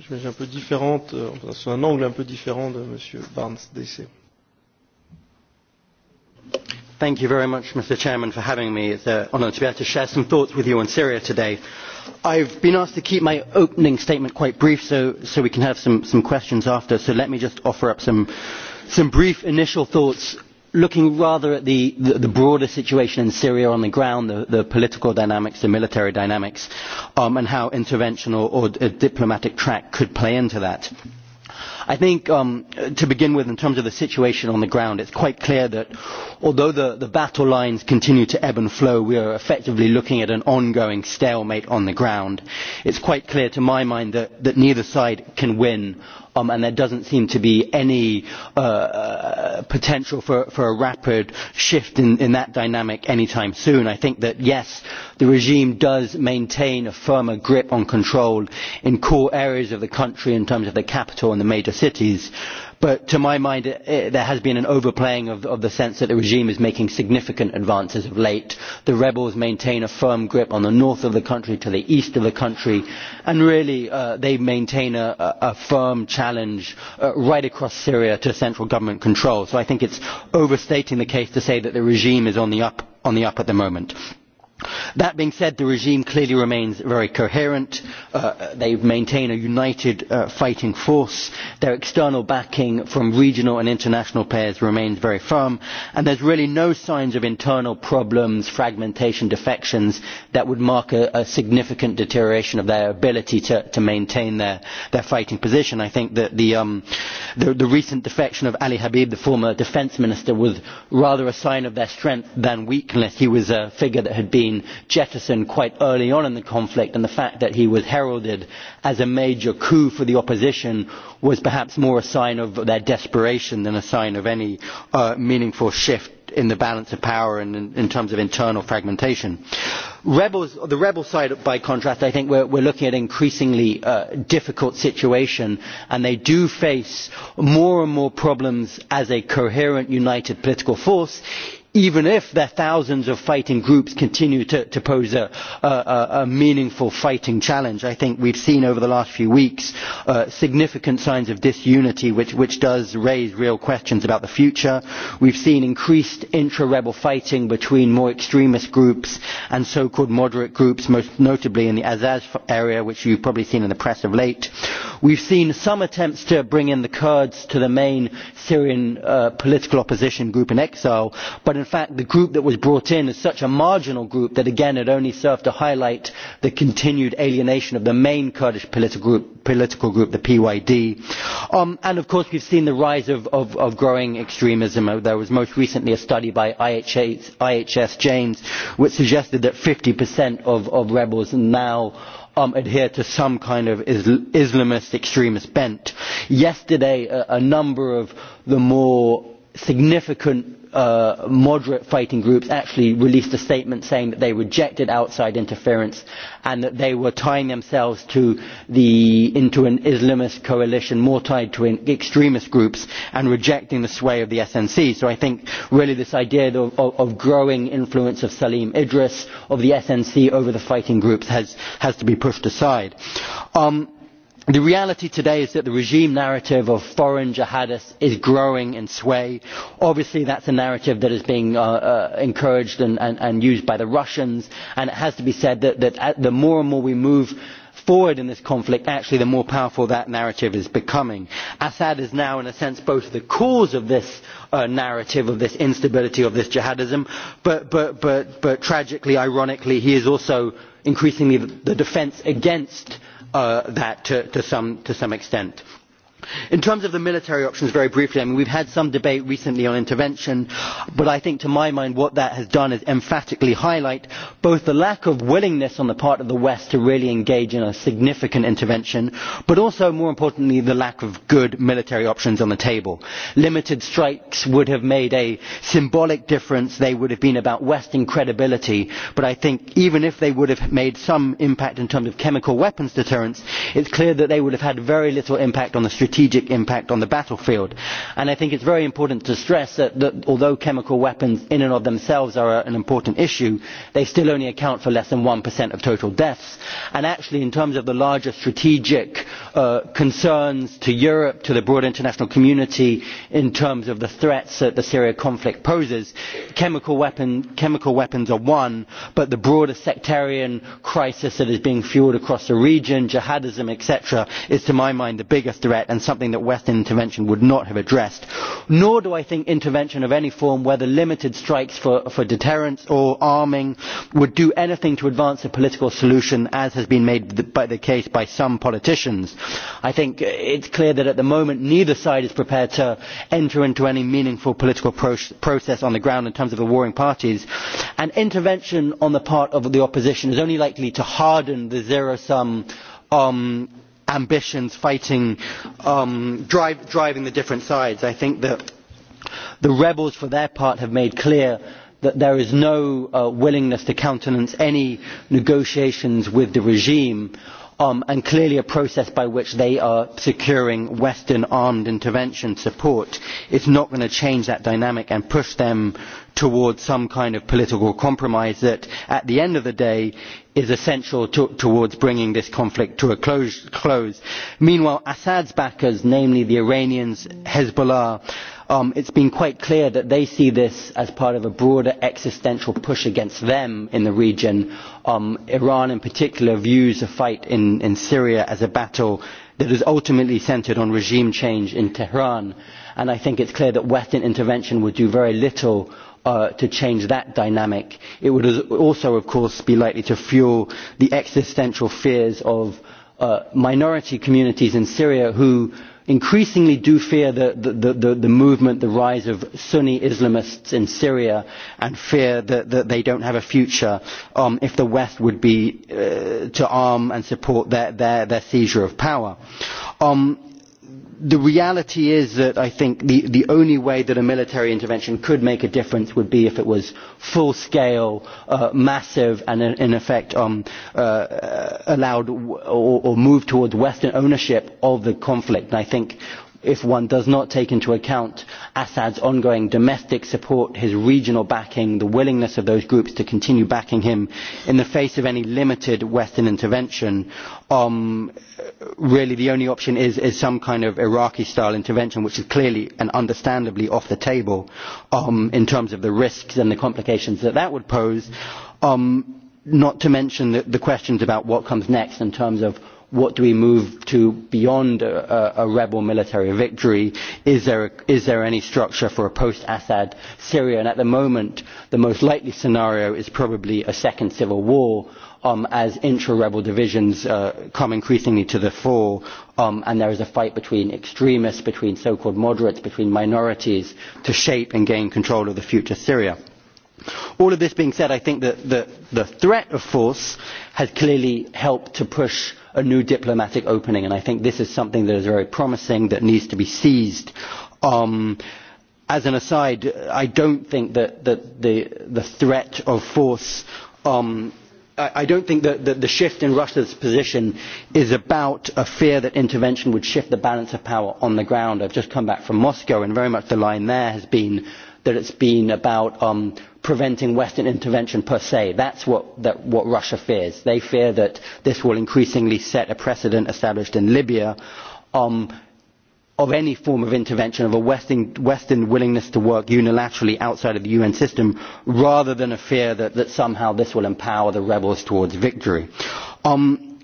j'imagine un peu différente, euh, enfin, sous un angle un peu différent de M. Barnes DC. Thank you very much, Mr. Chairman, for having me. It's uh, an honour to be able to share some thoughts with you on Syria today i have been asked to keep my opening statement quite brief so, we can have some, some questions after so let me just offer up some, brief initial thoughts looking rather at the, the, broader situation in syria on the ground the, the political dynamics the military dynamics um, and how intervention or a diplomatic track could play into that. I think um, to begin with, in terms of the situation on the ground, it is quite clear that although the, the battle lines continue to ebb and flow, we are effectively looking at an ongoing stalemate on the ground. It is quite clear to my mind that, that neither side can win Um, and there does not seem to be any uh, uh, potential for, a rapid shift in, in that dynamic any time soon. I think that, yes, the regime does maintain a firmer grip on control in core areas of the country in terms of the capital and the major cities, But to my mind, eh, eh, there has been an overplaying of, the sense that the regime is making significant advances of late. The rebels maintain a firm grip on the north of the country to the east of the country, and really uh, they maintain a, firm challenge uh, right across Syria to central government control. So I think it is overstating the case to say that the regime is on the up, at the moment. That being said, the regime clearly remains very coherent. Uh, they maintain a united uh, fighting force. Their external backing from regional and international players remains very firm. And there's really no signs of internal problems, fragmentation, defections that would mark a, a significant deterioration of their ability to, to maintain their, their fighting position. I think that the, um, the, the recent defection of Ali Habib, the former defence minister, was rather a sign of their strength than weakness. He was a figure that had been been jettisoned quite early on in the conflict and the fact that he was heralded as a major coup for the opposition was perhaps more a sign of their desperation than a sign of any uh, meaningful shift in the balance of power and in, in terms of internal fragmentation. Rebels, the rebel side, by contrast, I think we're, we're looking at an increasingly uh, difficult situation, and they do face more and more problems as a coherent, united political force, even if their thousands of fighting groups continue to, to pose a, a, a, meaningful fighting challenge. I think we have seen over the last few weeks uh, significant signs of disunity, which, which does raise real questions about the future. We have seen increased intra-rebel fighting between more extremist groups and so-called moderate groups, most notably in the Azaz area, which you have probably seen in the press of late. We have seen some attempts to bring in the Kurds to the main Syrian uh, political opposition group in exile, but in in fact the group that was brought in is such a marginal group that again it only served to highlight the continued alienation of the main kurdish political group, political group the pyd. Um, and of course we have seen the rise of, of, of growing extremism. Uh, there was most recently a study by IHS, ihs james which suggested that fifty of, of rebels now um, adhere to some kind of Islamist extremist bent. Yesterday, a, a number of the more significant uh, moderate fighting groups actually released a statement saying that they rejected outside interference and that they were tying themselves to the, into an Islamist coalition more tied to extremist groups and rejecting the sway of the SNC. So I think really this idea of, the growing influence of Salim Idris, of the SNC over the fighting groups has, to be pushed aside. Um, the reality today is that the regime narrative of foreign jihadists is growing in sway. obviously that is a narrative that is being uh, uh, encouraged and, used by the russians and it has to be said that, the more and more we move forward in this conflict actually the more powerful that narrative is becoming. assad is now in a sense both the cause of this uh, narrative of this instability of this jihadism but, but, but, but tragically ironically he is also increasingly the defence against Uh, that to some, to some extent in terms of the military options very briefly we have had some debate recently on intervention but i think to my mind what that has done is emphatically highlight both the lack of willingness on the part of the west to really engage in a significant intervention but also more importantly the lack of good military options on the table. limited strikes would have made a symbolic difference they would have been about western credibility but i think even if they would have made some impact in terms of chemical weapons deterrence it is clear that they would have had very little impact on the strategic impact on the battlefield. I think it is very important to stress that, although chemical weapons in and of themselves are an important issue, they still only account for less than one of total deaths. And actually, in terms of the larger strategic uh, concerns to Europe, to the broader international community, in terms of the threats that the Syria conflict poses, chemical, weapons are one, but the broader sectarian crisis that is being fuelled across the region, jihadism, etc., is to my mind the bigger threat something that western intervention would not have addressed nor do i think intervention of any form whether limited strikes for, deterrence or arming would do anything to advance a political solution as has been made the, by the case by some politicians. i think uh, it is clear that at the moment neither side is prepared to enter into any meaningful political process on the ground in terms of the warring parties and intervention on the part of the opposition is only likely to harden the zero sum um, ambitions fighting, um, drive, driving the different sides. I think that the rebels, for their part, have made clear that there is no uh, willingness to countenance any negotiations with the regime um, and clearly a process by which they are securing Western armed intervention support is not going to change that dynamic and push them towards some kind of political compromise that at the end of the day is essential to, towards bringing this conflict to a close, close. Meanwhile, Assad's backers, namely the Iranians, Hezbollah, um, it's been quite clear that they see this as part of a broader existential push against them in the region. Um, Iran, in particular, views the fight in, in Syria as a battle that is ultimately centred on regime change in Tehran. And I think it's clear that Western intervention would do very little Uh, to change that dynamic. It would also, of course, be likely to fuel the existential fears of uh, minority communities in Syria who increasingly do fear the, the, movement, the rise of Sunni Islamists in Syria, and fear that, they do not have a future um, if the West would be uh, to arm and support their, their, their seizure of power. Um, the reality is that I think the, the only way that a military intervention could make a difference would be if it was full scale, uh, massive, and in effect um, uh, uh, allowed w- or, or moved towards Western ownership of the conflict. And I think if one does not take into account Assad's ongoing domestic support, his regional backing, the willingness of those groups to continue backing him in the face of any limited Western intervention, um, really the only option is, some kind of Iraqi-style intervention, which is clearly and understandably off the table um, in terms of the risks and the complications that that would pose, um, not to mention the questions about what comes next in terms of what do we move to beyond a, a, a rebel military victory? Is there, a, is there any structure for a post-Assad Syria? And at the moment, the most likely scenario is probably a second civil war um, as intra-rebel divisions uh, come increasingly to the fore um, and there is a fight between extremists, between so-called moderates, between minorities to shape and gain control of the future Syria. All of this being said, I think that the, the threat of force has clearly helped to push a new diplomatic opening. And I think this is something that is very promising that needs to be seized. Um, as an aside, I don't think that, that the, the threat of force um, i do not think that the shift in russia's position is about a fear that intervention would shift the balance of power on the ground. i have just come back from moscow and very much the line there has been that that it's been about um, preventing Western intervention per se. That's what, that, what Russia fears. They fear that this will increasingly set a precedent established in Libya um, of any form of intervention, of a Western, Western willingness to work unilaterally outside of the UN system, rather than a fear that, that somehow this will empower the rebels towards victory. Um,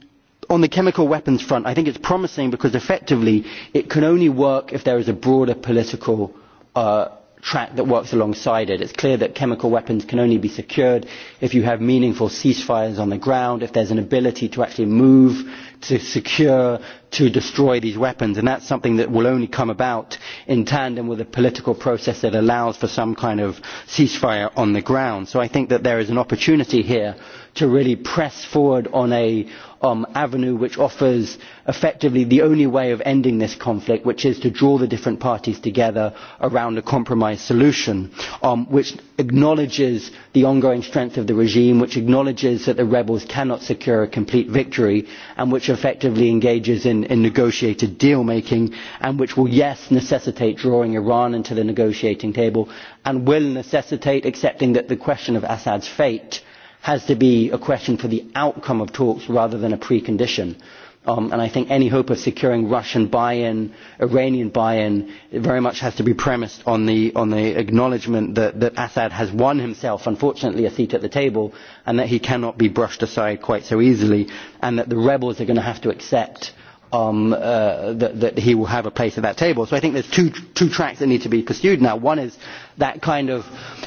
on the chemical weapons front, I think it's promising because effectively it can only work if there is a broader political uh, track that works alongside it. It is clear that chemical weapons can only be secured if you have meaningful ceasefires on the ground, if there is an ability to actually move to secure, to destroy these weapons. And that's something that will only come about in tandem with a political process that allows for some kind of ceasefire on the ground. So I think that there is an opportunity here to really press forward on a um, avenue which offers effectively the only way of ending this conflict, which is to draw the different parties together around a compromise solution, um, which acknowledges the ongoing strength of the regime, which acknowledges that the rebels cannot secure a complete victory, and which effectively engages in, in negotiated deal making and which will, yes, necessitate drawing Iran into the negotiating table and will necessitate accepting that the question of Assad's fate has to be a question for the outcome of talks rather than a precondition Um, and I think any hope of securing Russian buy-in, Iranian buy-in, very much has to be premised on the, on the acknowledgement that, that Assad has won himself, unfortunately, a seat at the table, and that he cannot be brushed aside quite so easily, and that the rebels are going to have to accept um, uh, that, that he will have a place at that table. So I think there's two, two tracks that need to be pursued now. One is that kind of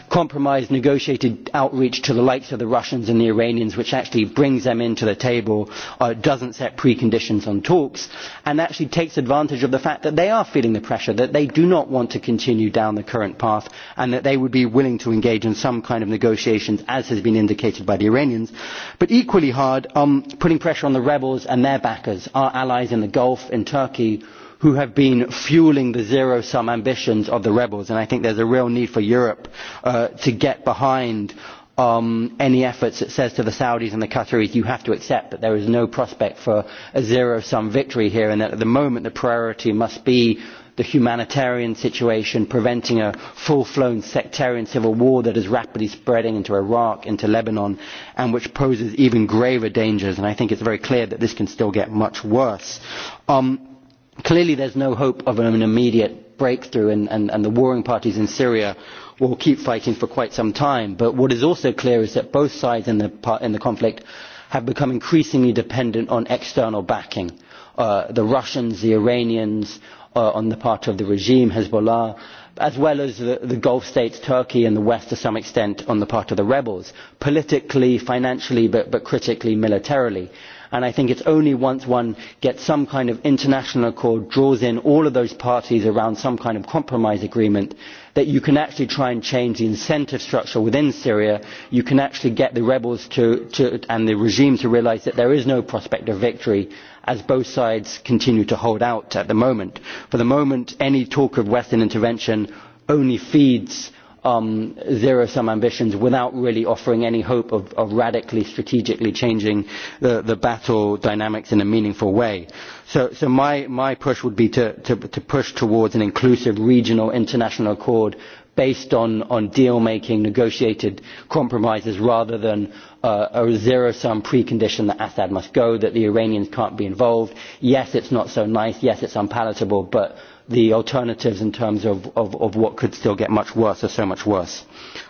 compromise negotiated outreach to the likes of the Russians and the Iranians, which actually brings them into the table, uh, doesn't set preconditions on talks, and actually takes advantage of the fact that they are feeling the pressure, that they do not want to continue down the current path, and that they would be willing to engage in some kind of negotiations, as has been indicated by the Iranians. But equally hard, um, putting pressure on the rebels and their backers, our allies in the Gulf, in Turkey, who have been fuelling the zero sum ambitions of the rebels and i think there is a real need for europe uh, to get behind um, any efforts that says to the Saudis and the Qataris, you have to accept that there is no prospect for a zero-sum victory here, and that at the moment the priority must be the humanitarian situation, preventing a full-flown sectarian civil war that is rapidly spreading into Iraq, into Lebanon, and which poses even graver dangers. And I think it is very clear that this can still get much worse. Um, clearly there is no hope of an immediate breakthrough and, and, and the warring parties in syria will keep fighting for quite some time but what is also clear is that both sides in the, in the conflict have become increasingly dependent on external backing uh, the russians the iranians uh, on the part of the regime hezbollah as well as the, the gulf states turkey and the west to some extent on the part of the rebels politically financially but, but critically militarily and i think it is only once one gets some kind of international accord draws in all of those parties around some kind of compromise agreement that you can actually try and change the incentive structure within syria you can actually get the rebels and the regime to realise that there is no prospect of victory as both sides continue to hold out at the moment. for the moment any talk of western intervention only feeds um, zero sum ambitions without really offering any hope of, of radically strategically changing the, the battle dynamics in a meaningful way. So, so my, my push would be to, to, to push towards an inclusive regional international accord based on, on deal making, negotiated compromises rather than uh, a zero sum precondition that Assad must go, that the Iranians can't be involved. Yes, it's not so nice. Yes, it's unpalatable, but the alternatives in terms of, of, of what could still get much worse or so much worse.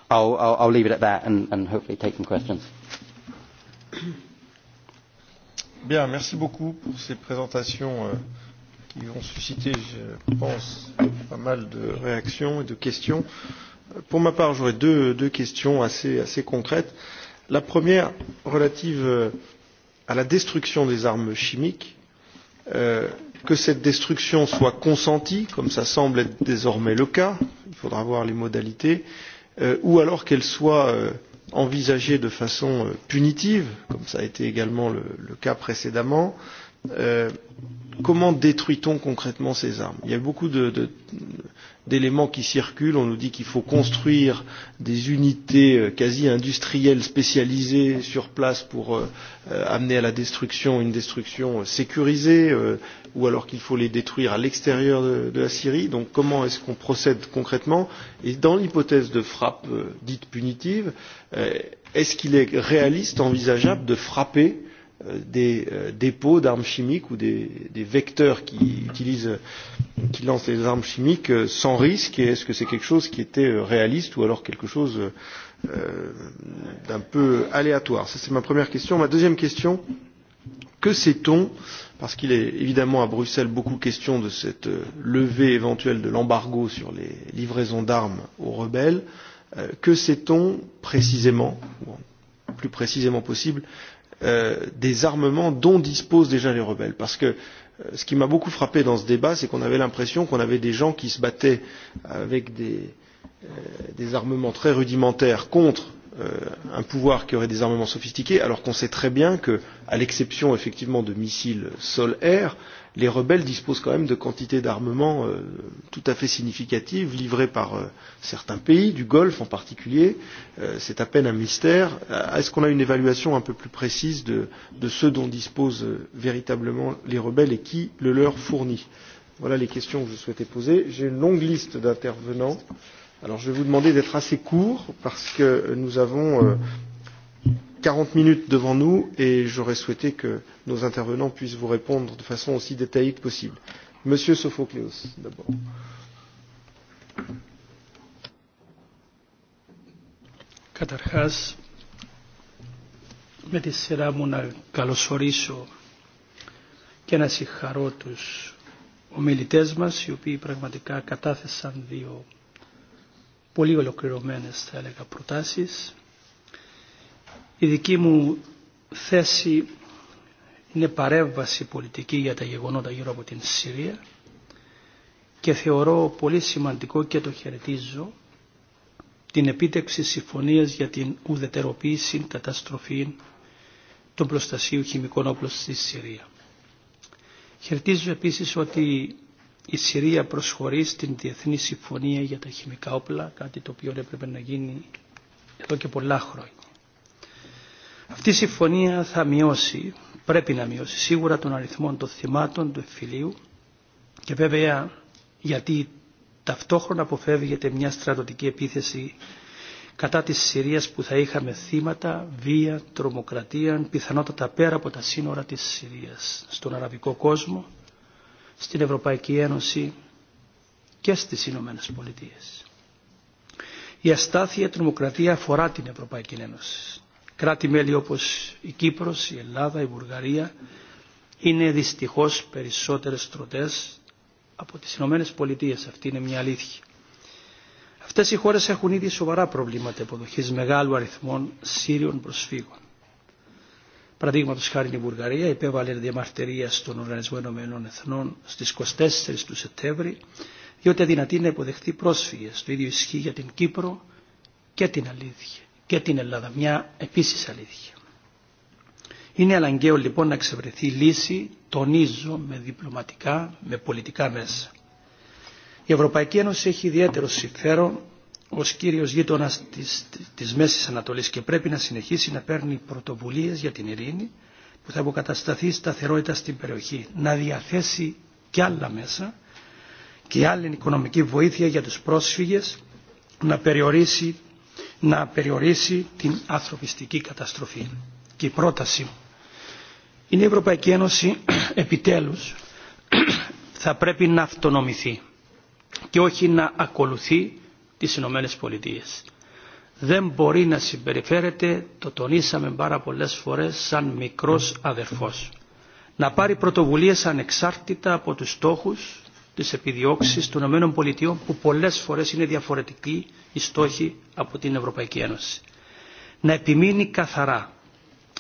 I'll, I'll, I'll leave it at that and, and hopefully take some questions. Bien, merci beaucoup pour ces présentations euh, qui ont suscité, je pense, pas mal de réactions et de questions. Euh, pour ma part, j'aurais deux, deux questions assez, assez concrètes. La première, relative euh, à la destruction des armes chimiques. Euh, que cette destruction soit consentie, comme cela semble être désormais le cas, il faudra voir les modalités, euh, ou alors qu'elle soit euh, envisagée de façon euh, punitive, comme cela a été également le, le cas précédemment. Euh, comment détruit-on concrètement ces armes Il y a beaucoup d'éléments qui circulent. On nous dit qu'il faut construire des unités euh, quasi industrielles spécialisées sur place pour euh, euh amener à la destruction une destruction euh, sécurisée. Euh, ou alors qu'il faut les détruire à l'extérieur de, de la Syrie. Donc comment est-ce qu'on procède concrètement Et dans l'hypothèse de frappe euh, dite punitive, euh, est-ce qu'il est réaliste, envisageable de frapper euh, des euh, dépôts d'armes chimiques ou des, des vecteurs qui, utilisent, qui lancent les armes chimiques euh, sans risque Et est-ce que c'est quelque chose qui était euh, réaliste ou alors quelque chose euh, euh d'un peu aléatoire Ça, c'est ma première question. Ma deuxième question, que sait-on euh, parce qu'il est évidemment à Bruxelles beaucoup question de cette euh, levée éventuelle de l'embargo sur les livraisons d'armes aux rebelles, euh, que sait-on précisément, ou plus précisément possible, euh, des armements dont disposent déjà les rebelles Parce que ce qui m'a beaucoup frappé dans ce débat, c'est qu'on avait l'impression qu'on avait des gens qui se battaient avec des, des armements très rudimentaires contre Euh, un pouvoir qui aurait des armements sophistiqués, alors qu'on sait très bien que, à l'exception effectivement de missiles sol-air, les rebelles disposent quand même de quantités d'armements euh, tout à fait significatives livrées par euh, certains pays, du Golfe en particulier. Euh, C'est à peine un mystère. Euh, est-ce qu'on a une évaluation un peu plus précise de, de ce dont disposent euh, véritablement les rebelles et qui le leur fournit Voilà les questions que je souhaitais poser. J'ai une longue liste d'intervenants. Euh, Alors je vais vous demander d'être assez court parce que nous avons euh, quarante minutes devant nous et j'aurais souhaité que nos intervenants puissent vous répondre de façon aussi détaillée que possible. Monsieur Sophocléos, d'abord. Καταρχάς, με τη σειρά μου να καλωσορίσω και να συγχαρώ τους ομιλητές μας, οι οποίοι πραγματικά κατάθεσαν δύο πολύ ολοκληρωμένες θα έλεγα προτάσεις. Η δική μου θέση είναι παρέμβαση πολιτική για τα γεγονότα γύρω από την Συρία και θεωρώ πολύ σημαντικό και το χαιρετίζω την επίτευξη συμφωνίας για την ουδετεροποίηση καταστροφή των προστασίου χημικών όπλων στη Συρία. Χαιρετίζω επίσης ότι η Συρία προσχωρεί στην Διεθνή Συμφωνία για τα Χημικά Όπλα, κάτι το οποίο έπρεπε να γίνει εδώ και πολλά χρόνια. Αυτή η συμφωνία θα μειώσει, πρέπει να μειώσει σίγουρα τον αριθμό των θυμάτων του εφηλίου και βέβαια γιατί ταυτόχρονα αποφεύγεται μια στρατοτική επίθεση κατά της Συρίας που θα είχαμε θύματα, βία, τρομοκρατία, πιθανότατα πέρα από τα σύνορα της Συρίας, στον αραβικό κόσμο στην Ευρωπαϊκή Ένωση και στις Ηνωμένε Πολιτείε. Η αστάθεια τρομοκρατία αφορά την Ευρωπαϊκή Ένωση. Κράτη-μέλη όπως η Κύπρος, η Ελλάδα, η Βουλγαρία είναι δυστυχώς περισσότερες τροτές από τις Ηνωμένε Πολιτείε. Αυτή είναι μια αλήθεια. Αυτές οι χώρες έχουν ήδη σοβαρά προβλήματα υποδοχής μεγάλου αριθμών Σύριων προσφύγων. Παραδείγματος χάρη η Βουλγαρία υπέβαλε διαμαρτυρία στον Οργανισμό Ενωμένων Εθνών στις 24 του Σεπτέμβρη, διότι αδυνατεί να υποδεχθεί πρόσφυγες. Το ίδιο ισχύει για την Κύπρο και την αλήθεια και την Ελλάδα, μια επίσης αλήθεια. Είναι αναγκαίο λοιπόν να ξεβρεθεί λύση, τονίζω, με διπλωματικά, με πολιτικά μέσα. Η Ευρωπαϊκή Ένωση έχει ιδιαίτερο συμφέρον ως κύριος γείτονας της, της Μέσης Ανατολής και πρέπει να συνεχίσει να παίρνει πρωτοβουλίες για την ειρήνη που θα αποκατασταθεί σταθερότητα στην περιοχή, να διαθέσει κι άλλα μέσα και άλλη οικονομική βοήθεια για τους πρόσφυγες να περιορίσει, να περιορίσει την ανθρωπιστική καταστροφή. Και η πρόταση είναι η Ευρωπαϊκή Ένωση επιτέλους θα πρέπει να αυτονομηθεί και όχι να ακολουθεί τις Ηνωμένες Πολιτείες. Δεν μπορεί να συμπεριφέρεται, το τονίσαμε πάρα πολλές φορές, σαν μικρός αδερφός. Να πάρει πρωτοβουλίες ανεξάρτητα από τους στόχους, τις επιδιώξεις των Ηνωμένων Πολιτείων που πολλές φορές είναι διαφορετικοί οι στόχοι από την Ευρωπαϊκή Ένωση. Να επιμείνει καθαρά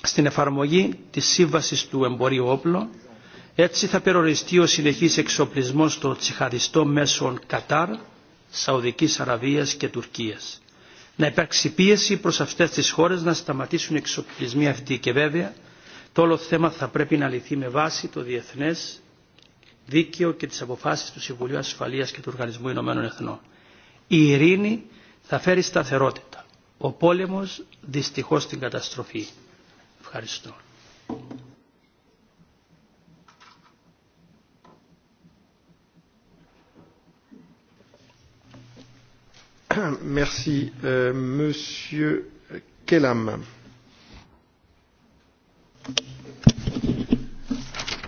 στην εφαρμογή της σύμβασης του εμπορίου όπλων έτσι θα περιοριστεί ο συνεχής εξοπλισμός των τσιχαδιστών μέσων Κατάρ Σαουδικής Αραβίας και Τουρκίας. Να υπάρξει πίεση προς αυτές τις χώρες να σταματήσουν οι εξοπλισμοί αυτοί και βέβαια το όλο θέμα θα πρέπει να λυθεί με βάση το διεθνές δίκαιο και τις αποφάσεις του Συμβουλίου Ασφαλείας και του Οργανισμού Ηνωμένων Εθνών. Η ειρήνη θα φέρει σταθερότητα. Ο πόλεμος δυστυχώς την καταστροφή. Ευχαριστώ. Euh, monsieur Kellam.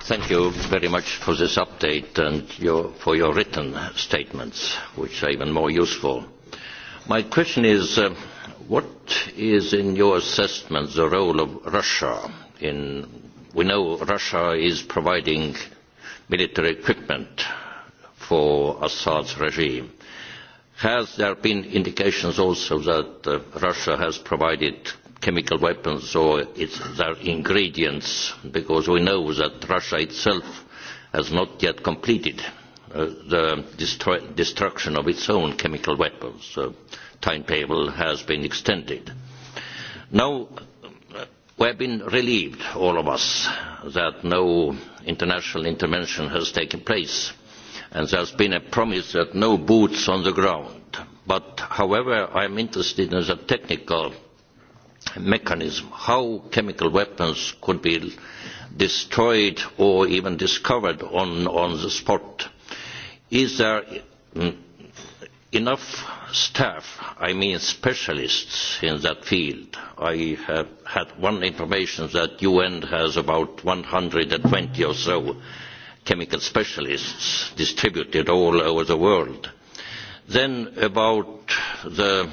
Thank you very much for this update and for your written statements, which are even more useful. My question is, uh, what is in your assessment the role of Russia in... We know Russia is providing military equipment for Assad's regime Has there been indications also that uh, Russia has provided chemical weapons or its, their ingredients? Because we know that Russia itself has not yet completed uh, the destruction of its own chemical weapons. The timetable has been extended. Now, uh, we have been relieved, all of us, that no international intervention has taken place and there has been a promise that no boots on the ground. But, however, I am interested in the technical mechanism, how chemical weapons could be destroyed or even discovered on, on the spot. Is there enough staff, I mean specialists in that field? I have had one information that UN has about one hundred and twenty or so chemical specialists distributed all over the world. Then about the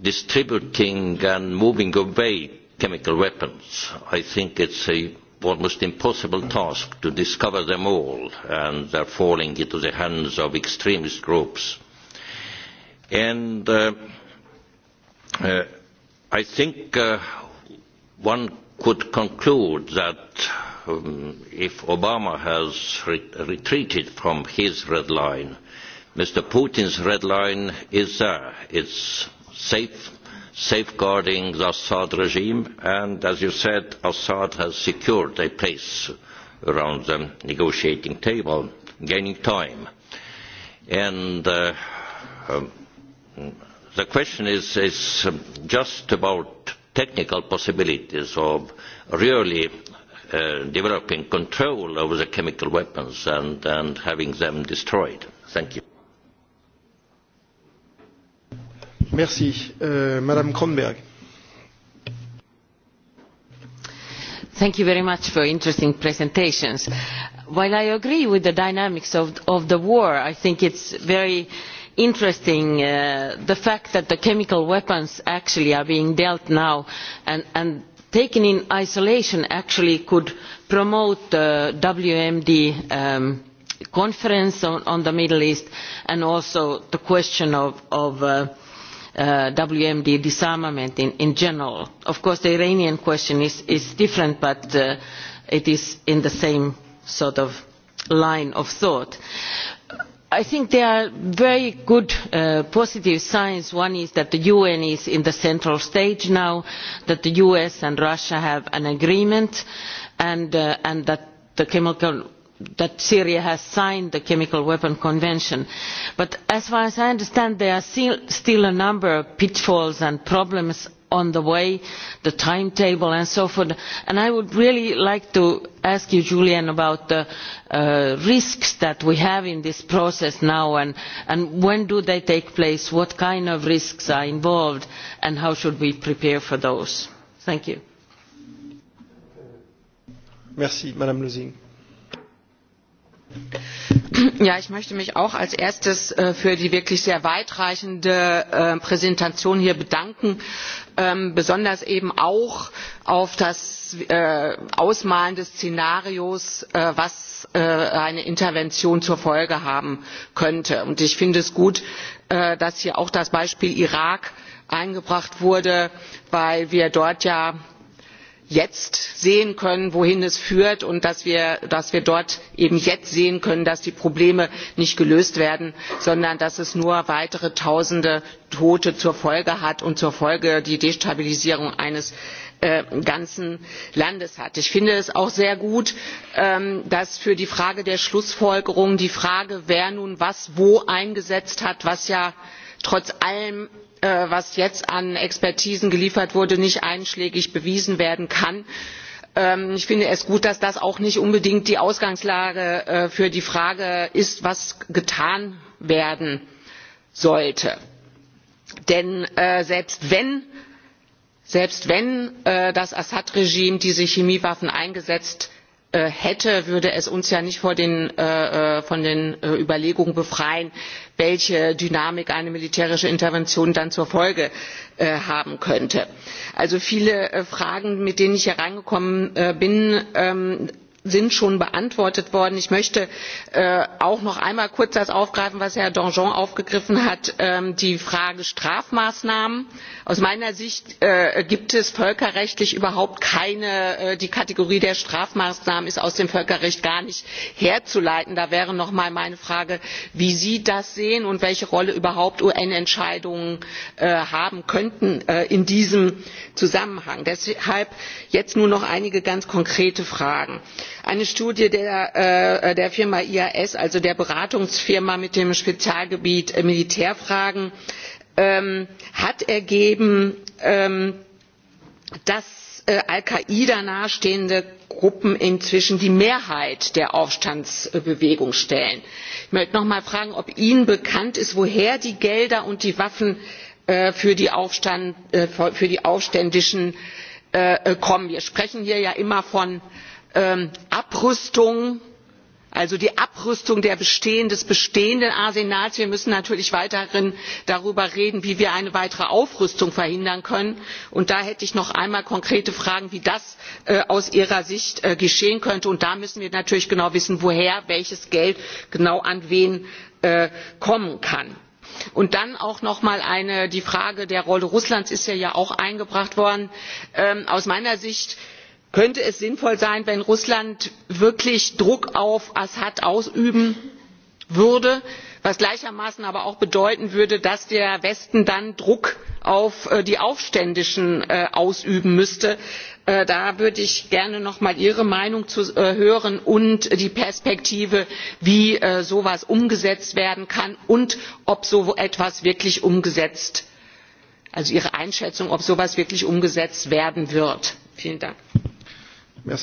distributing and moving away chemical weapons, I think it's a almost impossible task to discover them all and they're falling into the hands of extremist groups. And uh, uh, I think uh, one could conclude that um, if Obama has re retreated from his red line, Mr. Putin's red line is there. It's safe, safeguarding the Assad regime, and as you said, Assad has secured a place around the negotiating table, gaining time. And uh, um, the question is, is just about technical possibilities of really Uh, developing control over the chemical weapons and, and having them destroyed. Thank you. Merci. Uh, Madame Kronberg. Thank you very much for interesting presentations. While I agree with the dynamics of, of the war, I think it's very interesting uh, the fact that the chemical weapons actually are being dealt now and, and taken in isolation actually could promote the uh, wmd um, conference on, the middle east and also the question of, uh, uh, wmd disarmament in, general. of course the iranian question is, different but it is in the same sort of line of thought i think there are very good uh, positive signs one is that the un is in the central stage now that the us and russia have an agreement and, uh, chemical, that syria has signed the chemical weapons convention but as far as i understand there are still a number of pitfalls and problems on the way the timetable and so forth and i would really like to ask you julian about the uh, risks that we have in this process now and, when do they take place what kind of risks are involved and how should we prepare for those? thank you. Ja, ich möchte mich auch als erstes äh, für die wirklich sehr weitreichende äh, präsentation hier bedanken ähm, besonders eben auch auf das äh, ausmalen des szenarios was eine intervention zur folge haben könnte. Und ich finde es gut dass hier auch das beispiel irak eingebracht wurde weil wir dort ja jetzt sehen können wohin es führt und dass wir, dort eben jetzt sehen können dass die probleme nicht gelöst werden sondern dass es nur weitere tausende tote zur folge hat und zur folge die destabilisierung eines äh, ganzen landes hat. ich finde es auch sehr gut ähm, dass für die frage der schlussfolgerungen die frage wer nun was wo eingesetzt hat was ja trotz allem äh, was jetzt an expertisen geliefert wurde nicht einschlägig bewiesen werden kann. Ähm, ich finde es gut dass das auch nicht unbedingt die ausgangslage äh, für die frage ist was getan werden sollte. denn äh, selbst wenn, das assad regime diese chemiewaffen eingesetzt Äh, hätte würde es uns ja nicht äh, äh, von den, überlegungen befreien welche dynamik eine militärische intervention dann zur folge haben könnte. also viele fragen mit denen ich hier reingekommen bin ähm, sind schon beantwortet worden. ich möchte äh, auch noch einmal kurz das aufgreifen was herr danjean aufgegriffen hat ähm, die frage strafmaßnahmen. aus meiner sicht äh, gibt es völkerrechtlich überhaupt keine äh, die kategorie der strafmaßnahmen ist aus dem völkerrecht gar nicht herzuleiten. da wäre noch einmal meine frage wie sie das sehen und welche rolle überhaupt un entscheidungen haben könnten in diesem zusammenhang. deshalb jetzt nur noch einige ganz konkrete fragen eine studie der, äh, firma ias also der beratungsfirma mit dem spezialgebiet äh, militärfragen ähm, hat ergeben ähm, dass äh, al qaida nahestehende gruppen inzwischen die mehrheit der aufstandsbewegung stellen. ich möchte noch einmal fragen ob ihnen bekannt ist woher die gelder und die waffen für die aufständischen kommen. wir sprechen hier ja immer von Ähm, abrüstung also die abrüstung Bestehen, des bestehenden arsenals wir müssen natürlich weiterhin darüber reden wie wir eine weitere aufrüstung verhindern können und da hätte ich noch einmal konkrete fragen wie das äh, aus ihrer sicht äh, geschehen könnte und da müssen wir natürlich genau wissen woher welches geld genau an wen äh, kommen kann. und dann auch noch einmal die frage der rolle russlands ist ja, auch eingebracht worden. Ähm, aus meiner sicht könnte es sinnvoll sein wenn russland wirklich druck auf assad ausüben würde was gleichermaßen aber auch bedeuten würde dass der westen dann druck auf äh, die aufständischen äh, ausüben müsste. Äh, da würde ich gerne noch mal ihre meinung zu hören und die perspektive wie so etwas umgesetzt werden kann und ob so etwas wirklich umgesetzt also ihre einschätzung ob so etwas wirklich umgesetzt werden wird. vielen dank. Thank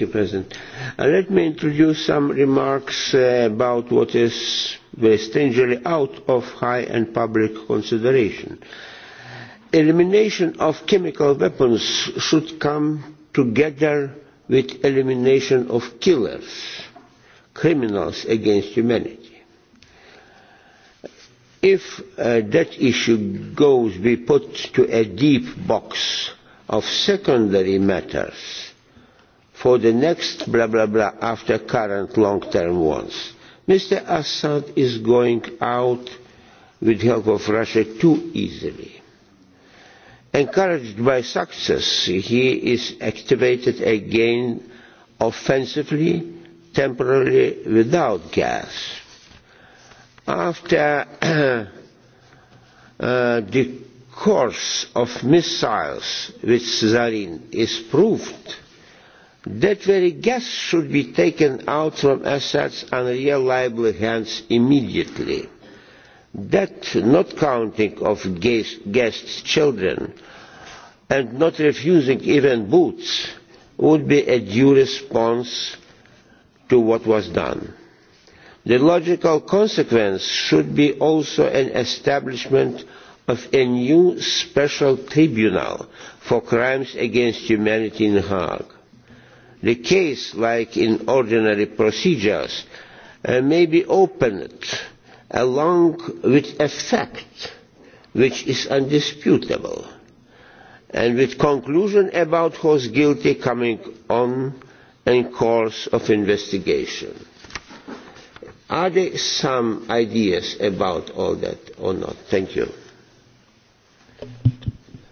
you, President. Uh, let me introduce some remarks uh, about what is very strangely out of high and public consideration. Elimination of chemical weapons should come together with elimination of killers, criminals against humanity. If uh, that issue goes be put to a deep box of secondary matters for the next blah blah blah after current long term ones, Mr. Assad is going out with the help of Russia too easily Encouraged by success, he is activated again offensively, temporarily without gas. After uh, the course of missiles with Cesarin is proved, that very gas should be taken out from Assad's unreliable hands immediately That not counting of guest, guests' children and not refusing even boots would be a due response to what was done. The logical consequence should be also an establishment of a new special tribunal for crimes against humanity in Hague. The case, like in ordinary procedures, uh, may be opened along with a fact which is undisputable and with conclusion about who's guilty coming on in course of investigation. Are there some ideas about all that or not? Thank you.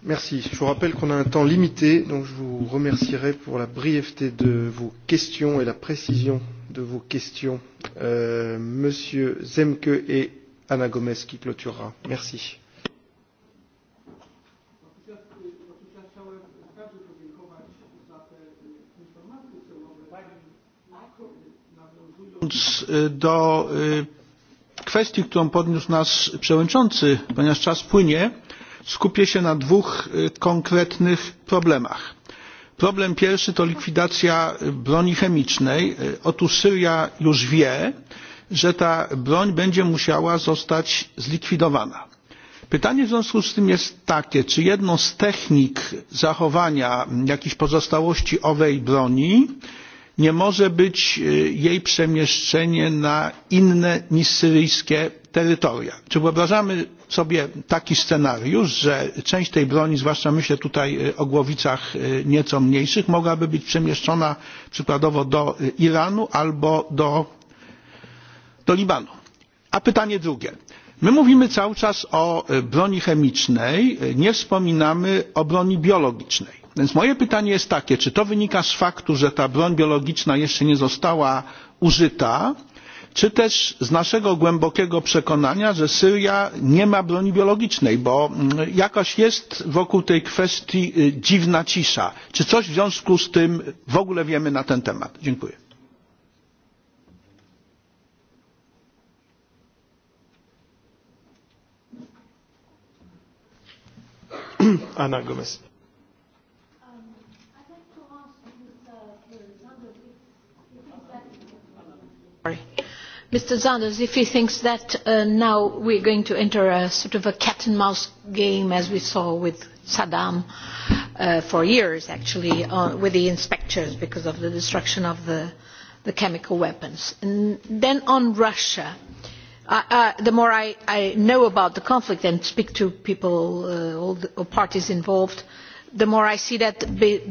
Merci. Je vous rappelle qu'on a un temps limité, donc je vous remercierai pour la brièveté de vos questions et la précision de vos questions. Euh, Monsieur Zemke et Anna Gomez qui clôturera. Merci. E, do e, kwestii, którą podniósł nasz przewodniczący, ponieważ czas płynie, skupię się na dwóch e, konkretnych problemach Problem pierwszy to likwidacja broni chemicznej. E, otóż Syria już wie, że ta broń będzie musiała zostać zlikwidowana. Pytanie w związku z tym jest takie, czy jedną z technik zachowania jakichś pozostałości owej broni nie może być e, jej przemieszczenie na inne niż syryjskie terytoria. Czy wyobrażamy sobie taki scenariusz, że część tej broni, zwłaszcza myślę tutaj e, o głowicach e, nieco mniejszych, mogłaby być przemieszczona przykładowo do e, Iranu albo do, do Libanu? A pytanie drugie. My mówimy cały czas o broni chemicznej, nie wspominamy o broni biologicznej. Więc moje pytanie jest takie, czy to wynika z faktu, że ta broń biologiczna jeszcze nie została użyta, czy też z naszego głębokiego przekonania że syria nie ma broni biologicznej bo mm, jakaś jest wokół tej kwestii dziwna cisza. czy coś w związku z tym w ogóle wiemy na ten temat? dziękuję. Mr. Zanders, if he thinks that uh, now are going to enter a sort of a cat and mouse game, as we saw with Saddam uh, for years, actually, uh, with the inspectors because of the destruction of the, the chemical weapons. And then on Russia, I uh, the more I, i know about the conflict and speak to people uh, all the parties involved the more i see that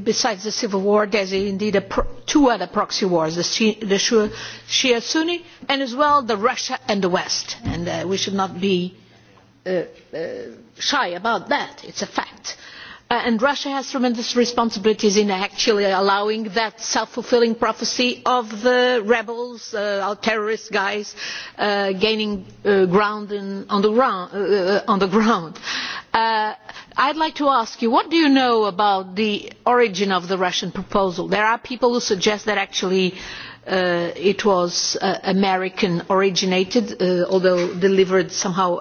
besides the civil war there are indeed two other proxy wars the shia sunni and as well the russia and the west and uh, we should not be uh, uh, shy about that it is a fact. russia has tremendous responsibilities in actually allowing that self fulfilling prophecy of the rebels our terrorist guys gaining ground. On the ground i would like to ask you what do you know about the origin of the russian proposal? there are people who suggest that actually uh, it was uh, american originated uh, although delivered somehow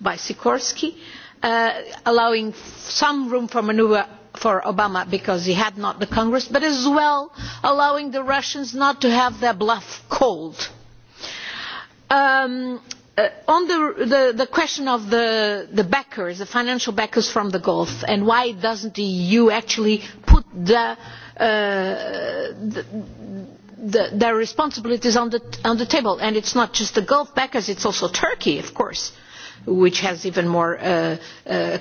by sikorsky allowing some room for manoeuvre for obama because he had not the congress but as well allowing the russians not to have their bluff called. Um, Uh, on the, the, the question of the, the backers the financial backers from the gulf and why does the eu actually put uh, their responsibilities on, the table and it is not just the gulf backers it is also turkey of course which has an even more uh,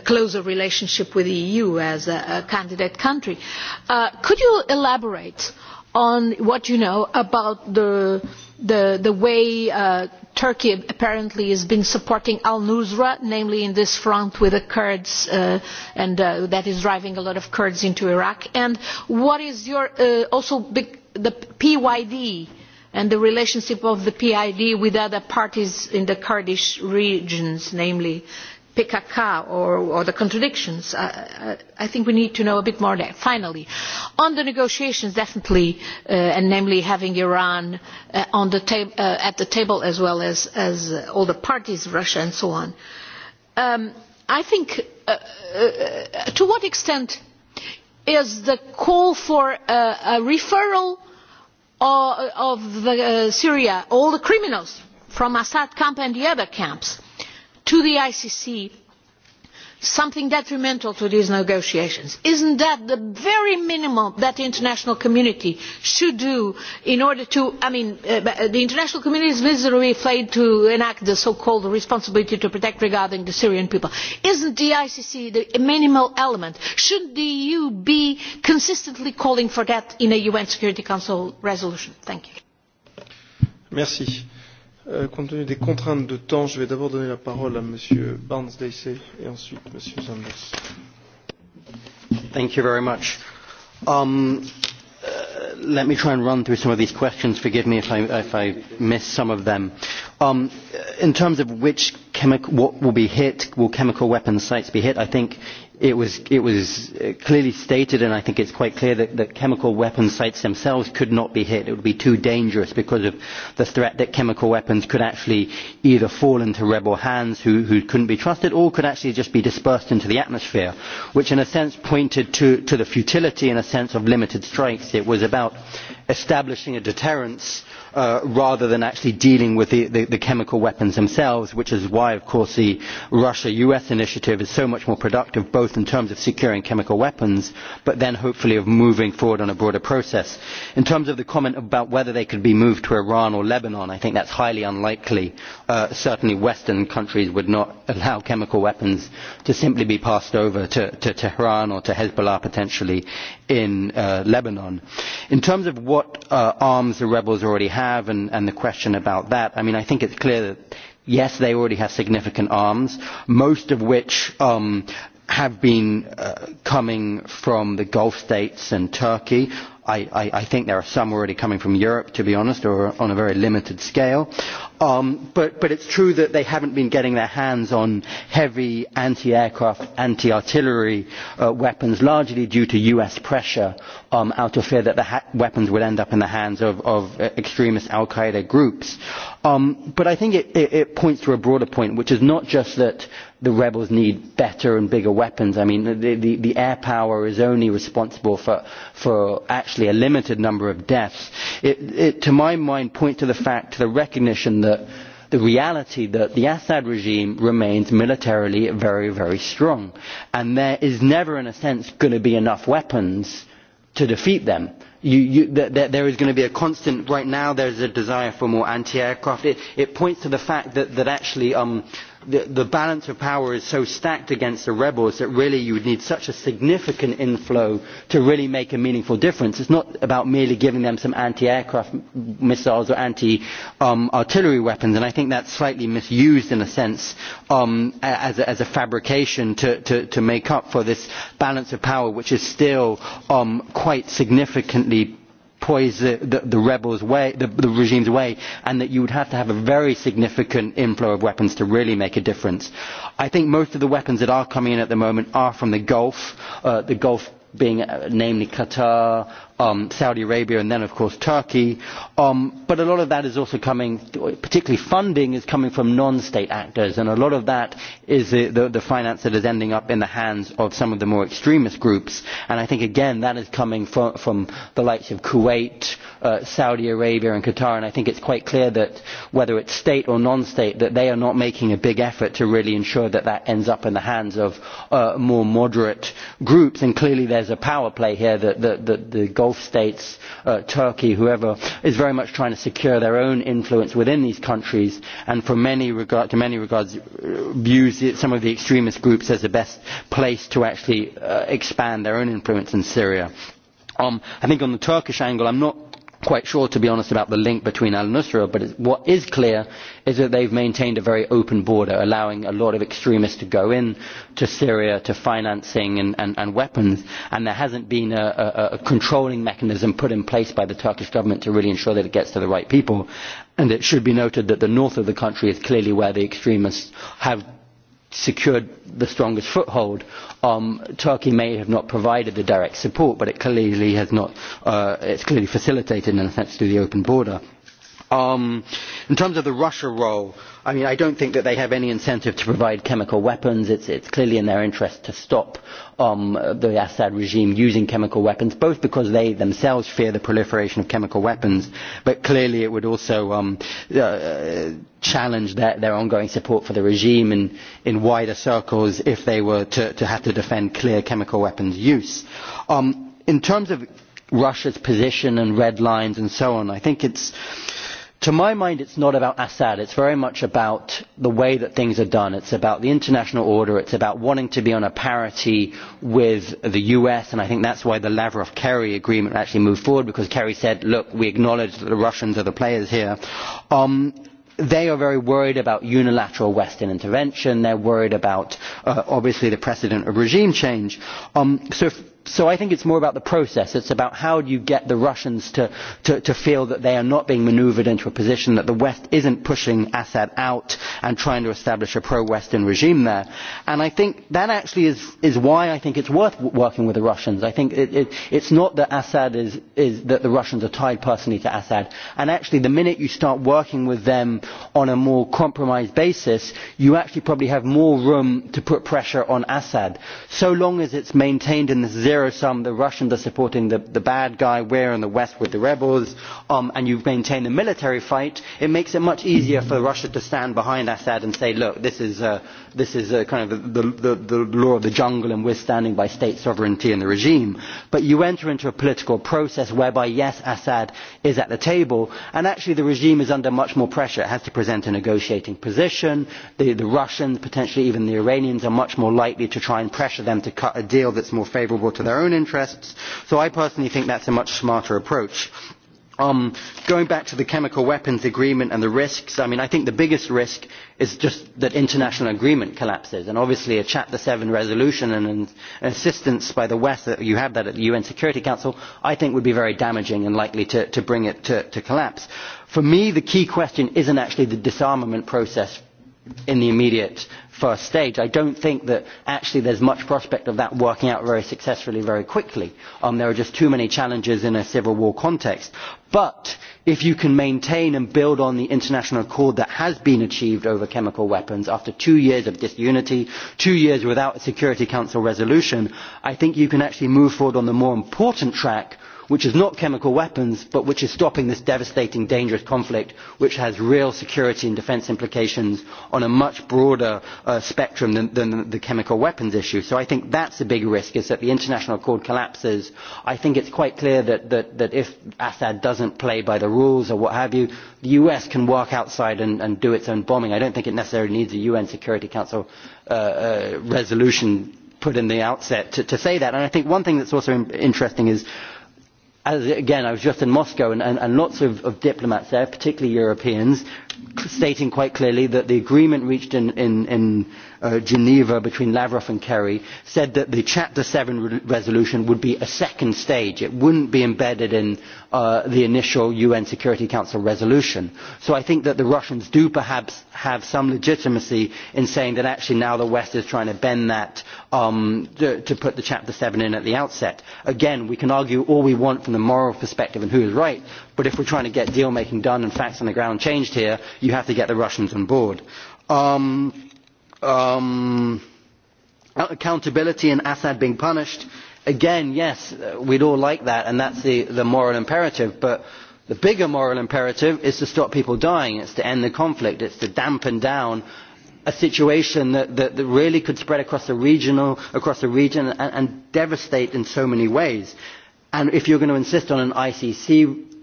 closer relationship with the eu as a candidate country. could you elaborate on what you know about the the, the way uh, Turkey apparently has been supporting al-Nusra, namely in this front with the Kurds, uh, and uh, that is driving a lot of Kurds into Iraq. And what is your, also the PYD and the relationship of the PID with other parties in the Kurdish regions, namely PKK or, or the contradictions. Uh, uh, I think we need to know a bit more there. Finally, on the negotiations, definitely, uh, and namely having Iran uh, on the tab uh, at the table as well as, as uh, all the parties, Russia and so on, um, I think uh, uh, to what extent is the call for uh, a referral of, of the, uh, Syria, all the criminals from Assad camp and the other camps, to the icc something detrimental to these negotiations. is that not the very minimum that the international community should do in order to i mean uh, uh, the international community is miserably failing to enact the so called responsibility to protect regarding the syrian people. is not the icc the minimal element? should the eu be consistently calling for that in a un security council resolution? Euh, compte tenu des contraintes de temps, je vais d'abord donner la parole à M. Barnes Daisy et ensuite M. Sanders. Thank you very much. Um, uh, let me try and run through some of these questions. Forgive me if I, if I miss some of them. Um, in terms of which chemical, what will be hit, will chemical weapons sites be hit? I think it was, it was uh, clearly stated, and I think it's quite clear, that, that chemical weapon sites themselves could not be hit. It would be too dangerous because of the threat that chemical weapons could actually either fall into rebel hands who, who couldn't be trusted or could actually just be dispersed into the atmosphere, which in a sense pointed to, to the futility, in a sense, of limited strikes. It was about establishing a deterrence Uh, rather than actually dealing with the, the, the chemical weapons themselves, which is why, of course, the Russia-US initiative is so much more productive, both in terms of securing chemical weapons, but then hopefully of moving forward on a broader process. In terms of the comment about whether they could be moved to Iran or Lebanon, I think that is highly unlikely. Uh, certainly Western countries would not allow chemical weapons to simply be passed over to, to Tehran or to Hezbollah potentially in uh, Lebanon. In terms of what uh, arms the rebels already have, have and, and the question about that, I mean, I think it's clear that, yes, they already have significant arms, most of which um, have been uh, coming from the Gulf states and Turkey i, I, I think there are some already coming from Europe, to be honest, or on a very limited scale. Um, but, but it's true that they haven't been getting their hands on heavy anti-aircraft, anti-artillery uh, weapons, largely due to US pressure um, out of fear that the ha- weapons would end up in the hands of, of uh, extremist Al-Qaeda groups. Um, but I think it, it, it points to a broader point, which is not just that the rebels need better and bigger weapons. I mean, the, the, the air power is only responsible for, for actually a limited number of deaths. It, it, to my mind, points to the fact, to the recognition that the reality that the Assad regime remains militarily very, very strong. And there is never, in a sense, going to be enough weapons to defeat them. You, you, th th there is going to be a constant, right now there is a desire for more anti-aircraft. It, it points to the fact that, that actually um, the, balance of power is so stacked against the rebels that really you would need such a significant inflow to really make a meaningful difference. It is not about merely giving them some anti-aircraft missiles or anti-artillery um, weapons, and I think that is slightly misused in a sense um, as, a, as a fabrication to, to, to make up for this balance of power, which is still um, quite significantly poise the, the, the rebels' way, the, the regime's way, and that you would have to have a very significant inflow of weapons to really make a difference. I think most of the weapons that are coming in at the moment are from the Gulf, uh, the Gulf being uh, namely Qatar, um, Saudi Arabia and then of course Turkey. Um, but a lot of that is also coming, particularly funding is coming from non-state actors and a lot of that is the, the, the finance that is ending up in the hands of some of the more extremist groups and I think again that is coming from, from the likes of Kuwait, uh, Saudi Arabia and Qatar and I think it is quite clear that whether it is state or non-state that they are not making a big effort to really ensure that that ends up in the hands of uh, more moderate groups and clearly is a power play here that the Gulf states, uh, Turkey, whoever, is very much trying to secure their own influence within these countries and for many regard, to many regards uh, views some of the extremist groups as the best place to actually uh, expand their own influence in Syria. Um, I think on the Turkish angle, I'm not quite sure, to be honest, about the link between al-Nusra, but what is clear is that they have maintained a very open border, allowing a lot of extremists to go in to Syria, to financing and, and, and weapons, and there has not been a, a, a controlling mechanism put in place by the Turkish government to really ensure that it gets to the right people. And it should be noted that the north of the country is clearly where the extremists have secured the strongest foothold. Um, Turkey may have not provided the direct support, but it clearly has not, uh, it's clearly facilitated in a sense through the open border. Um, in terms of the Russia role, I mean, I don't think that they have any incentive to provide chemical weapons. It's, it's clearly in their interest to stop um, the Assad regime using chemical weapons, both because they themselves fear the proliferation of chemical weapons, but clearly it would also um, uh, challenge their, their ongoing support for the regime in, in wider circles if they were to, to have to defend clear chemical weapons use. Um, in terms of Russia's position and red lines and so on, I think it's to my mind it is not about assad it is very much about the way that things are done it is about the international order it is about wanting to be on a parity with the us and i think that is why the lavrov kerry agreement actually moved forward because kerry said look we acknowledge that the russians are the players here. Um, they are very worried about unilateral Western intervention. They're worried about, uh, obviously, the precedent of regime change. Um, so, so I think it's more about the process. It's about how do you get the Russians to, to, to feel that they are not being manoeuvred into a position that the West isn't pushing Assad out and trying to establish a pro-Western regime there. And I think that actually is, is why I think it's worth working with the Russians. I think it, it, it's not that Assad is, is that the Russians are tied personally to Assad. And actually, the minute you start working with them on a more compromised basis, you actually probably have more room to put pressure on Assad, so long as it's maintained in this zero there are some the russians are supporting the, bad guy we're in the west with the rebels um, and you maintain a military fight it makes it much easier for russia to stand behind assad and say look this is, uh, this is uh, kind of the, the, the law of the jungle and we're standing by state sovereignty and the regime but you enter into a political process whereby yes assad is at the table and actually the regime is under much more pressure it has to present a negotiating position the, the russians potentially even the iranians are much more likely to try and pressure them to cut a deal that is more favourable to their own interests so i personally think that is a much smarter approach. Um, going back to the chemical weapons agreement and the risks I, mean, i think the biggest risk is just that international agreement collapses and obviously a chapter seven resolution and an assistance by the west that you have that at the un security council i think would be very damaging and likely to, to bring it to, to collapse. for me the key question is not actually the disarmament process in the immediate first stage, I don't think that actually there's much prospect of that working out very successfully very quickly. Um, there are just too many challenges in a civil war context. But if you can maintain and build on the international accord that has been achieved over chemical weapons after two years of disunity, two years without a Security Council resolution, I think you can actually move forward on the more important track which is not chemical weapons but which is stopping this devastating dangerous conflict which has real security and defence implications on a much broader uh, spectrum than, than the chemical weapons issue. so i think that is big risk is that the international accord collapses. i think it is quite clear that, that, that if assad does not play by the rules or what have you the us can walk outside and, and do its own bombing. i do not think it necessarily needs a un security council uh, uh, resolution put in the outset to, to say that. And I think one thing that's also in, interesting is As, again, I was just in Moscow, and, and, and lots of, of diplomats there, particularly Europeans, stating quite clearly that the agreement reached in, in, in Uh, Geneva between Lavrov and Kerry said that the Chapter 7 re resolution would be a second stage. It wouldn't be embedded in uh, the initial UN Security Council resolution. So I think that the Russians do perhaps have some legitimacy in saying that actually now the West is trying to bend that um, to, to put the Chapter 7 in at the outset. Again, we can argue all we want from the moral perspective and who is right, but if we are trying to get deal making done and facts on the ground changed here, you have to get the Russians on board. Um, um, accountability and Assad being punished. Again, yes, we'd all like that, and that's the, the moral imperative. But the bigger moral imperative is to stop people dying. It's to end the conflict. It's to dampen down a situation that, that, that really could spread across the, regional, across the region and, and devastate in so many ways. And if you're going to insist on an ICC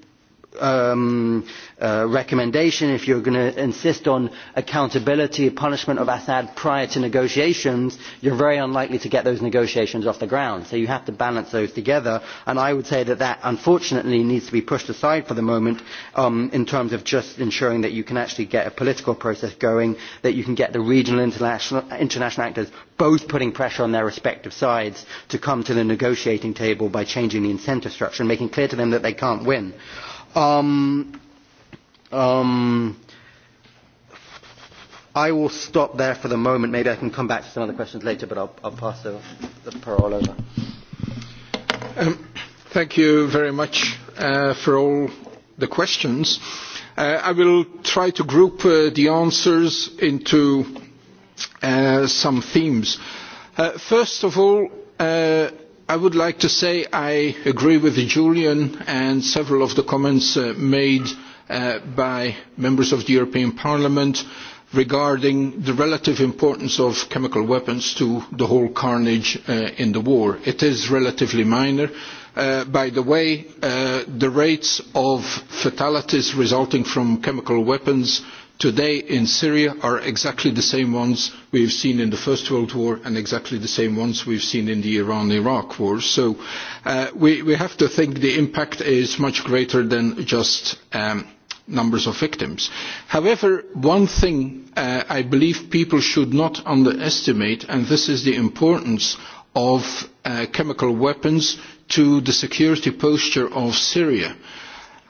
um, uh, recommendation, if you are going to insist on accountability, punishment of Assad prior to negotiations, you are very unlikely to get those negotiations off the ground. So you have to balance those together. And I would say that that, unfortunately, needs to be pushed aside for the moment um, in terms of just ensuring that you can actually get a political process going, that you can get the regional international, international actors both putting pressure on their respective sides to come to the negotiating table by changing the incentive structure and making clear to them that they can't win. Um, um, I will stop there for the moment. Maybe I can come back to some other questions later, but I'll, I'll pass the, the parole over. Um, thank you very much uh, for all the questions. Uh, I will try to group uh, the answers into uh, some themes. Uh, first of all, uh, i would like to say I agree with Julian and several of the comments uh, made uh, by members of the European Parliament regarding the relative importance of chemical weapons to the whole carnage uh, in the war. It is relatively minor. Uh, by the way, uh, the rates of fatalities resulting from chemical weapons today in Syria are exactly the same ones we have seen in the First World War and exactly the same ones we have seen in the Iran-Iraq war. So uh, we, we, have to think the impact is much greater than just um, numbers of victims. However, one thing uh, I believe people should not underestimate, and this is the importance of uh, chemical weapons to the security posture of Syria. Uh,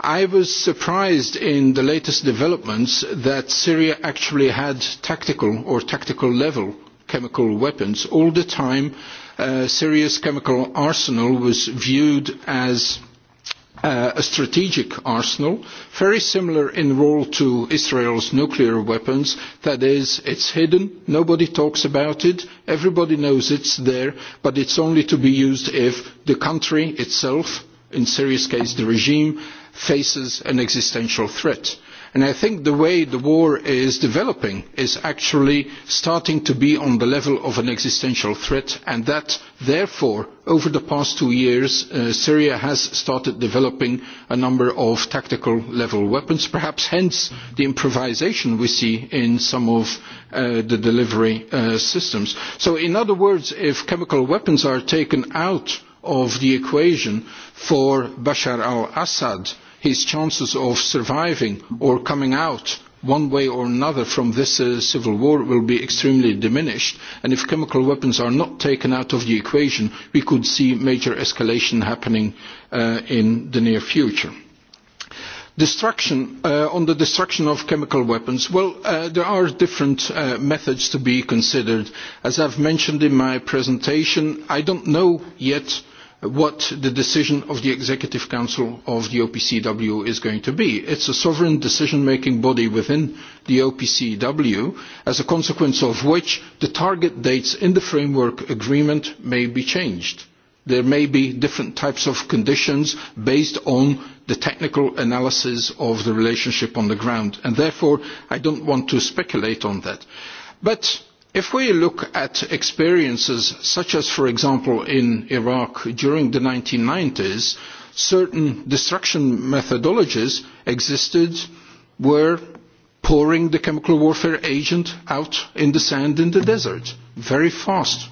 i was surprised in the latest developments that Syria actually had tactical or tactical level chemical weapons. All the time, uh, Syria's chemical arsenal was viewed as uh, a strategic arsenal, very similar in role to Israel's nuclear weapons. That is, it's hidden, nobody talks about it, everybody knows it's there, but it's only to be used if the country itself, in Syria's case the regime, faces an existential threat. And I think the way the war is developing is actually starting to be on the level of an existential threat and that therefore over the past two years uh, Syria has started developing a number of tactical level weapons, perhaps hence the improvisation we see in some of uh, the delivery uh, systems. So in other words, if chemical weapons are taken out of the equation for Bashar al-Assad, his chances of surviving or coming out one way or another from this uh, civil war will be extremely diminished. And if chemical weapons are not taken out of the equation, we could see major escalation happening uh, in the near future. Destruction, uh, on the destruction of chemical weapons, well, uh, there are different uh, methods to be considered. As I have mentioned in my presentation, I do not know yet what the decision of the Executive Council of the OPCW is going to be. It's a sovereign decision-making body within the OPCW, as a consequence of which the target dates in the framework agreement may be changed. There may be different types of conditions based on the technical analysis of the relationship on the ground, and therefore I don't want to speculate on that. But If we look at experiences such as, for example, in Iraq during the 1990s, certain destruction methodologies existed were pouring the chemical warfare agent out in the sand in the desert very fast.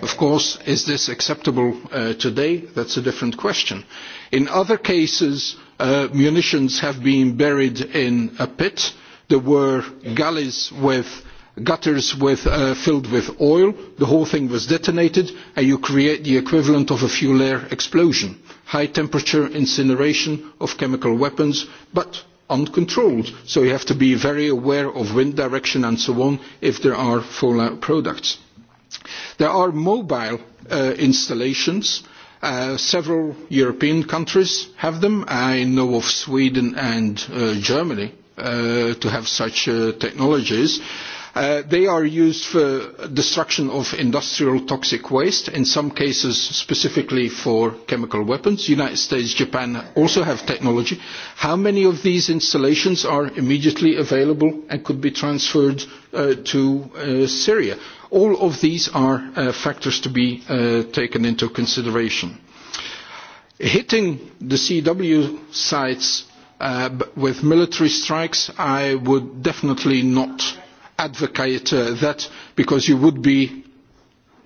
Of course, is this acceptable uh, today? That's a different question. In other cases, uh, munitions have been buried in a pit. There were gullies with gutters with, uh, filled with oil. The whole thing was detonated, and you create the equivalent of a fuel air explosion. High temperature incineration of chemical weapons, but uncontrolled. So you have to be very aware of wind direction and so on if there are fallout products. There are mobile uh, installations. Uh, several European countries have them. I know of Sweden and uh, Germany uh, to have such uh, technologies. Uh, they are used for destruction of industrial toxic waste, in some cases specifically for chemical weapons. United States, Japan also have technology. How many of these installations are immediately available and could be transferred uh, to uh, Syria? All of these are uh, factors to be uh, taken into consideration. Hitting the CW sites uh, with military strikes, I would definitely not advocate uh, that because you would be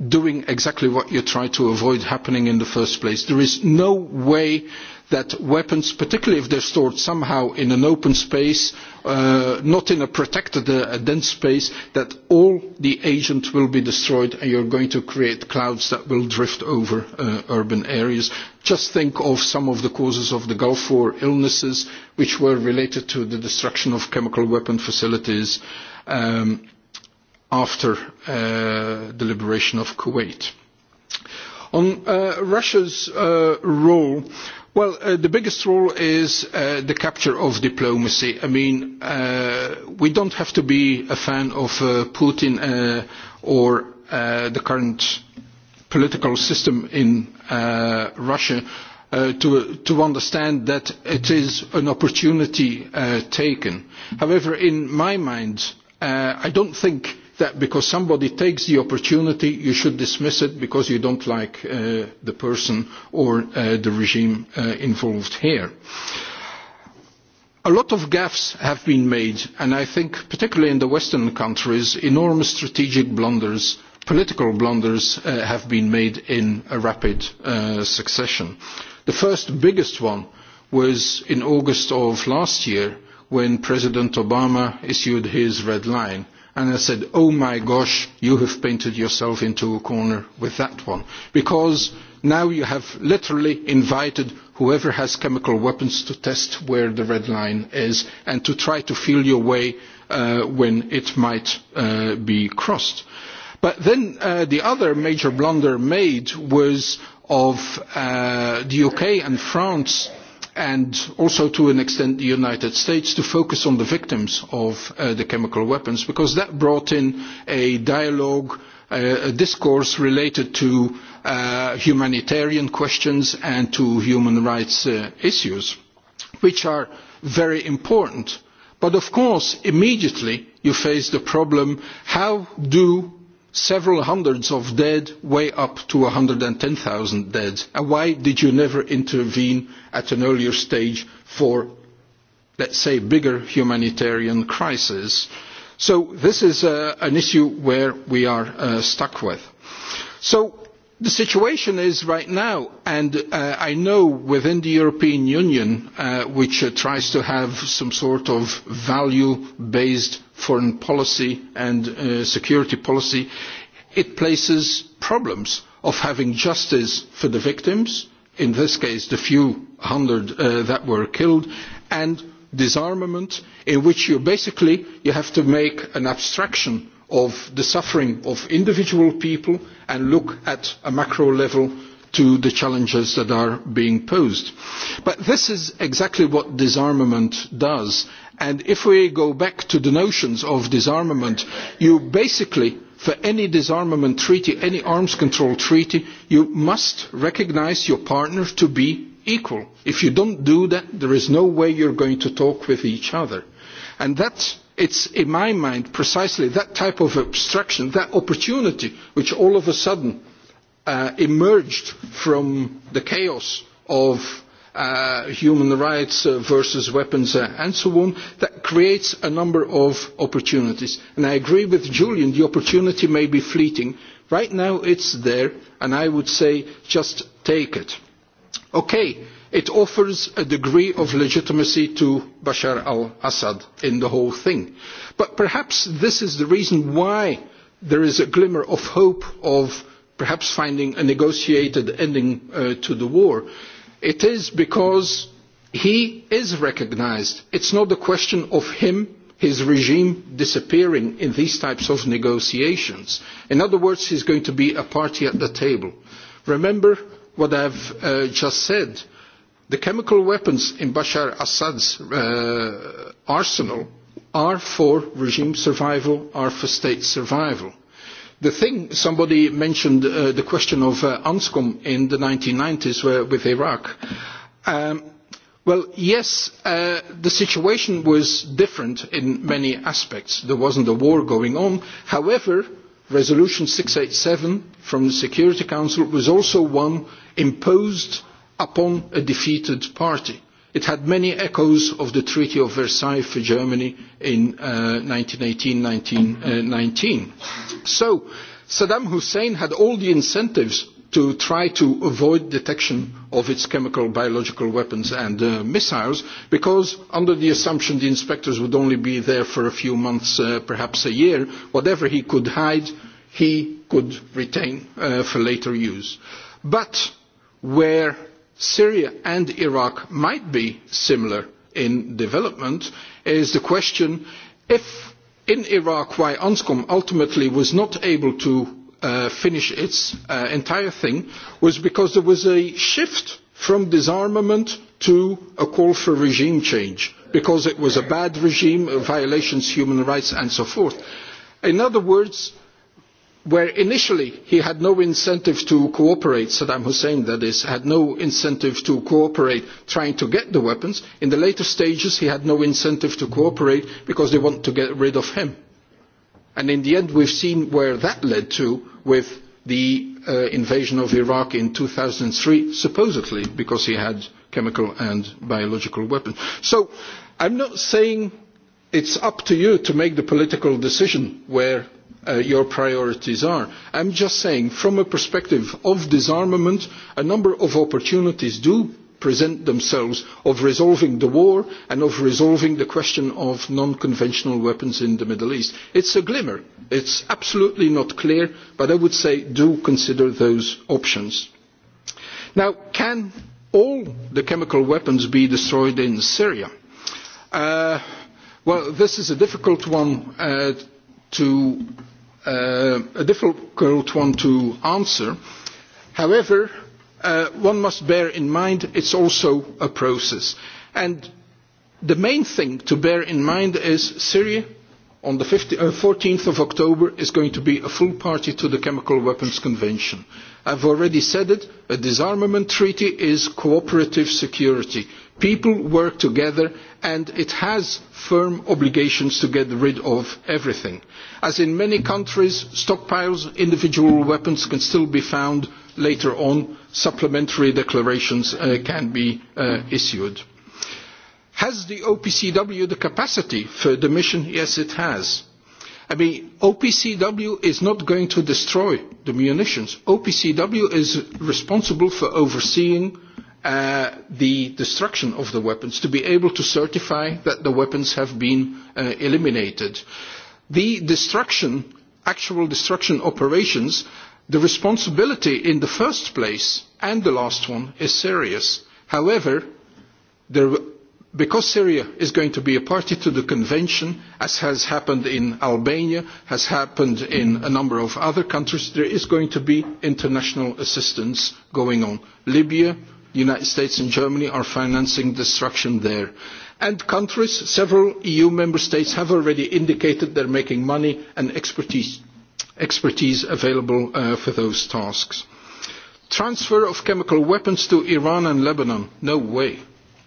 doing exactly what you try to avoid happening in the first place. There is no way that weapons, particularly if they are stored somehow in an open space, uh, not in a protected, uh, dense space, that all the agents will be destroyed and you are going to create clouds that will drift over uh, urban areas. Just think of some of the causes of the Gulf War illnesses, which were related to the destruction of chemical weapon facilities, uh, um, after uh, the liberation of Kuwait. On uh, Russia's uh, role, well, uh, the biggest role is uh, the capture of diplomacy. I mean, uh, we don't have to be a fan of uh, Putin uh, or uh, the current political system in uh, Russia uh, to, to understand that it is an opportunity uh, taken. However, in my mind, Uh, I don't think that because somebody takes the opportunity, you should dismiss it because you don't like uh, the person or uh, the regime uh, involved here. A lot of gaffes have been made, and I think, particularly in the Western countries, enormous strategic blunders, political blunders uh, have been made in a rapid uh, succession. The first biggest one was in August of last year when President Obama issued his red line. And I said, oh my gosh, you have painted yourself into a corner with that one. Because now you have literally invited whoever has chemical weapons to test where the red line is and to try to feel your way uh, when it might uh, be crossed. But then uh, the other major blunder made was of uh, the UK and France and also to an extent the United States to focus on the victims of uh, the chemical weapons because that brought in a dialogue, uh, a discourse related to uh, humanitarian questions and to human rights uh, issues, which are very important. But of course, immediately you face the problem, how do several hundreds of dead, way up to one hundred and ten 110,000 dead? And why did you never intervene at an earlier stage for, let's say, bigger humanitarian crises? So this is uh, an issue where we are uh, stuck with. So the situation is right now, and uh, I know within the European Union, uh, which uh, tries to have some sort of value-based foreign policy and uh, security policy, it places problems of having justice for the victims, in this case the few hundred uh, that were killed, and disarmament in which you basically you have to make an abstraction of the suffering of individual people and look at a macro level to the challenges that are being posed. But this is exactly what disarmament does. And if we go back to the notions of disarmament, you basically, for any disarmament treaty, any arms control treaty, you must recognise your partner to be equal. If you don't do that, there is no way you are going to talk with each other. And that is in my mind precisely that type of obstruction, that opportunity which all of a sudden uh, emerged from the chaos of uh, human rights uh, versus weapons uh, and so on, that creates a number of opportunities. And I agree with Julian, the opportunity may be fleeting. Right now it's there, and I would say just take it. Okay, it offers a degree of legitimacy to Bashar al-Assad in the whole thing. But perhaps this is the reason why there is a glimmer of hope of perhaps finding a negotiated ending uh, to the war. It is because he is recognised. It is not a question of him, his regime disappearing in these types of negotiations. In other words, he is going to be a party at the table. Remember what I have uh, just said. The chemical weapons in Bashar Assad's uh, arsenal are for regime survival, are for state survival The thing, somebody mentioned uh, the question of uh, Anscombe in the 1990s where, uh, with Iraq. Um, well, yes, uh, the situation was different in many aspects. There wasn't a war going on. However, Resolution 687 from the Security Council was also one imposed upon a defeated party It had many echoes of the Treaty of Versailles for Germany in uh, 1918-1919. Uh, so Saddam Hussein had all the incentives to try to avoid detection of its chemical, biological weapons and uh, missiles, because under the assumption the inspectors would only be there for a few months, uh, perhaps a year, whatever he could hide, he could retain uh, for later use. But where Syria and Iraq might be similar in development is the question if in Iraq why ONSCOM ultimately was not able to uh, finish its uh, entire thing was because there was a shift from disarmament to a call for regime change because it was a bad regime, violations of human rights and so forth. In other words, where initially he had no incentive to cooperate, Saddam Hussein that is, had no incentive to cooperate trying to get the weapons, in the later stages he had no incentive to cooperate because they want to get rid of him. And in the end we have seen where that led to with the uh, invasion of Iraq in two thousand three, supposedly because he had chemical and biological weapons. So I am not saying it is up to you to make the political decision where Uh, your priorities are. I am just saying, from a perspective of disarmament, a number of opportunities do present themselves of resolving the war and of resolving the question of non-conventional weapons in the Middle East. It is a glimmer. It is absolutely not clear, but I would say do consider those options. Now, can all the chemical weapons be destroyed in Syria? Uh, well, this is a difficult one uh, to uh, a difficult one to answer. However, uh, one must bear in mind it's also a process. And the main thing to bear in mind is Syria on the 15, uh, 14th of October is going to be a full party to the Chemical Weapons Convention. I've already said it, a disarmament treaty is cooperative security. People work together and it has firm obligations to get rid of everything. As in many countries, stockpiles of individual weapons can still be found later on. Supplementary declarations uh, can be uh, issued. Has the OPCW the capacity for the mission? Yes, it has. I mean, OPCW is not going to destroy the munitions. OPCW is responsible for overseeing uh, the destruction of the weapons to be able to certify that the weapons have been uh, eliminated. The destruction, actual destruction operations, the responsibility in the first place and the last one is serious. However, there, because Syria is going to be a party to the convention, as has happened in Albania, has happened in a number of other countries, there is going to be international assistance going on. Libya, United States and Germany are financing destruction there. And countries, several EU member states have already indicated they are making money and expertise, expertise available uh, for those tasks. Transfer of chemical weapons to Iran and Lebanon. No way.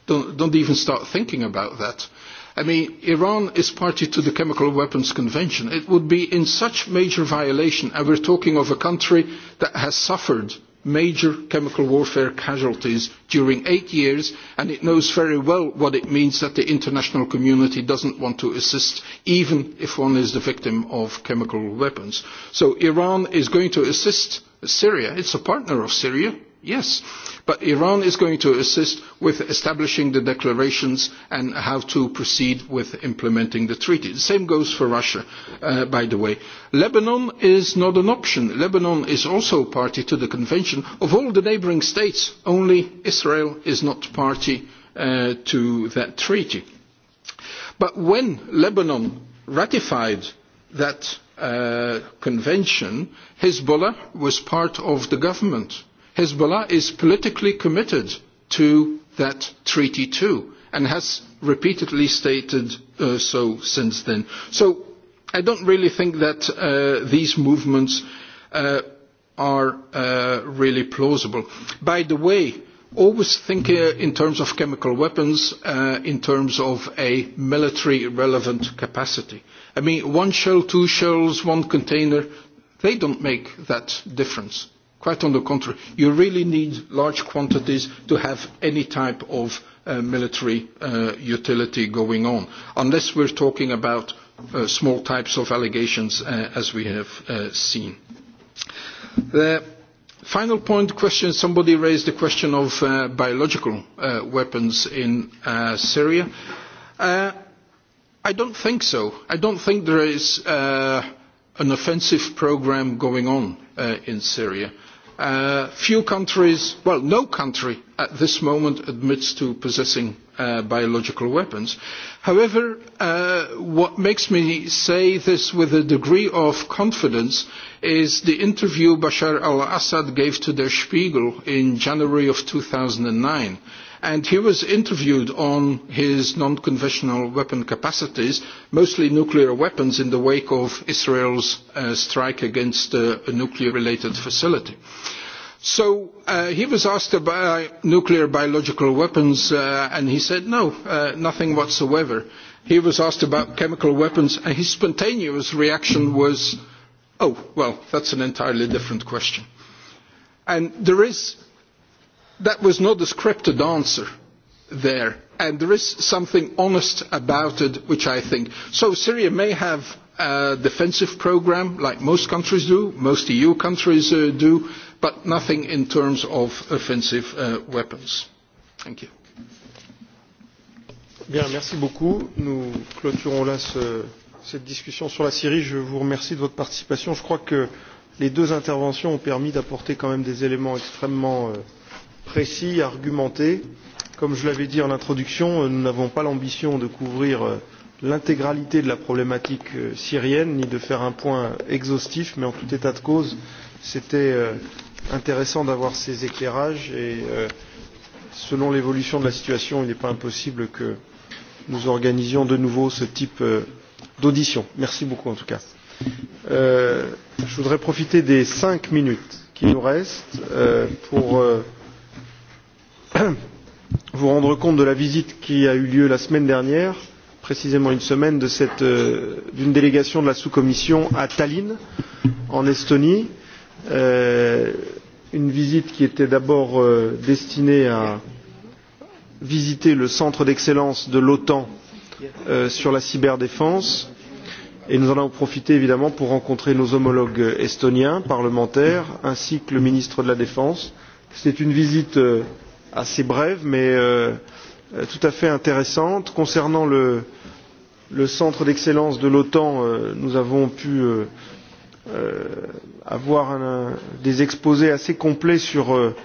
Don't, don't even start thinking about that. I mean, Iran is party to the Chemical Weapons Convention. It would be in such major violation, and we are talking of a country that has suffered major chemical warfare casualties during eight years, and it knows very well what it means that the international community does not want to assist, even if one is the victim of chemical weapons. So Iran is going to assist Syria. it is a partner of Syria Yes, but Iran is going to assist with establishing the declarations and how to proceed with implementing the treaty. The same goes for Russia, uh, by the way. Lebanon is not an option. Lebanon is also party to the convention. Of all the neighbouring states, only Israel is not party uh, to that treaty. But when Lebanon ratified that uh, convention, Hezbollah was part of the government Hezbollah is politically committed to that treaty too and has repeatedly stated uh, so since then. So I don't really think that uh, these movements uh, are uh, really plausible. By the way, always think uh, in terms of chemical weapons, uh, in terms of a military relevant capacity. I mean, one shell, two shells, one container, they don't make that difference Quite on the contrary, you really need large quantities to have any type of uh, military uh, utility going on, unless we're talking about uh, small types of allegations uh, as we have uh, seen. The final point question, somebody raised the question of uh, biological uh, weapons in uh, Syria. Uh, I don't think so. I don't think there is uh, an offensive program going on uh, in Syria. Uh, few countries well no country at this moment admits to possessing uh, biological weapons. However, uh, what makes me say this with a degree of confidence is the interview Bashar al-Assad gave to Der Spiegel in January of two thousand nine, And he was interviewed on his non-conventional weapon capacities, mostly nuclear weapons in the wake of Israel's uh, strike against uh, a nuclear-related facility. Uh, so uh, he was asked about nuclear biological weapons, uh, and he said no, uh, nothing whatsoever. He was asked about chemical weapons, and his spontaneous reaction was, oh, well, that's an entirely different question. And there is, that was not a scripted answer there. And there is something honest about it, which I think. So Syria may have a defensive program, like most countries do, most EU countries uh, do but nothing in terms of offensive uh, weapons. Thank you. Bien, merci beaucoup. Nous clôturons là ce, cette discussion sur la Syrie. Je vous remercie de votre participation. Je crois que les deux interventions ont permis d'apporter quand même des éléments extrêmement euh, précis, argumentés. Comme je l'avais dit en introduction, euh, nous n'avons pas l'ambition de couvrir euh, l'intégralité de la problématique syrienne ni de faire un point exhaustif mais en tout état de cause c'était intéressant d'avoir ces éclairages et euh, selon l'évolution de la situation, il n'est pas impossible que nous organisions de nouveau ce type euh, d'audition. Merci beaucoup en tout cas. Euh, je voudrais profiter des cinq minutes qui nous restent euh, pour euh, vous rendre compte de la visite qui a eu lieu la semaine dernière, précisément une semaine, euh, d'une euh, délégation de la sous-commission à Tallinn, en Estonie euh, une visite qui était d'abord euh, destinée à visiter le centre d'excellence de l'OTAN euh, sur la cyberdéfense et nous en avons profité évidemment pour rencontrer nos homologues estoniens parlementaires ainsi que le ministre de la défense. c'est une visite euh, assez brève mais euh, euh, tout à fait intéressante. concernant le, le centre d'excellence de l'otan euh, nous avons pu euh, euh avoir un, des exposés assez complets sur euh,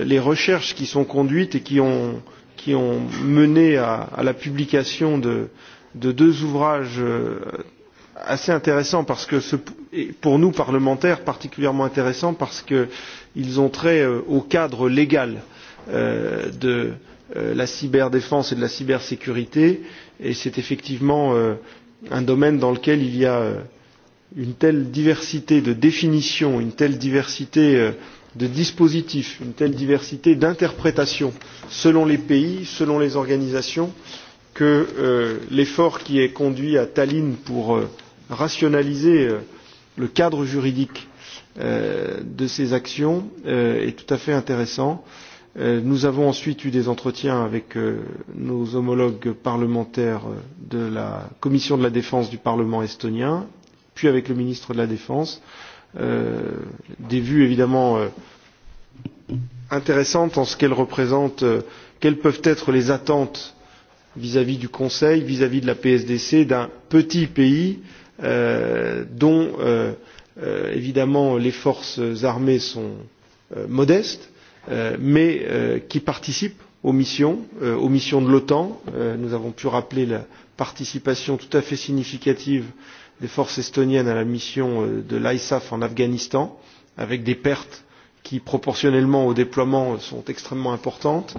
les recherches qui sont conduites et qui ont, qui ont mené à, à la publication de, de deux ouvrages euh, assez intéressants parce que ce, et pour nous parlementaires particulièrement intéressants parce qu'ils ont trait euh, au cadre légal euh, de euh, la cyberdéfense et de la cybersécurité et c'est effectivement euh, un domaine dans lequel il y a euh, une telle diversité de définitions, une telle diversité euh, de dispositifs, une telle diversité d'interprétations selon les pays, selon les organisations, que euh, l'effort qui est conduit à Tallinn pour euh, rationaliser euh, le cadre juridique euh, de ces actions euh, est tout à fait intéressant. Nous avons ensuite eu des entretiens avec nos homologues parlementaires de la Commission de la défense du Parlement estonien puis avec le ministre de la Défense. Euh, des vues évidemment euh, intéressantes en ce qu'elles représentent, euh, quelles peuvent être les attentes vis-à-vis -vis du Conseil, vis-à-vis -vis de la PSDC, d'un petit pays euh, dont euh, euh, évidemment les forces armées sont euh, modestes, euh, mais euh, qui participent aux missions, euh, aux missions de l'OTAN. Euh, nous avons pu rappeler la participation tout à fait significative euh, des forces estoniennes à la mission euh, de l'ISAF en Afghanistan, avec des pertes qui proportionnellement au déploiement euh, sont extrêmement importantes.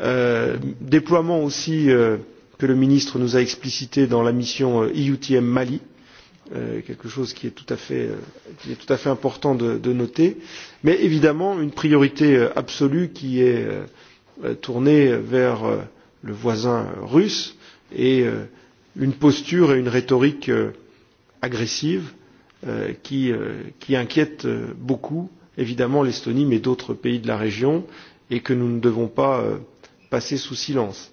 Euh, déploiement aussi euh, que le ministre nous a explicité dans la mission EUTM e Mali, euh, quelque chose qui est tout à fait, euh, qui est tout à fait important de, de noter, mais évidemment une priorité absolue qui est tournée vers le voisin russe et une posture et une rhétorique agressive euh, qui, euh, qui inquiète euh, beaucoup évidemment l'Estonie mais d'autres pays de la région et que nous ne devons pas euh, passer sous silence.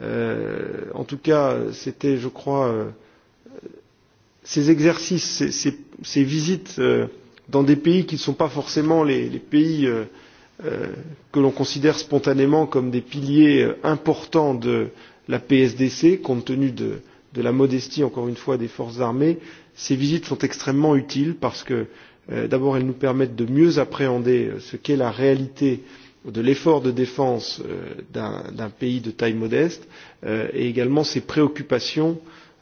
Euh, en tout cas, c'était, je crois, euh, ces exercices, ces, ces, ces visites euh, dans des pays qui ne sont pas forcément les, les pays euh, euh, que l'on considère spontanément comme des piliers euh, importants de la PSDC, compte tenu de, de la modestie, encore une fois, des forces armées, ces visites sont extrêmement utiles parce que, euh, d'abord, elles nous permettent de mieux appréhender euh, ce qu'est la réalité de l'effort de défense euh, d'un pays de taille modeste euh, et également ses préoccupations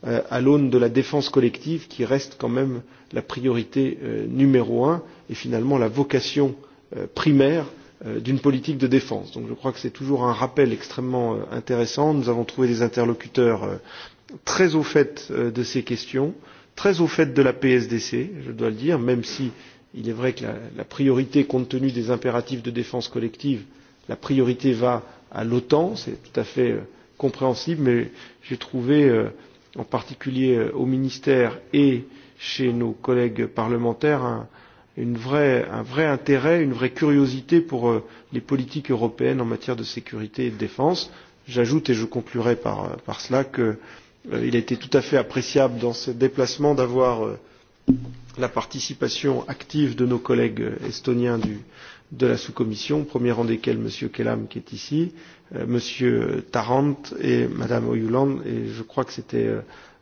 euh, à l'aune de la défense collective qui reste quand même la priorité euh, numéro un et finalement la vocation euh, primaire euh, d'une politique de défense. Donc je crois que c'est toujours un rappel extrêmement euh, intéressant. Nous avons trouvé des interlocuteurs très au fait euh, de ces questions, très au fait de la PSDC, je dois le dire, même si il est vrai que la, priorité, compte tenu des impératifs de défense collective, la priorité va à l'OTAN, c'est tout à fait euh, compréhensible, mais j'ai trouvé, euh, en particulier au ministère et chez nos collègues parlementaires, un, une vraie, un vrai intérêt, une vraie curiosité pour les politiques européennes en matière de sécurité et de défense. J'ajoute, et je conclurai par, par cela, que euh, Euh, il a été tout à fait appréciable dans ce déplacement d'avoir euh, la participation active de nos collègues euh, estoniens du, de la sous-commission, au premier rang desquels M. Kellam qui est ici, M. Tarant et Mme Oyuland. Et je crois que c'était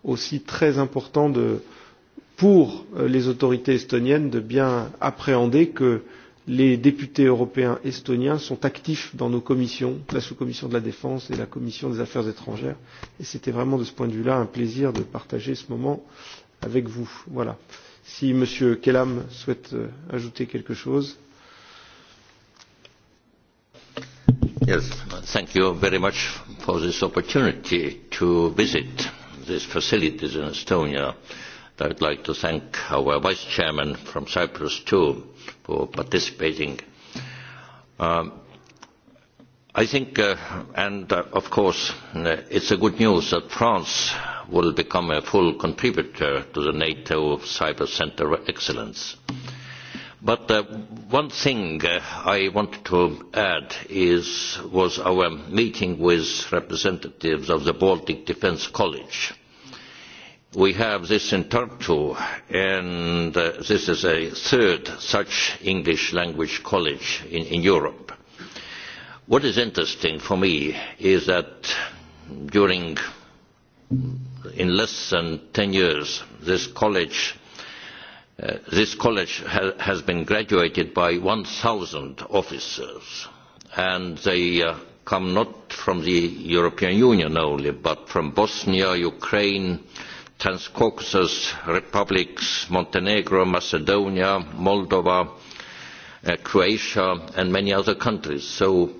aussi très important de, pour les autorités estoniennes de bien appréhender que les députés européens estoniens sont actifs dans nos commissions, la sous-commission de la défense et la commission des affaires étrangères. Et c'était vraiment de ce point de vue-là un plaisir de partager ce moment avec vous. Voilà. Si M. Kellam souhaite euh, ajouter quelque chose. Yes, thank you very much for this opportunity to visit these facilities in Estonia. I would like to thank our Vice Chairman from Cyprus too for participating. Um, I think, uh, and uh, of course, uh, it's a good news that France will become a full contributor to the NATO Cyber Centre of Excellence. But uh, one thing uh, I wanted to add is, was our meeting with representatives of the Baltic Defence College we have this in Tartu, and uh, this is a third such English language college in, in Europe. What is interesting for me is that during, in less than 10 years, this college, uh, this college ha has been graduated by 1,000 officers, and they uh, come not from the European Union only, but from Bosnia, Ukraine, Transcaucasus republics, Montenegro, Macedonia, Moldova, uh, Croatia, and many other countries. So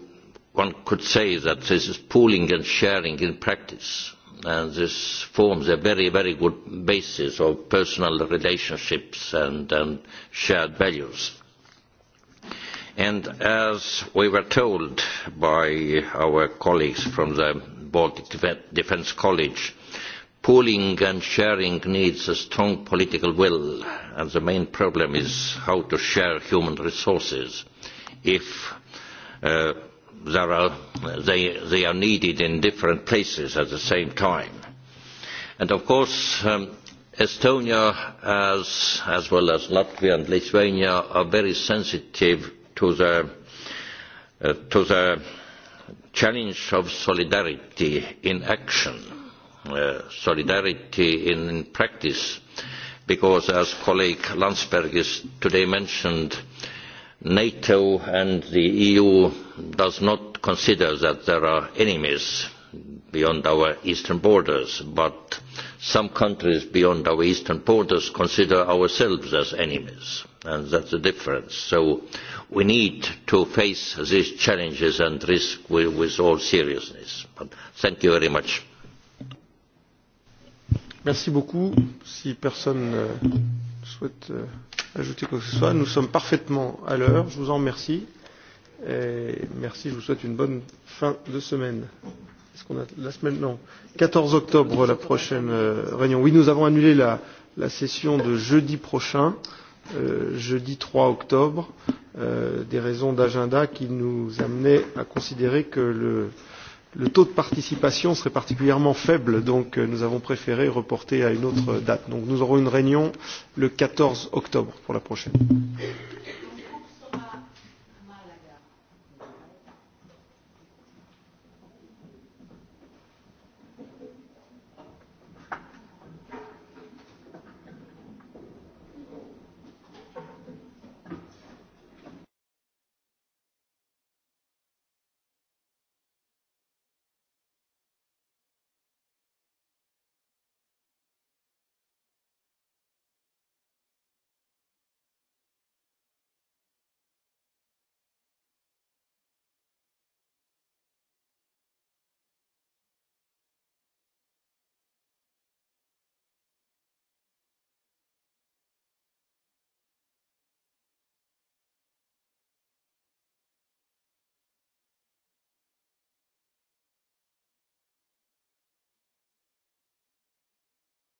one could say that this is pooling and sharing in practice. And this forms a very, very good basis of personal relationships and, and shared values. And as we were told by our colleagues from the Baltic Defence College, Pooling and sharing needs a strong political will, and the main problem is how to share human resources if uh, there are, they, they are needed in different places at the same time. And of course, um, Estonia, as, as well as Latvia and Lithuania, are very sensitive to the, uh, to the challenge of solidarity in action Uh, solidarity in, in practice because as colleague Landsbergis today mentioned, NATO and the EU does not consider that there are enemies beyond our eastern borders, but some countries beyond our eastern borders consider ourselves as enemies, and that's the difference. So we need to face these challenges and risks with, with all seriousness. But thank you very much. Merci beaucoup. Si personne ne euh, souhaite euh, ajouter quoi que ce soit, nous sommes parfaitement à l'heure. Je vous en remercie. Et merci, je vous souhaite une bonne fin de semaine. Est-ce qu'on a la semaine Non. Quatorze octobre, la prochaine euh, réunion. Oui, nous avons annulé la, la session de jeudi prochain, euh, jeudi 3 octobre, euh, des raisons d'agenda qui nous amenaient à considérer que le le taux de participation serait particulièrement faible, donc euh, nous avons préféré reporter à une autre date. Donc nous aurons une réunion le 14 octobre pour la prochaine.